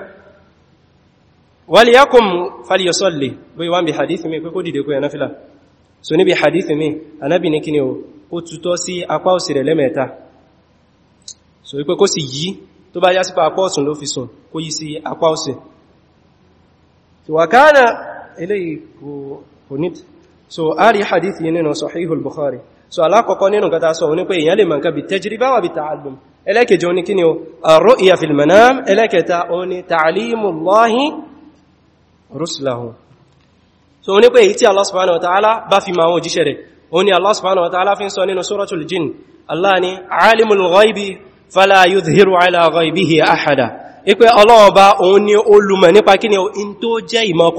waliyakum falyusalli bi wa bi hadith mi ko dìde ko yanafila so ni bi hadith mi anabi ni kíni o ó tutọ́ sí apá òsì rẹ̀ lẹ́mẹ̀ta so ipe kó sì yí tó bá yá sí pa apá ọ̀tún ló fi sùn kó yí sí apá òsì so wa kana eléyìí ko ko so ari hadith yìí nínú sahihul bukhari so alákọ̀ọ́kọ́ nínú kata sọ ní pé èyàn lè mọ̀ nǹkan bí tẹjìrìbá wà bí ta'allum ẹlẹ́kẹjọ ní kí ni o ar-ru'ya fil manam ẹlẹ́kẹta o ni ta'limullahi rusulahu so ní pé èyí tí Allah subhanahu wa ta'ala bá fi ma wọn jíṣẹ́ rẹ̀ o ni Allah subhanahu wa ta'ala fi ń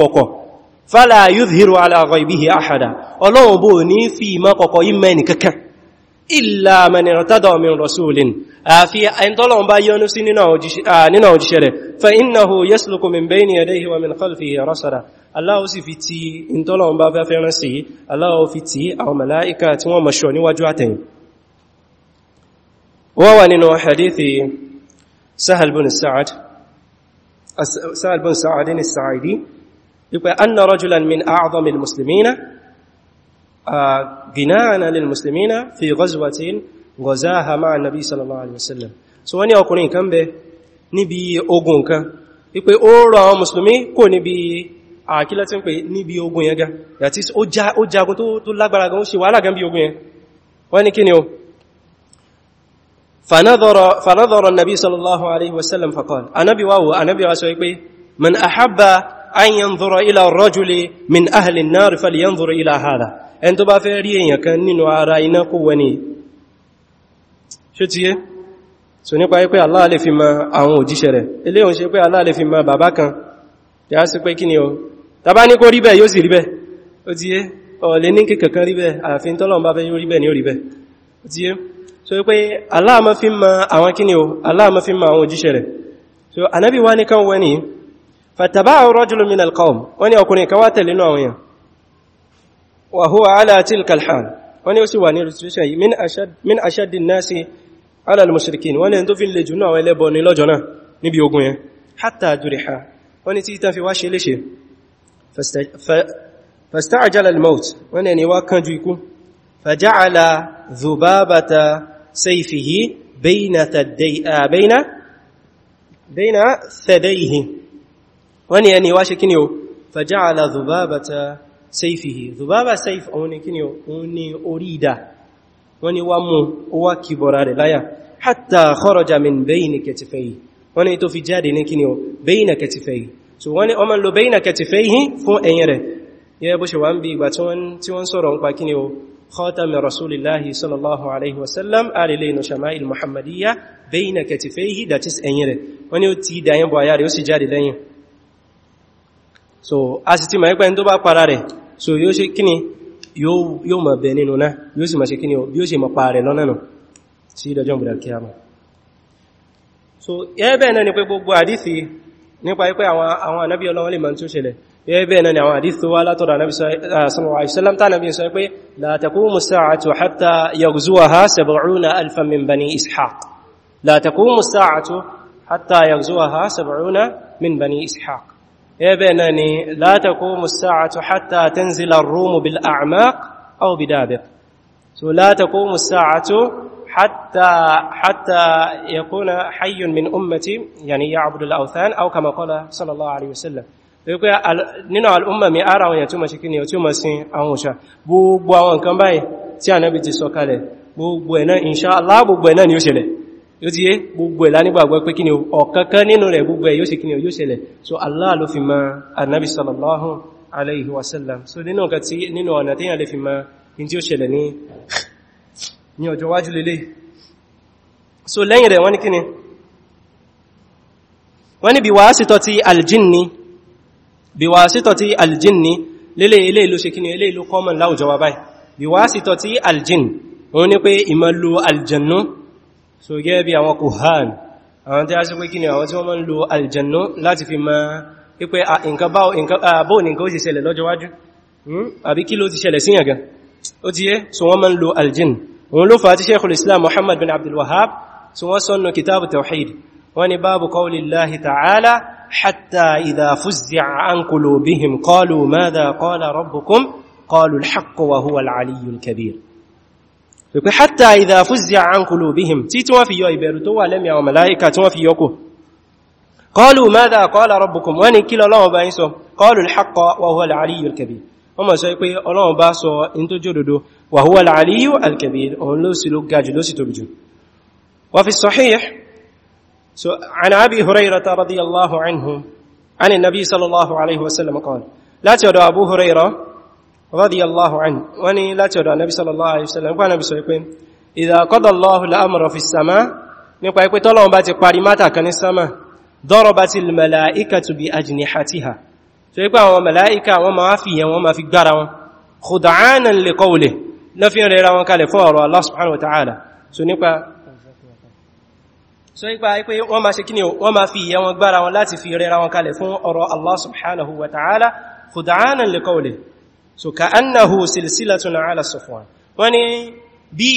sọ fala yuzhiru ala ghaibihi ahada ọlọ́run bó ní fi ìmọ̀ kọ̀kọ̀ ìmọ̀ ẹni kankan illa man irtada min rasulin àfi àìntọ́lọ́run bá yọ́nú sí nínú òjíṣẹ́ rẹ̀ fa innahu yasluku min bayni yadayhi wa min khalfihi rasada aláwọ̀ sì fi ti ìntọ́lọ́run bá fẹ́ fẹ́ràn sí aláwọ̀ fi ti àwọn mẹ́láíkà tí wọ́n wípé anna rajulan min a'zami al-muslimina ginana lil-muslimina fi ghazwatin ghazaha ma'a nabi sallallahu alaihi wasallam so wani ọkùnrin kan bẹ níbi ogun kan wípé ó rọ àwọn musulmi kò níbi àkílẹ̀ tí ń pè níbi ogun yẹn ga yàtí ó jagun tó lágbára gan ó ṣe wàhálà gan bí ogun yẹn wọ́n ni kí ni o fanadhara nabi sallallahu alaihi wasallam an yanzura ila rajuli min ahli an-nar falyanzur ila hadha ẹn tó bá fẹ́ rí èyàn kan nínú ara iná kó wani ṣe tiye so nípa pé Allah lè fi mọ àwọn òjíṣẹ́ rẹ̀ eléhùn ṣe pé Allah lè fi mọ bàbá kan tí a sì pé kí ni o tàbá ní kó rí bẹ́ẹ̀ yóò sì rí bẹ́ẹ̀ ó ti yé ọ̀lẹ́ ní kìkànkan rí bẹ́ẹ̀ àfin tọ́lọ̀n bá fẹ́ yóò rí bẹ́ẹ̀ ni ó rí bẹ́ẹ̀ ó ti yé so pé Allah máa fi mọ àwọn kí o Allah máa fi mọ àwọn òjíṣẹ́ rẹ̀ so anábì wá ní kan wẹ́ni fàtàbáà rajulun min alqawm wọ́n ni ọkùnrin kan wá tẹ̀lé náà wọ́n wa huwa ala tilka alhal wọ́n ni ó sì wà ní restitution yìí min ashaddi nasi ala almushrikin wọ́n ni tó fi lè jù náà ẹlẹ́bọ ní lọ́jọ́ náà níbi ogun yẹn hatta juriha wọ́n ni tí tán fi wá ṣe léṣe wọ́n ni ẹni wá ṣe kíni o faja'ala dhubabata sayfihi dhubaba sayf òun ni kíni o òun ni orí ìdá wọ́n ni wá mú ó wá kìbọ̀ra rẹ̀ láyà hatta kharaja min bayni katifayhi wọ́n ni tó fi jáde ní kíni o bayna katifayhi so wọ́n ni ọmọ ẹ̀yìn rẹ̀ wọ́n sọ̀rọ̀ ń pa kíni o خاتم رسول الله صلى الله عليه so a sì ti ma ipẹ́ tó bá para rẹ̀ so yóò ṣe kíni yóò ma bẹ nínú náà yóò sì ma ṣe kíni yóò sì ma pa rẹ̀ lọ́nà nù sí ìdọjọ́ ìbùdà kí a so ẹbẹ́ náà ni pé gbogbo àdísì nípa ipẹ́ àwọn anábí ọlọ́wọ́ lè ma tó ṣẹlẹ̀ ẹbẹ́ náà ni àwọn àdísì wá látọ̀dọ̀ anábí sallam tá anábí sọ pé la taqumu as-sa'atu hatta yaghzuwaha sab'una alfan min bani ishaq la taqumu as-sa'atu hatta yaghzuwaha sab'una min bani ishaq ẹbẹ̀ náà ni la taqumu as-sa'atu hatta tanzila ar-rumu bil a'maq aw bidabir so la taqumu as-sa'atu hatta hatta yakuna hayyun min ummati yani ya'budu al-awthan aw kama qala sallallahu alayhi wa sallam wípé nínú al'umma mi ara wọn yàtúmọ̀ sí kíni yàtúmọ̀ sí àwọn òṣà gbogbo àwọn nǹkan báyìí tí a nábi ti sọ kalẹ̀ gbogbo ẹ̀nà inṣáàlá gbogbo ẹ̀nà ni ó ṣẹlẹ̀ yóò ti yé gbogbo ẹ̀ lánígbàgbọ́ pé kí ni ọ̀kankan nínú rẹ̀ gbogbo ẹ̀ yóò ṣe kí ni yóò ṣẹlẹ̀ so Allah ló fi ma annabi sallallahu alaihi wasallam so nínú ọ̀kan tí nínú ọ̀nà tí yàn lè fi ma in tí ó ṣẹlẹ̀ ní ọjọ́ wájú lélẹ̀ so lẹ́yìn rẹ̀ wọ́n ní kí ni wọ́n ní bí wá sítọ́ ti aljinni bí wá sítọ́ ti aljinni lélẹ̀ ilé ìlú ṣe kí ni ilé ìlú kọ́mọ̀ láwùjọ wa báyìí bí wá sítọ́ ti aljin òun ní pé ìmọ̀ aljannu so gẹ́ bí àwọn kuhan àwọn tí a sí pé kí ni àwọn tí wọ́n mọ́ ń lo aljannu láti fi ma pípẹ́ bóò ní nǹkan ó ti ṣẹlẹ̀ lọ́jọ́ wájú hmm? àbí kí ló ti ṣẹlẹ̀ síyàn ó ti yé so wọ́n mọ́ ń lo aljin òun ló fàá tí sheikhul pé hatta idha fuzzi'a an qulubihim tí tí wọ́n fi yọ ìbẹ̀rù tó wà lẹ́mìí àwọn màláíkà tí wọ́n fi yọ qalu madha qala rabbukum wọ́n ní kí lọ́wọ́ bá yín sọ qalu al-haqqa wa huwa al-'aliyyu mọ̀ sọ pé Ọlọ́run bá sọ in tó jódodo wa huwa al-'aliyyu al-kabir lo sì ló ga ló sì tóbi jù wa fi sahih so an abi hurairata radiyallahu anhu an an-nabi sallallahu alayhi wa sallam qala láti ọ̀dọ̀ abu hurairah radiyallahu anhu wọ́n ní láti ọ̀dọ̀ anábi sallallahu alayhi wasallam nípa anábi sọ pé idha qada Allahu al-amra fi sama nípa ipé tọ́lọ́wọ́n bá ti parí mátà kan ní sama darabati al-mala'ikatu bi ajnihatiha so ipé àwọn mala'ika wọn ma fi yẹn wọn ma fi gbára wọn khud'anan li qawlihi na fi rẹ̀ ra wọn kalẹ̀ fún ọ̀rọ̀ Allah subhanahu wa ta'ala so nípa so ipa ipe wọ́n ma ṣe kíni wọ́n ma fi ìyẹ́ wọn gbára wọn láti fi rẹ̀ ra wọn kalẹ̀ fún Allah subhanahu wa ta'ala khud'anan li qawlihi so ka annahu silsilatun ala safwan wani bí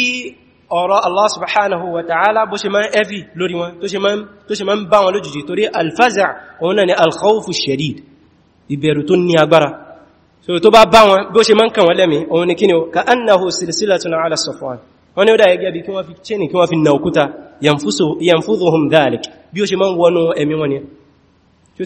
ọ̀rọ̀ Allah subhanahu wa ta'ala bó ṣe máa ẹ́fì lórí wọn tó ṣe máa ń bá wọn lójijì torí alfaza òun náà ni alkhawfu shadid ìbẹ̀rù tó ní agbára so tó bá bá wọn bó ṣe máa ń kàn wọ́n lẹ́mí òun ni kí ni ó ka annahu silsilatun ala safwan wọ́n ni ó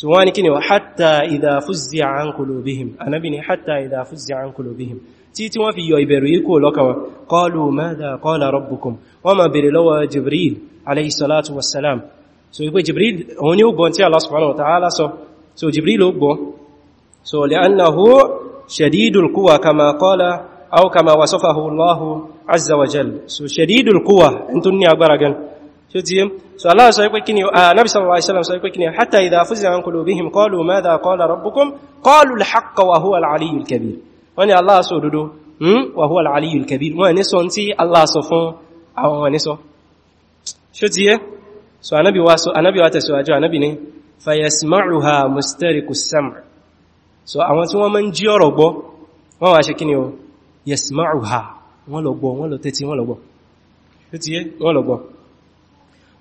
suwani kini wa hatta idha fuzzi an qulubihim anábì ni hatta idha fuzzi an qulubihim tí tí wọ́n fi yọ ìbẹ̀rù iko loka wa qalu madha qala rabbukum wa ma bil law jibril alayhi salatu wassalam so ibo jibril òun ni ó tí allah subhanahu wa ta'ala sọ so jibril ó so li annahu shadidul quwa kama qala aw kama wasafahu allah azza wa jalla so shadidul quwa ntun ni agbára gan so ti so Allah sọ pé kíni Nabi sallallahu alaihi wasallam sọ pé kíni hatta idha fuzi'a an qulubihim qalu madha qala rabbukum qalu al-haqqa wa huwa al-aliyyul kabir wọ́n ní Allah sọ dodo hmm wa huwa al-aliyyul kabir wọ́n ní sọ nti Allah sọ fún àwọn wọ́n ní sọ so tiye so Ànábì wa so Ànábì wa ta so ajo Ànábì ni fayasma'uha mustariqu as-sam' so àwọn tí wọ́n man jí ọ̀rọ̀ gbọ́ wọ́n wá ṣe kíni o yasma'uha wọ́n lọ gbọ́ wọ́n lọ tẹ́tí wọ́n lọ gbọ́ so tiye wọ́n lọ gbọ́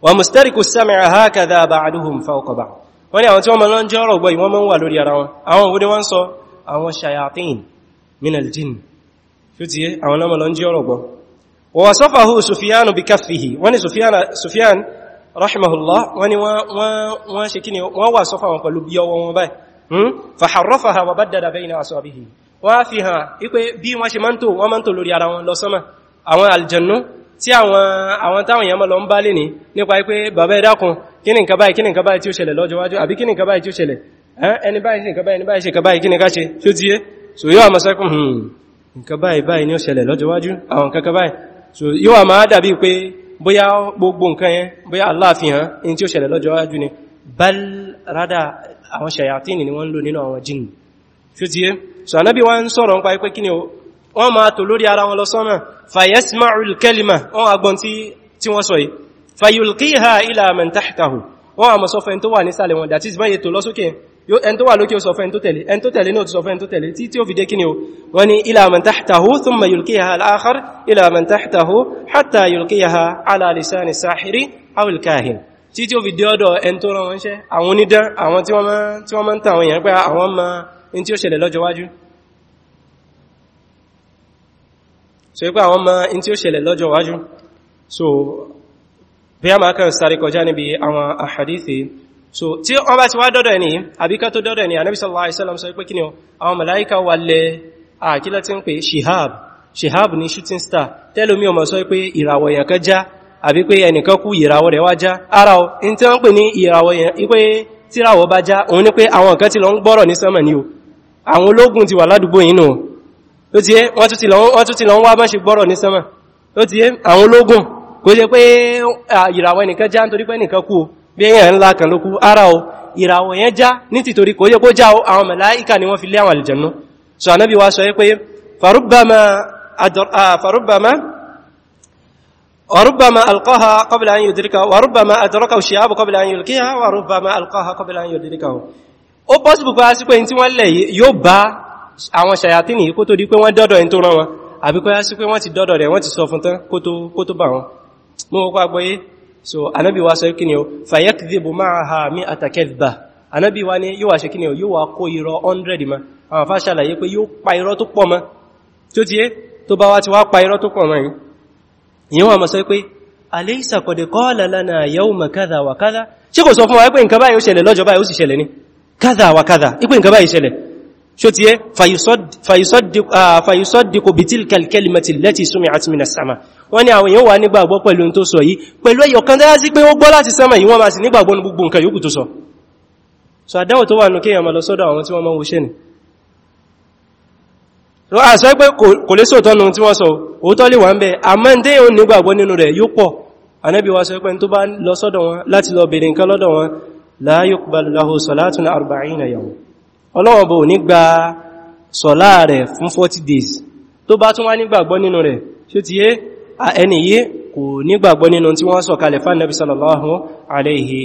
wa mustariku sami'a hakadha ba'duhum fawqa ba'd wọ́n ní àwọn tí wọ́n máa ń jẹ́ ọ̀rọ̀ gbọ́ ìwọ́n máa ń wà lórí ara wọn àwọn òwúdé wọ́n sọ àwọn shayatin min aljin àwọn náà máa jẹ́ ọ̀rọ̀ tí àwọn àwọn táwọn èèyàn lọ ń bá lè ní nípa pé bàbá ẹ dákun kí ni nǹkan báyìí kí ni nǹkan báyìí tí ó ṣẹlẹ̀ lọ́jọ́ wájú àbí kí nǹkan báyìí tí ó ṣẹlẹ̀ ẹni báyìí ṣe nǹkan báyìí ṣe so yóò àmọ́ sẹ́kùn hmm, nǹkan báyìí báyìí ni ó ṣẹlẹ̀ lọ́jọ́ wájú àwọn so yóò àmọ́ dàbí pé bóyá gbogbo Allah fi hàn in tí ó bal rada àwọn ṣayatini ni wọ́n ń lò nínú àwọn so anábì wọ́n ń sọ̀rọ̀ nípa pé wọ́n máa tò lórí ara wọn lọ sọ́nà fàyẹ́sìmáàrùl kẹlìmà wọ́n agbọn tí wọ́n sọ yìí fàyùlkíhà ilà mẹ́ntàkàhù wọ́n àmọ́ sọ fẹ́ tó wà ní sàlẹ̀ wọn dàtí ìsìmáyè tó lọ sókè ẹn tó wà lókè sọ fẹ́ tó tẹ̀lé ẹn tó tẹ̀lé náà sọ fẹ́ tó tẹ̀lé tí tí ó fi dé kíni o wọ́n ni ilà mẹ́ntàkàhù thumma yulkiha al-akhar ilà mẹ́ntàkàhù hatta yulkiha ala lisani sahiri awil kahin tí ó fi dé ọ̀dọ̀ ẹn tó rán wọn ṣẹ́ àwọn onídán àwọn tí wọ́n máa ń tàwọn èèyàn pé àwọn máa ń tí ó ṣẹlẹ̀ lọ́jọ́ so ipa àwọn ma in tí ó ṣẹlẹ̀ lọ́jọ́ wájú so bí a máa kàn sáré kọjá níbi àwọn àhàdíthì so tí wọ́n bá ti wá dọ́dọ̀ ní àbíká tó dọ́dọ̀ ní anábi sallallahu alaihi wasallam àwọn shihab shihab ni shooting star tẹ́lómi ọmọ sọ pé ìràwọ̀ èèyàn kan já àbí ara ọ ni pé àwọn kan ti lọ ń gbọ́rọ̀ ní sánmà ni o àwọn ológun ti wà ládùúgbò yìí nù ó ti yé wọ́n tún ti lọ ń wá bá ṣe gbọ́rọ̀ ní sánmà ó ti yé àwọn ológun kò jẹ́ pé ìràwọ̀ ẹnìkan já nítorí pé ẹnìkan kú bí èyàn ńlá kan ló kú ara o ìràwọ̀ yẹn já ní tìtorí kò jẹ́ kó já o àwọn màláíkà ni wọ́n fi lé àwọn àlùjànnú so anábi wa sọ pé farubbama àwọn ṣàyàtínì kó tó di pé wọ́n dọ́dọ̀ ẹni tó rán wọn àbí kó yá sí pé wọ́n ti dọ́dọ̀ rẹ̀ wọ́n ti sọ fún tán kó tó bá wọn mú ọkọ̀ agbóyé so anábi wa sọ kí ni o fayakdhibu ma'aha mi'ata kadhba anábi wa ni yíwa ṣe kí ni o yíwa kó irọ́ 100 ma àwọn afá ṣàlàyé pé yóò pa irọ́ tó pọ̀ mọ́ tó ti yé tó bá wá ti wá pa irọ́ lana yawma kadha wa kadha ṣe kò sọ fún wa pé nǹkan báyìí ó ṣẹlẹ̀ lọ́jọ́ báyìí ó sì ṣẹlẹ̀ ni kadha wa kadha ipé nǹkan ṣó ti yẹ fàyíṣọ́dìkò bí tílkal kalimati lẹ́tí sumi'at minas sama wọ́n ní àwọn èèyàn wà nígbàgbọ́ pẹ̀lú ohun tó sọ yìí pẹ̀lú ẹyọ kan dára sí pé ó gbọ́ láti sánmà yìí wọ́n máa sì nígbàgbọ́ gbogbo nǹkan yòókù tó so àdáwò tó wà nù kéèyàn máa lọ sọ́dọ̀ àwọn tí wọ́n máa wòṣẹ́ ni lọ àṣọ pé kò lè sóòtọ́ nù tí wọ́n sọ òótọ́ lè wà ń ọlọ́wọ̀bọ̀ ò ní gba sọ̀lá rẹ̀ fún 40 days tó bá tún wá nígbàgbọ́ nínú rẹ̀ tí ó ti yé ẹni yé kò nígbàgbọ́ nínú tí wọ́n sọ̀kalẹ̀ fún Nabi sallallahu alaihi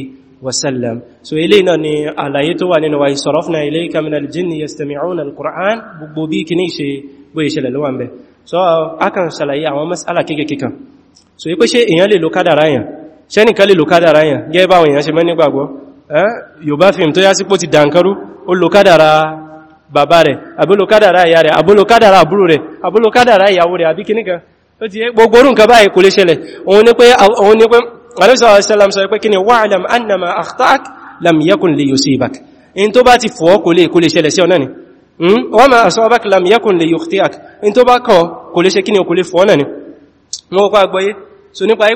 wasallam so ilé náà ni àlàyé tó wà nínú wa sarafna ilayka minal jinni yastami'una al-Qur'an gbogbo bí kì ní ṣe bó ìṣẹ̀lẹ̀ ló wà ń lè lo kádàráyàn ṣẹ́nìkan lè báwọn èèyàn ṣe mẹ́ nígbàgbọ́ Eh, Yorùbá fíìmù tó yá sí pó ti dànkarú ó lo kádàrà bàbá rẹ̀ àbúlò kádàrà ìyá rẹ̀ àbúlò kádàrà àbúrò rẹ̀ àbúlò kádàrà ìyàwó rẹ̀ àbí kìníkan ó ti gbogbo orú nǹkan báyìí kò lè ṣẹlẹ̀ òun ni pé òun ni pé alẹ́sọ̀ àṣẹ́lám sọ pé kí ni wa'lam annama akhtaak lam yakun li yusibak in tó bá ti fọ́ kò lè kò hmm? lam yakun li yukhtiak in tó bá kọ kò lè ṣe kí ni kò lè fọ́ ọ̀nà ni wọ́n kọ́ agbọ́yé so nípa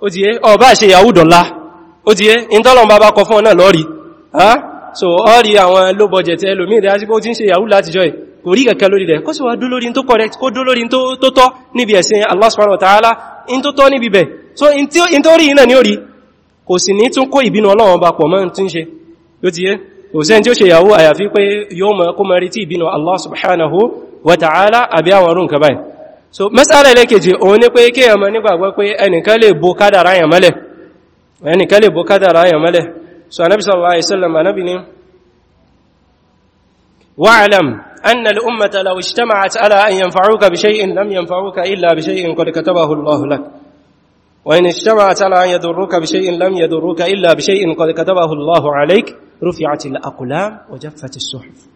ó ti yé ọba ṣe yahoo ńlá ó ti yé ìntọ́lọ̀n bá bá kọ fún ọ̀nà lọ́rí so ọ́rí àwọn low budget ẹlòmí ìdá sí pé ó ti ń ṣe yahoo láti jọ kò rí kẹ̀kẹ́ lórí rẹ̀ kó sì wá dú lórí tó correct kó dú lórí so in tó rí iná ní orí kò sì ní tún kó ìbínú Ọlọ́run bá pọ̀ mọ́ tí ń ṣe yóò ti yé kò sẹ́ni tí ó ṣe yahoo àyàfi pé so mẹ́sàlẹ̀ lẹ́kejì òun ní pé kí ẹmọ nígbàgbọ́ pé ẹnìkan lè bò kádàrá yàn mọ́lẹ̀ ẹnìkan lè bò kádàrá yàn mọ́lẹ̀ so anábi sallallahu alaihi wasallam anábi anna law ijtama'at ala an yanfa'uka bi shay'in lam yanfa'uka illa bi shay'in qad katabahu lak wa in ijtama'at ala an bi shay'in lam illa bi shay'in qad katabahu alayk aqlam wa as-suhuf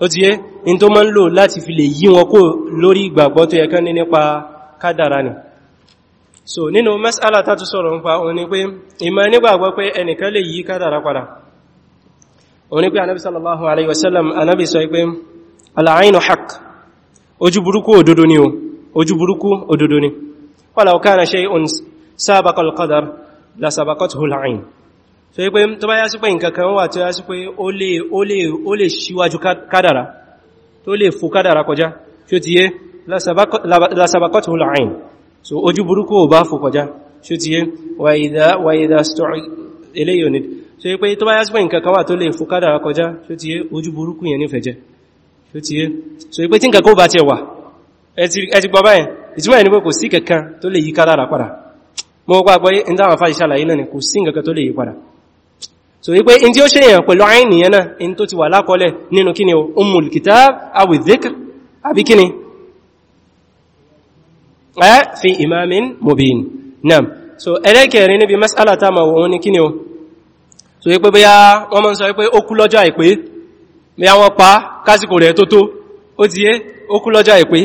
ó ti yé in tó máa ń lò láti fi lè yí wọn kó lórí ìgbàgbọ́ tó yẹ ní nípa kádàrá ni so nínú mas'ala tá tún sọ̀rọ̀ nípa òun ni pé ìmọ̀ nígbàgbọ́ pé ẹnìkan lè yí kádàrá padà òun ni pé anábi sallallahu alaihi wasallam anábi sọ pé al'ainu haq ojú burúkú òdodo ni o ojú burúkú òdodo ni walaw so pé tó bá yá sí pé nǹkan kan wà tí ó yá sí pé ó lè ó lè ó lè ṣíwájú kádàrá tó lè fò kádàrá ti yé la sabakot al-ayn so oju burúkú ò bá fò kọjá ṣó ti yé wa idha wa idha eléyìí òní so pé tó bá yá sí pé nǹkan kan wà tó lè fò kádàrá kọjá ṣó ti yé ojú burúkú yẹn nífẹ̀ẹ́ jẹ ṣó ti yé so pé tí nǹkan kó bá tiẹ̀ wà ẹ ti gbọ́ báyẹn ìtumọ̀ ẹni pé kò sí kankan tó lè yí kádàrá padà mo gbàgbọ́ ní táwọn afáyíṣàlàyé náà ni kò sí nǹkan kan tó lè yí so wípé in tí ó ṣèyàn pẹ̀lú àìní yẹn náà in tó ti wà lákọọ́lẹ̀ nínú kíni umul kitab awi dhikr àbí kíni ẹ́ fi imamin mubin naam so ẹlẹ́kẹ̀ẹ́rin níbi mas'ala ta ma wọ́n ní kíni o so wípé bí wọ́n mọ́ sọ wípé ó kú lọ́jọ́ àìpé bí wọ́n pa kásìkò rẹ̀ tó tó ó ti yé ó àìpé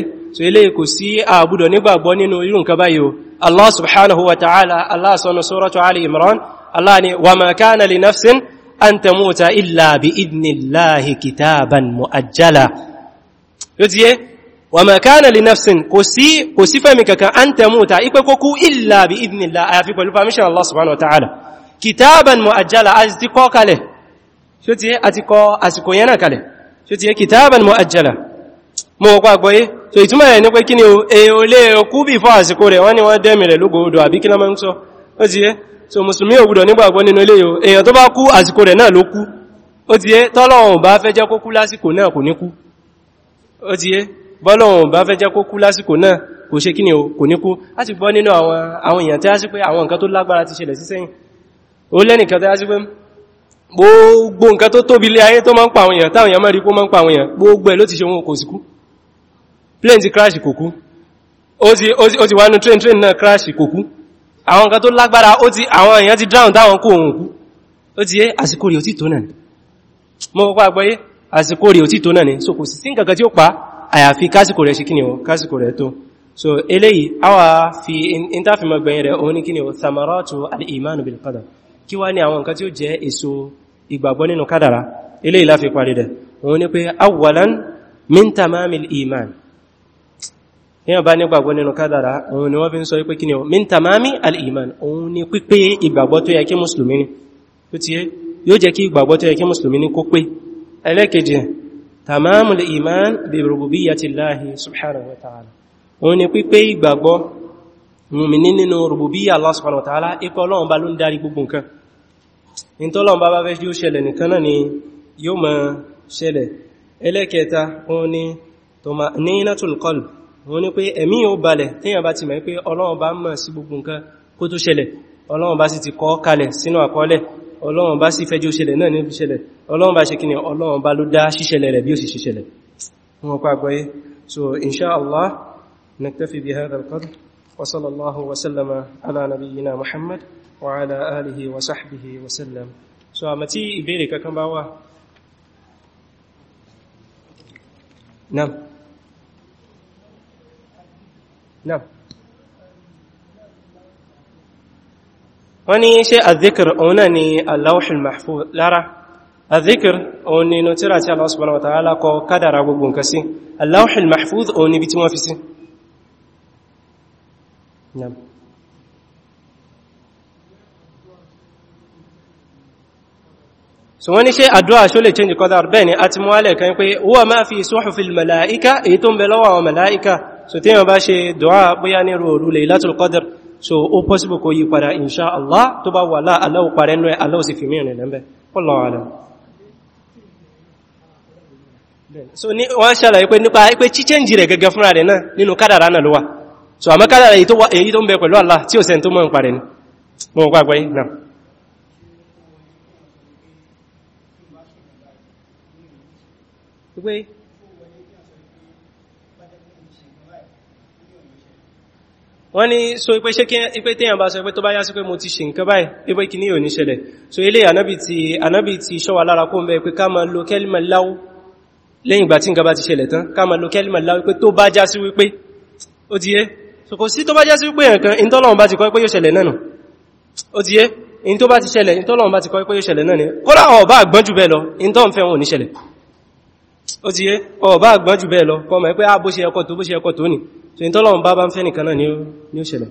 Allah ni wa ma kana li nafsin an tamuta illa bi idnillahi kitaban muajjala yotiye wa ma kana li nafsin kò sí kò sí fẹ́mi kankan an tamuta ipe kókú illa bi idnillahi àyàfi pẹ̀lú permission Allah subhanahu wa ta'ala kitaban muajjala àti ti kọ́ yotiye àti kọ àsìkò yẹn yotiye kitaban muajjala mo wọ́pọ̀ àgbọ́yé so ìtumọ̀ rẹ̀ ní pé kí ni o èèyàn e, lè kú bí fọ́ àsìkò rẹ̀ wọ́n ni wọ́n dẹ́mì rẹ̀ lógóòdò àbí kí lọ́mọ́ ń so musulmi ò gbọ́dọ̀ nígbàgbọ́ nínú ilé yóò èyàn tó bá kú àsìkò rẹ̀ náà ló kú ó ti yé tọ́lọ̀wọ̀n bá fẹ́ jẹ́ kó kú lásìkò náà kò ní kú ó ti yé bọ́lọ̀wọ̀n bá fẹ́ jẹ́ kó kú lásìkò náà kò ṣe kíni kò ní kú a ti gbọ́ nínú àwọn èèyàn tí a sí pé àwọn nǹkan tó lágbára ti ṣẹlẹ̀ sí sẹ́yìn ó lẹ́nìkan tí a sí pé gbogbo nǹkan tó tóbi lé ayé tó máa ń pa àwọn èèyàn táwọn èèyàn mẹ́rin kó máa ń pa àwọn èèyàn gbogbo ẹ̀ ló ti ṣe wọn kò sí kú plane crash kò kú ti wá nú train train náà crash kò àwọn nǹkan tó lágbára ó ti àwọn èèyàn ti drown dáwọn kó òun kú ó ti yé àsìkò rẹ̀ ò tí tó náà ni mọ́ pọ́pọ́ àgbọ́yé àsìkò rẹ̀ ò tí tó náà ni so kò sí nǹkan tí ó pa àyàfi kásìkò rẹ̀ sí o kásìkò rẹ̀ tó so eléyìí awa fi intafimọ̀ gbẹ̀yìn rẹ̀ òun ní o samaratu al-imanu bil qadar kí wá ní àwọn nǹkan tí ó jẹ́ èso ìgbàgbọ́ nínú kádàrá eléyìí láfi parí rẹ̀ èyàn bá nígbàgbọ́ nínú kádàrá òun ni wọ́n fi ń sọ wípé kí ni ọ min tamami al-iman òun ni pípé ìgbàgbọ́ tó yẹ kí mùsùlùmí ní tó ti yẹ yóò jẹ́ kí ìgbàgbọ́ tó yẹ kí mùsùlùmí ní kó pé ẹlẹ́kejì tamamu al-iman bi rububiyyatillahi subhanahu wa ta'ala òun ni pípé ìgbàgbọ́ mùmìnì nínú rububiyya Allah subhanahu wa tó Ọlọ́run bá bá fẹ́ wọ́n ní pé ẹ̀mí ò balẹ̀ téèyàn bá ti mọ̀ pé Ọlọ́run bá mọ̀ sí gbogbo nǹkan kó tó ṣẹlẹ̀ Ọlọ́run bá sì ti kọ kalẹ̀ sínú àkọọ́lẹ̀ Ọlọ́run bá sì fẹ́jọ́ ṣẹlẹ̀ náà ní ṣẹlẹ̀ Ọlọ́run bá ṣe kí ni Ọlọ́run bá ló dá ṣíṣẹlẹ̀ bí ó sì ṣíṣẹlẹ̀ wọn pa نكتفي بهذا القدر وصلى الله وسلم على نبينا محمد وعلى آله وصحبه وسلم so àmàtí ìbéèrè kankan bá náà wọ́n ní ṣe àzíkìr òun náà ni aláwọ̀ṣùl mahfuz lára àzíkìr òun ni inú tíra tí Allah subhanahu wa ta'ala kọ kádàrà gbogbo nǹkan sí aláwọ̀ṣùl mahfuz òun ni bí tí wọ́n fi sí so wọ́n ní ṣe àdúrà ṣó lè change kọ́dà bẹ́ẹ̀ ni a ti mú alẹ́ kan pé huwa ma fi suhufil mala'ika èyí tó ń bẹ lọ́wọ́ mala'ika so tí yàn bá ṣe dùá bóyá ní ròrù Laylatul Qadr so ó possible kò yí padà insha Allah tó bá wà láà aláwò parẹ́ náà aláwò sì fi so ní wọ́n ṣàlàyé pé nípa pé chíchẹ́njì rẹ̀ gẹ́gẹ́ fúnra rẹ̀ náà so àmọ́ kádàrá èyí tó ń bẹ pẹ̀lú Allah tí ò sẹ́ni tó mọ́ wọ́n ní so ipé ṣe ipé téèyàn bá sọ ipé tó bá yá sí pé mo ti ṣe nǹkan báyìí ipé kì ní òní ṣẹlẹ̀ so ilé ànábì ti ànábì ti ṣọ́wà lára kó mẹ́ pé ká ma lo kẹ́lìmà láwó lẹ́yìn ìgbà tí nǹkan bá ti ṣẹlẹ̀ tán ká ma so kò sí tó bá já sí wípé nǹkan ìntọ́lọ́run bá ti kọ́ pé yóò ṣẹlẹ̀ náà ó ti yé in tó bá ti ṣẹlẹ̀ ìntọ́lọ́run bá ti kọ́ pé yóò ó ti yé ọ̀bá àgbọ́n jù bẹ́ẹ̀ lọ kọmọ pé a ah, bó ṣe ẹkọ́ tó bó ṣe ẹkọ́ tó nì so in tọ́lọ̀un bá bá ń fẹ́ nìkan náà ni ó ṣẹlẹ̀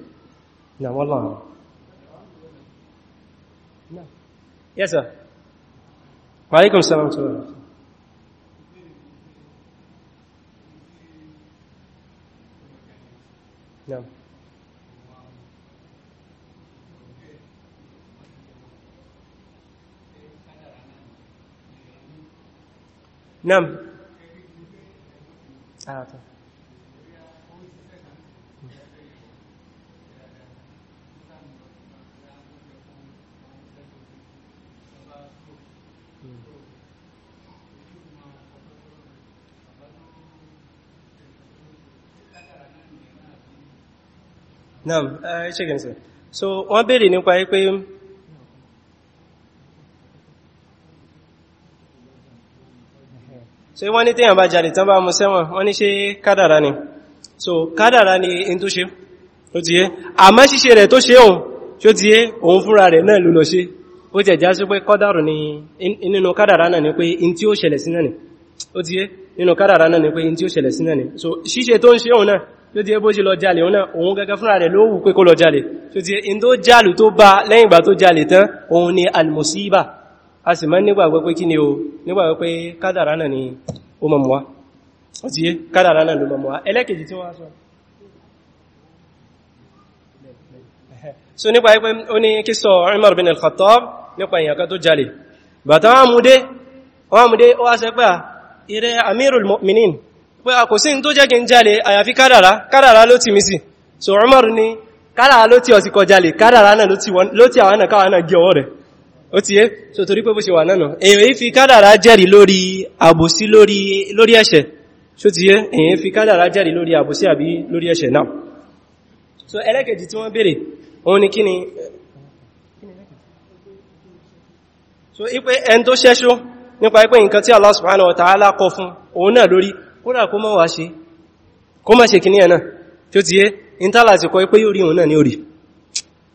ìyàwó lọ́rọ̀ yes sir salam tó rẹ̀ Yeah. Nam, Ah, out. Naam, uh, check ṣe sir. So, one bit in nípa pé so wọ́n ní téèyàn bá jalè tán bá mú sẹ́wọ̀n wọ́n ní ṣe kádàrá ni so kádàrá ni in tó ṣe ó ti yé àmọ́ ṣíṣe rẹ̀ tó ṣe òun ṣó ti yé òun fúnra rẹ̀ náà ló ṣe ó jẹ̀ já sí pé kádàrá ni nínú kádàrá náà ni pé in tí ó ṣẹlẹ̀ sí náà ni ó ti yé nínú kádàrá náà ni so ṣíṣe tó ń ṣe òun náà ló ti yé bó ṣe lọ jalè òun náà òun gẹ́gẹ́ fúnra rẹ̀ ló wù pé kó lọ jalè ṣó ti in tó jálù tó bá lẹ́yìn tó jalè tán òun ni almosiba a sì máa nígbàgbọ́ pé kí ni o nígbàgbọ́ pé kádàrá náà ni ó mọ̀ mọ́wá ó ti yé kádàrá náà ló mọ̀ mọ́wá ẹlẹ́kejì tí wọ́n sọ so nípa ipé ó ní kí sọ Umar bin al-Khattab nípa èèyàn kan tó jalè bàtà wọ́n mú dé wọ́n mú dé ó wá sẹ pé ìrẹ amirul mu'minin pé a kò sí tó ló ti mi so Umar ní kádàrá ló ti ọ̀sìkọ jalè kádàrá náà ló ti àwọn náà káwọn náà gẹ ọwọ́ rẹ̀ ó ti yé so torí pé bó ṣe wà nánà èyàn yí fi kádàrá jẹ́rì lórí àbòsí lórí ẹ̀ṣẹ̀ so ti yé èyàn fi kádàrá jẹ́rì lórí àbòsí àbí lórí ẹ̀ṣẹ̀ náà so ẹlẹ́kẹ̀ẹ́jì tí wọ́n béèrè òun ni kíni so ipé ẹn tó ṣẹ́ṣó nípa ipé nǹkan tí Allah subhanahu wa ta'ala kọ fún òun náà lórí kódà kó má wá ṣe kó má ṣe kíní ẹ̀ náà tí ó ti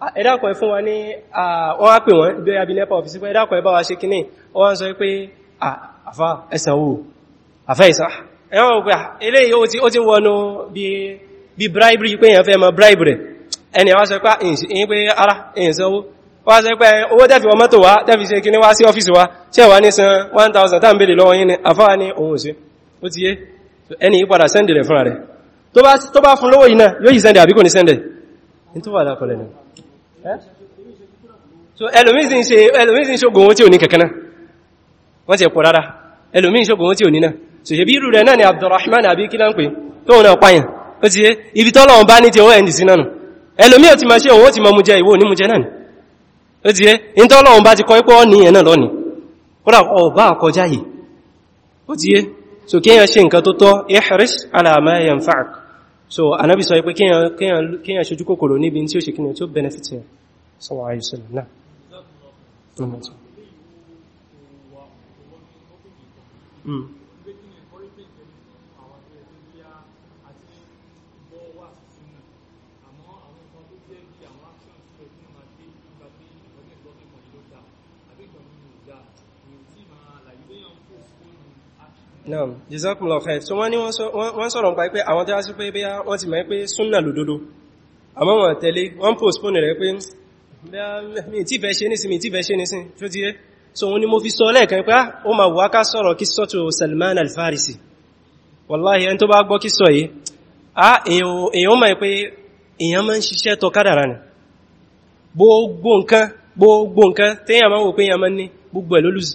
Ah, ẹ̀dàkọ̀ fún wa ní wọ́n á pè wọ́n bí i abinepa ọ̀fíìsì pé ẹ̀dàkọ̀ ẹbá wa ṣe kíní wọ́n sọ pé àfá ẹsànwò àfá ìsá ẹ̀wọ̀n pé eléyìí ó ti wọnú bí bribery pé èyàn fẹ́ mọ bribery ẹni wá sọ pé èyí pé ara ẹ̀sànwò wá sọ pé owó tẹ́fì wọ́n mọ́tò wá tẹ́fì wa tí ẹ̀wà ni àfá ní òun sí ó ti yé ẹni ìpadà sẹ́ndì rẹ̀ fúnra rẹ̀ tó bá fún lówó yìí náà yóò yìí sẹ́ndì àbí kò ní sẹ́ndì ní tó wà lákọlẹ̀ náà Eh? so ẹlòmí sì ń ṣe ẹlòmí sì ń ṣògùn owó tí ò ní kankaná wọ́n ti ẹ̀pọ̀ rárá ẹlòmí ṣògùn owó tí ò ní náà so ṣe bí irú rẹ̀ náà ni Abdurrahman àbí kí ń pè tóun náà ó ti yé ibi tọ́lọ́run bá ní ti owó sí náà ẹlòmí ò máa ṣe òun ó ti máa jẹ ìwò ní mú náà so anábì sọ pé kíyàn ṣojú kòkòrò níbi tí ó ṣe kíni tí ó benefit ẹ̀ sọ́wọ́ àìsílẹ̀ náà hmm. Nam, jazakumullahu khair so wọ́n ní wọ́n sọ̀rọ̀ nípa pé àwọn tí a sí pé bí wọ́n ti mọ̀ pé súnnà lòdodo àmọ́ wọ́n tẹ̀lé wọ́n postpone rẹ̀ pé mi tí fẹ́ ṣe nísìn mi tí fẹ́ ṣe nísìn tó ti rẹ́ so wọ́n ní mo fi sọ lẹ́ẹ̀kan pé ah, ó ma wà ká sọ̀rọ̀ kí sọ́tò Salman al-Farisi wallahi ẹni tó bá gbọ́ kí sọ yìí a ah, èèyàn mọ̀ pé èèyàn máa ń ṣiṣẹ́ tọ kádàrà ni gbogbo nǹkan gbogbo nǹkan téèyàn máa ń wò pé èèyàn máa ń ní gbogbo ẹ̀ lólùsì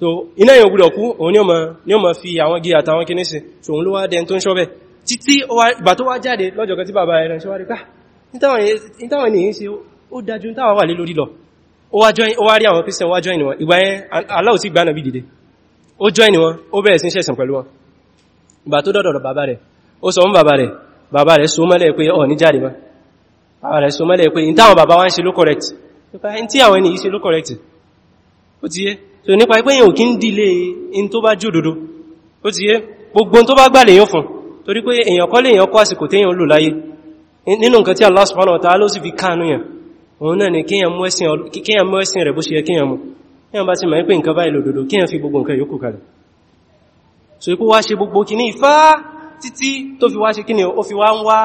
so iná yẹn gbúdọ̀ kú òun ni ó ma fi àwọn gí àtàwọn kí sí so òun ló wá dẹn tó ń ṣọ́bẹ̀ títí ìgbà tó wá jáde lọ́jọ́ kan tí bàbá ẹ̀rẹ̀ ṣe wá rí pá nítàwọn èyí sí ó dájú táwà wà lé lórí lọ ó wá rí àwọn christian wá join wọn Allah sì gbá nàbí dìde ó join wọn ó bẹ̀rẹ̀ sí ṣẹ̀sìn pẹ̀lú wọn ìgbà tó dọ̀dọ̀ bàbá rẹ̀ ó sọ fún bàbá rẹ̀ bàbá rẹ̀ so mọ́lẹ̀ pé ọ̀ ní jáde mọ́ bàbá rẹ̀ so mọ́lẹ̀ so nípa ipé èyàn kí ń dìlé in tó bá jòdòdó ó ti yé gbogbo tó bá gbà lèyàn fún torí pé èyàn kọ́ lèyàn kọ́ àsìkò téyàn lò láyé nínú nǹkan tí Allah subhanahu wa ta'ala ló sì fi káànú yàn òun náà ni kíyàn mú ẹ̀sìn rẹ̀ bó ṣe yẹ kíyàn mú kíyàn bá ti mọ̀ pé nǹkan báyìí lòdòdó so ikú wá ṣe gbogbo kíní ìfá títí tó fi wá ṣe kíní ó fi wá ń wá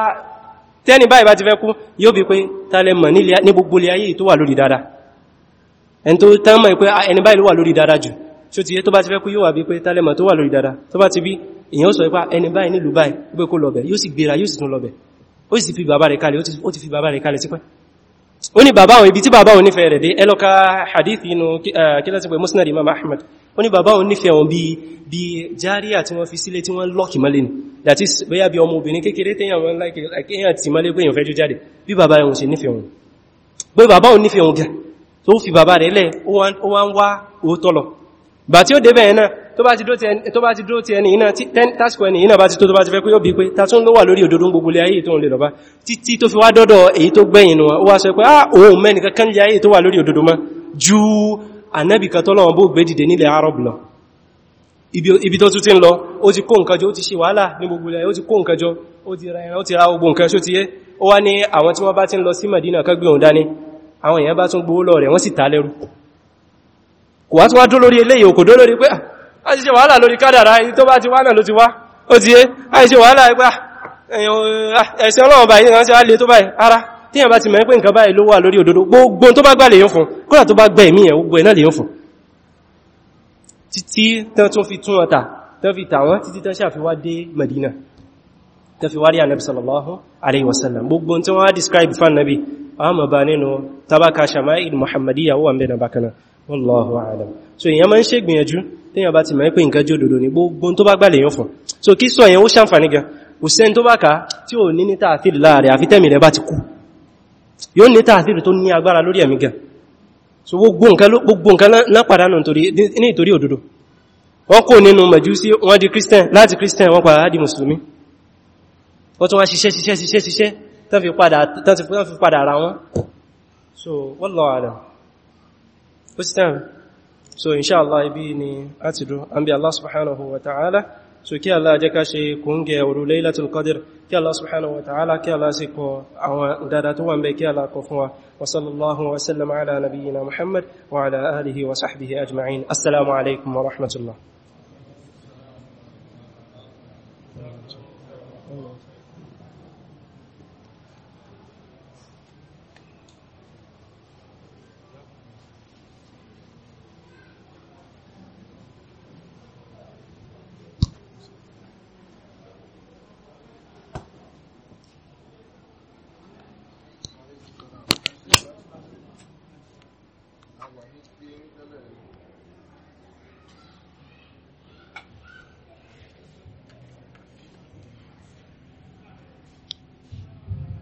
tẹ́ni báyìí bá ti fẹ́ kú ní gbogbo ilé ayé tó wà lórí dáadáa ẹni tó tán mọ̀ pé ah, ẹni báyìí ló wà lórí dáadáa jù tí ó ti yẹ tó bá ti fẹ́ kú yóò wà bí pé tálẹ́mọ̀ tó wà lórí dáadáa tó bá ti bí èyàn sọ ipá ah, ẹni báyìí nílùú báyìí pé kó lọ bẹ̀ yóò sì gbéra ní bàbá hadith inú kílẹ̀sí eh, pé musnad imam ahmed ó ní bàbá òun nífẹ̀ẹ́ òun bí járíà tí wọ́n fi sílé that is bóyá bí ọmọ obìnrin kékeré téèyàn wọn láìkéyàn tí mọ́lé pé èèyàn fẹ́ jó jáde bí bàbá òun ṣe nífẹ̀ẹ́ òun gbé bàbá òun nífẹ̀ẹ́ òun gẹ̀ẹ́ tó fi bàbá rẹ̀ lẹ̀ ó wá ń wá òótọ́ lọ bà tí ó dé bẹ̀ẹ̀ náà tó bá ti dúró ti ẹni iná tásìkò ẹni iná bá ti tó tó bá ti fẹ́ pé ó bí pé tàtún ló wà lórí òdòdó gbogbo ó wá ah òun mẹ́ni kankan lè ayé tó wà lórí ju anẹ́bìkan tọ́lọ́wọ́n bó gbé dìde nílẹ̀ arab lọ ibi tó tún ti ń lọ ó ti kó nǹkan jọ ó ti ṣe wàhálà ní gbogbo ra ẹran ra gbogbo nǹkan ṣó ti yé ó wá ní àwọn tí wọ́n bá ti ń lọ sí Madina kan dání àwọn èèyàn bá tún gbówó lọ rẹ̀ wọ́n sì ta lẹ́rú kò wá tún wá dó lórí eléyìí òkò dó lórí pé ah, a ti ṣe wàhálà lórí kádàrá ẹni tó bá ti wá náà ló ti wá ó ti yé a ti ṣe wàhálà pé ah, ah, ẹ̀sìn ọlọ́run báyìí ránṣẹ́ á ara tí èèyàn bá ti mẹ́ pé nǹkan báyìí ló wà lórí òdodo gbogbo tó bá gbà lè yún fún kódà tó bá gbẹ ìmí ẹ̀ gbogbo ẹ̀ náà lè yún fún títí tán tún fi tún ọ̀tà tán Medina tó fi wárí ànàbì sallallahu alaihi wasallam gbogbo tí wọ́n describe fún ànàbì ọmọ bá nínú tabaka shama'il muhammadiyya wọ́n bẹ̀rẹ̀ bákaná wallahu alam so èyàn ma ń ṣe gbìyànjú tí yàn bá ti mẹ́ pé nǹkan jẹ́ òdòdó ní gbogbo tó bá gbàlẹ̀ yàn fún so kí sọ èyàn ó ṣàǹfàní gan òsẹ́n tó bá ká tí ò ní ní tààtìrì láàrẹ àfi tẹ́mì rẹ̀ bá ti kú yóò ní tààtìrì tó ní agbára lórí ẹ̀mí gan so gbogbo nǹkan ná pàdánù nítorí òdòdó wọ́n kò nínú mẹ̀jú sí wọ́n di christian láti christian wọ́n padà di mùsùlùmí wọ́n tó wá ṣiṣẹ́ ṣiṣẹ́ ṣiṣẹ́ ṣiṣẹ́ tó fi padà ara wọn so wallahu alam ó sì tán so inṣáàlá ibi ni a ti dú an bí Allah subhanahu wa ta'ala so kí Allah jẹ́ ká ṣe kúngẹ̀ òru Laylatul Qadr kí Allah subhanahu wa ta'ala kí Allah sì kọ àwọn dada tó wọ́n bẹ kí Allah kọ fún wa wa wa sallam ala nabiyyina Muhammad wa ala alihi wa sahbihi ajma'in assalamu alaikum wa rahmatullah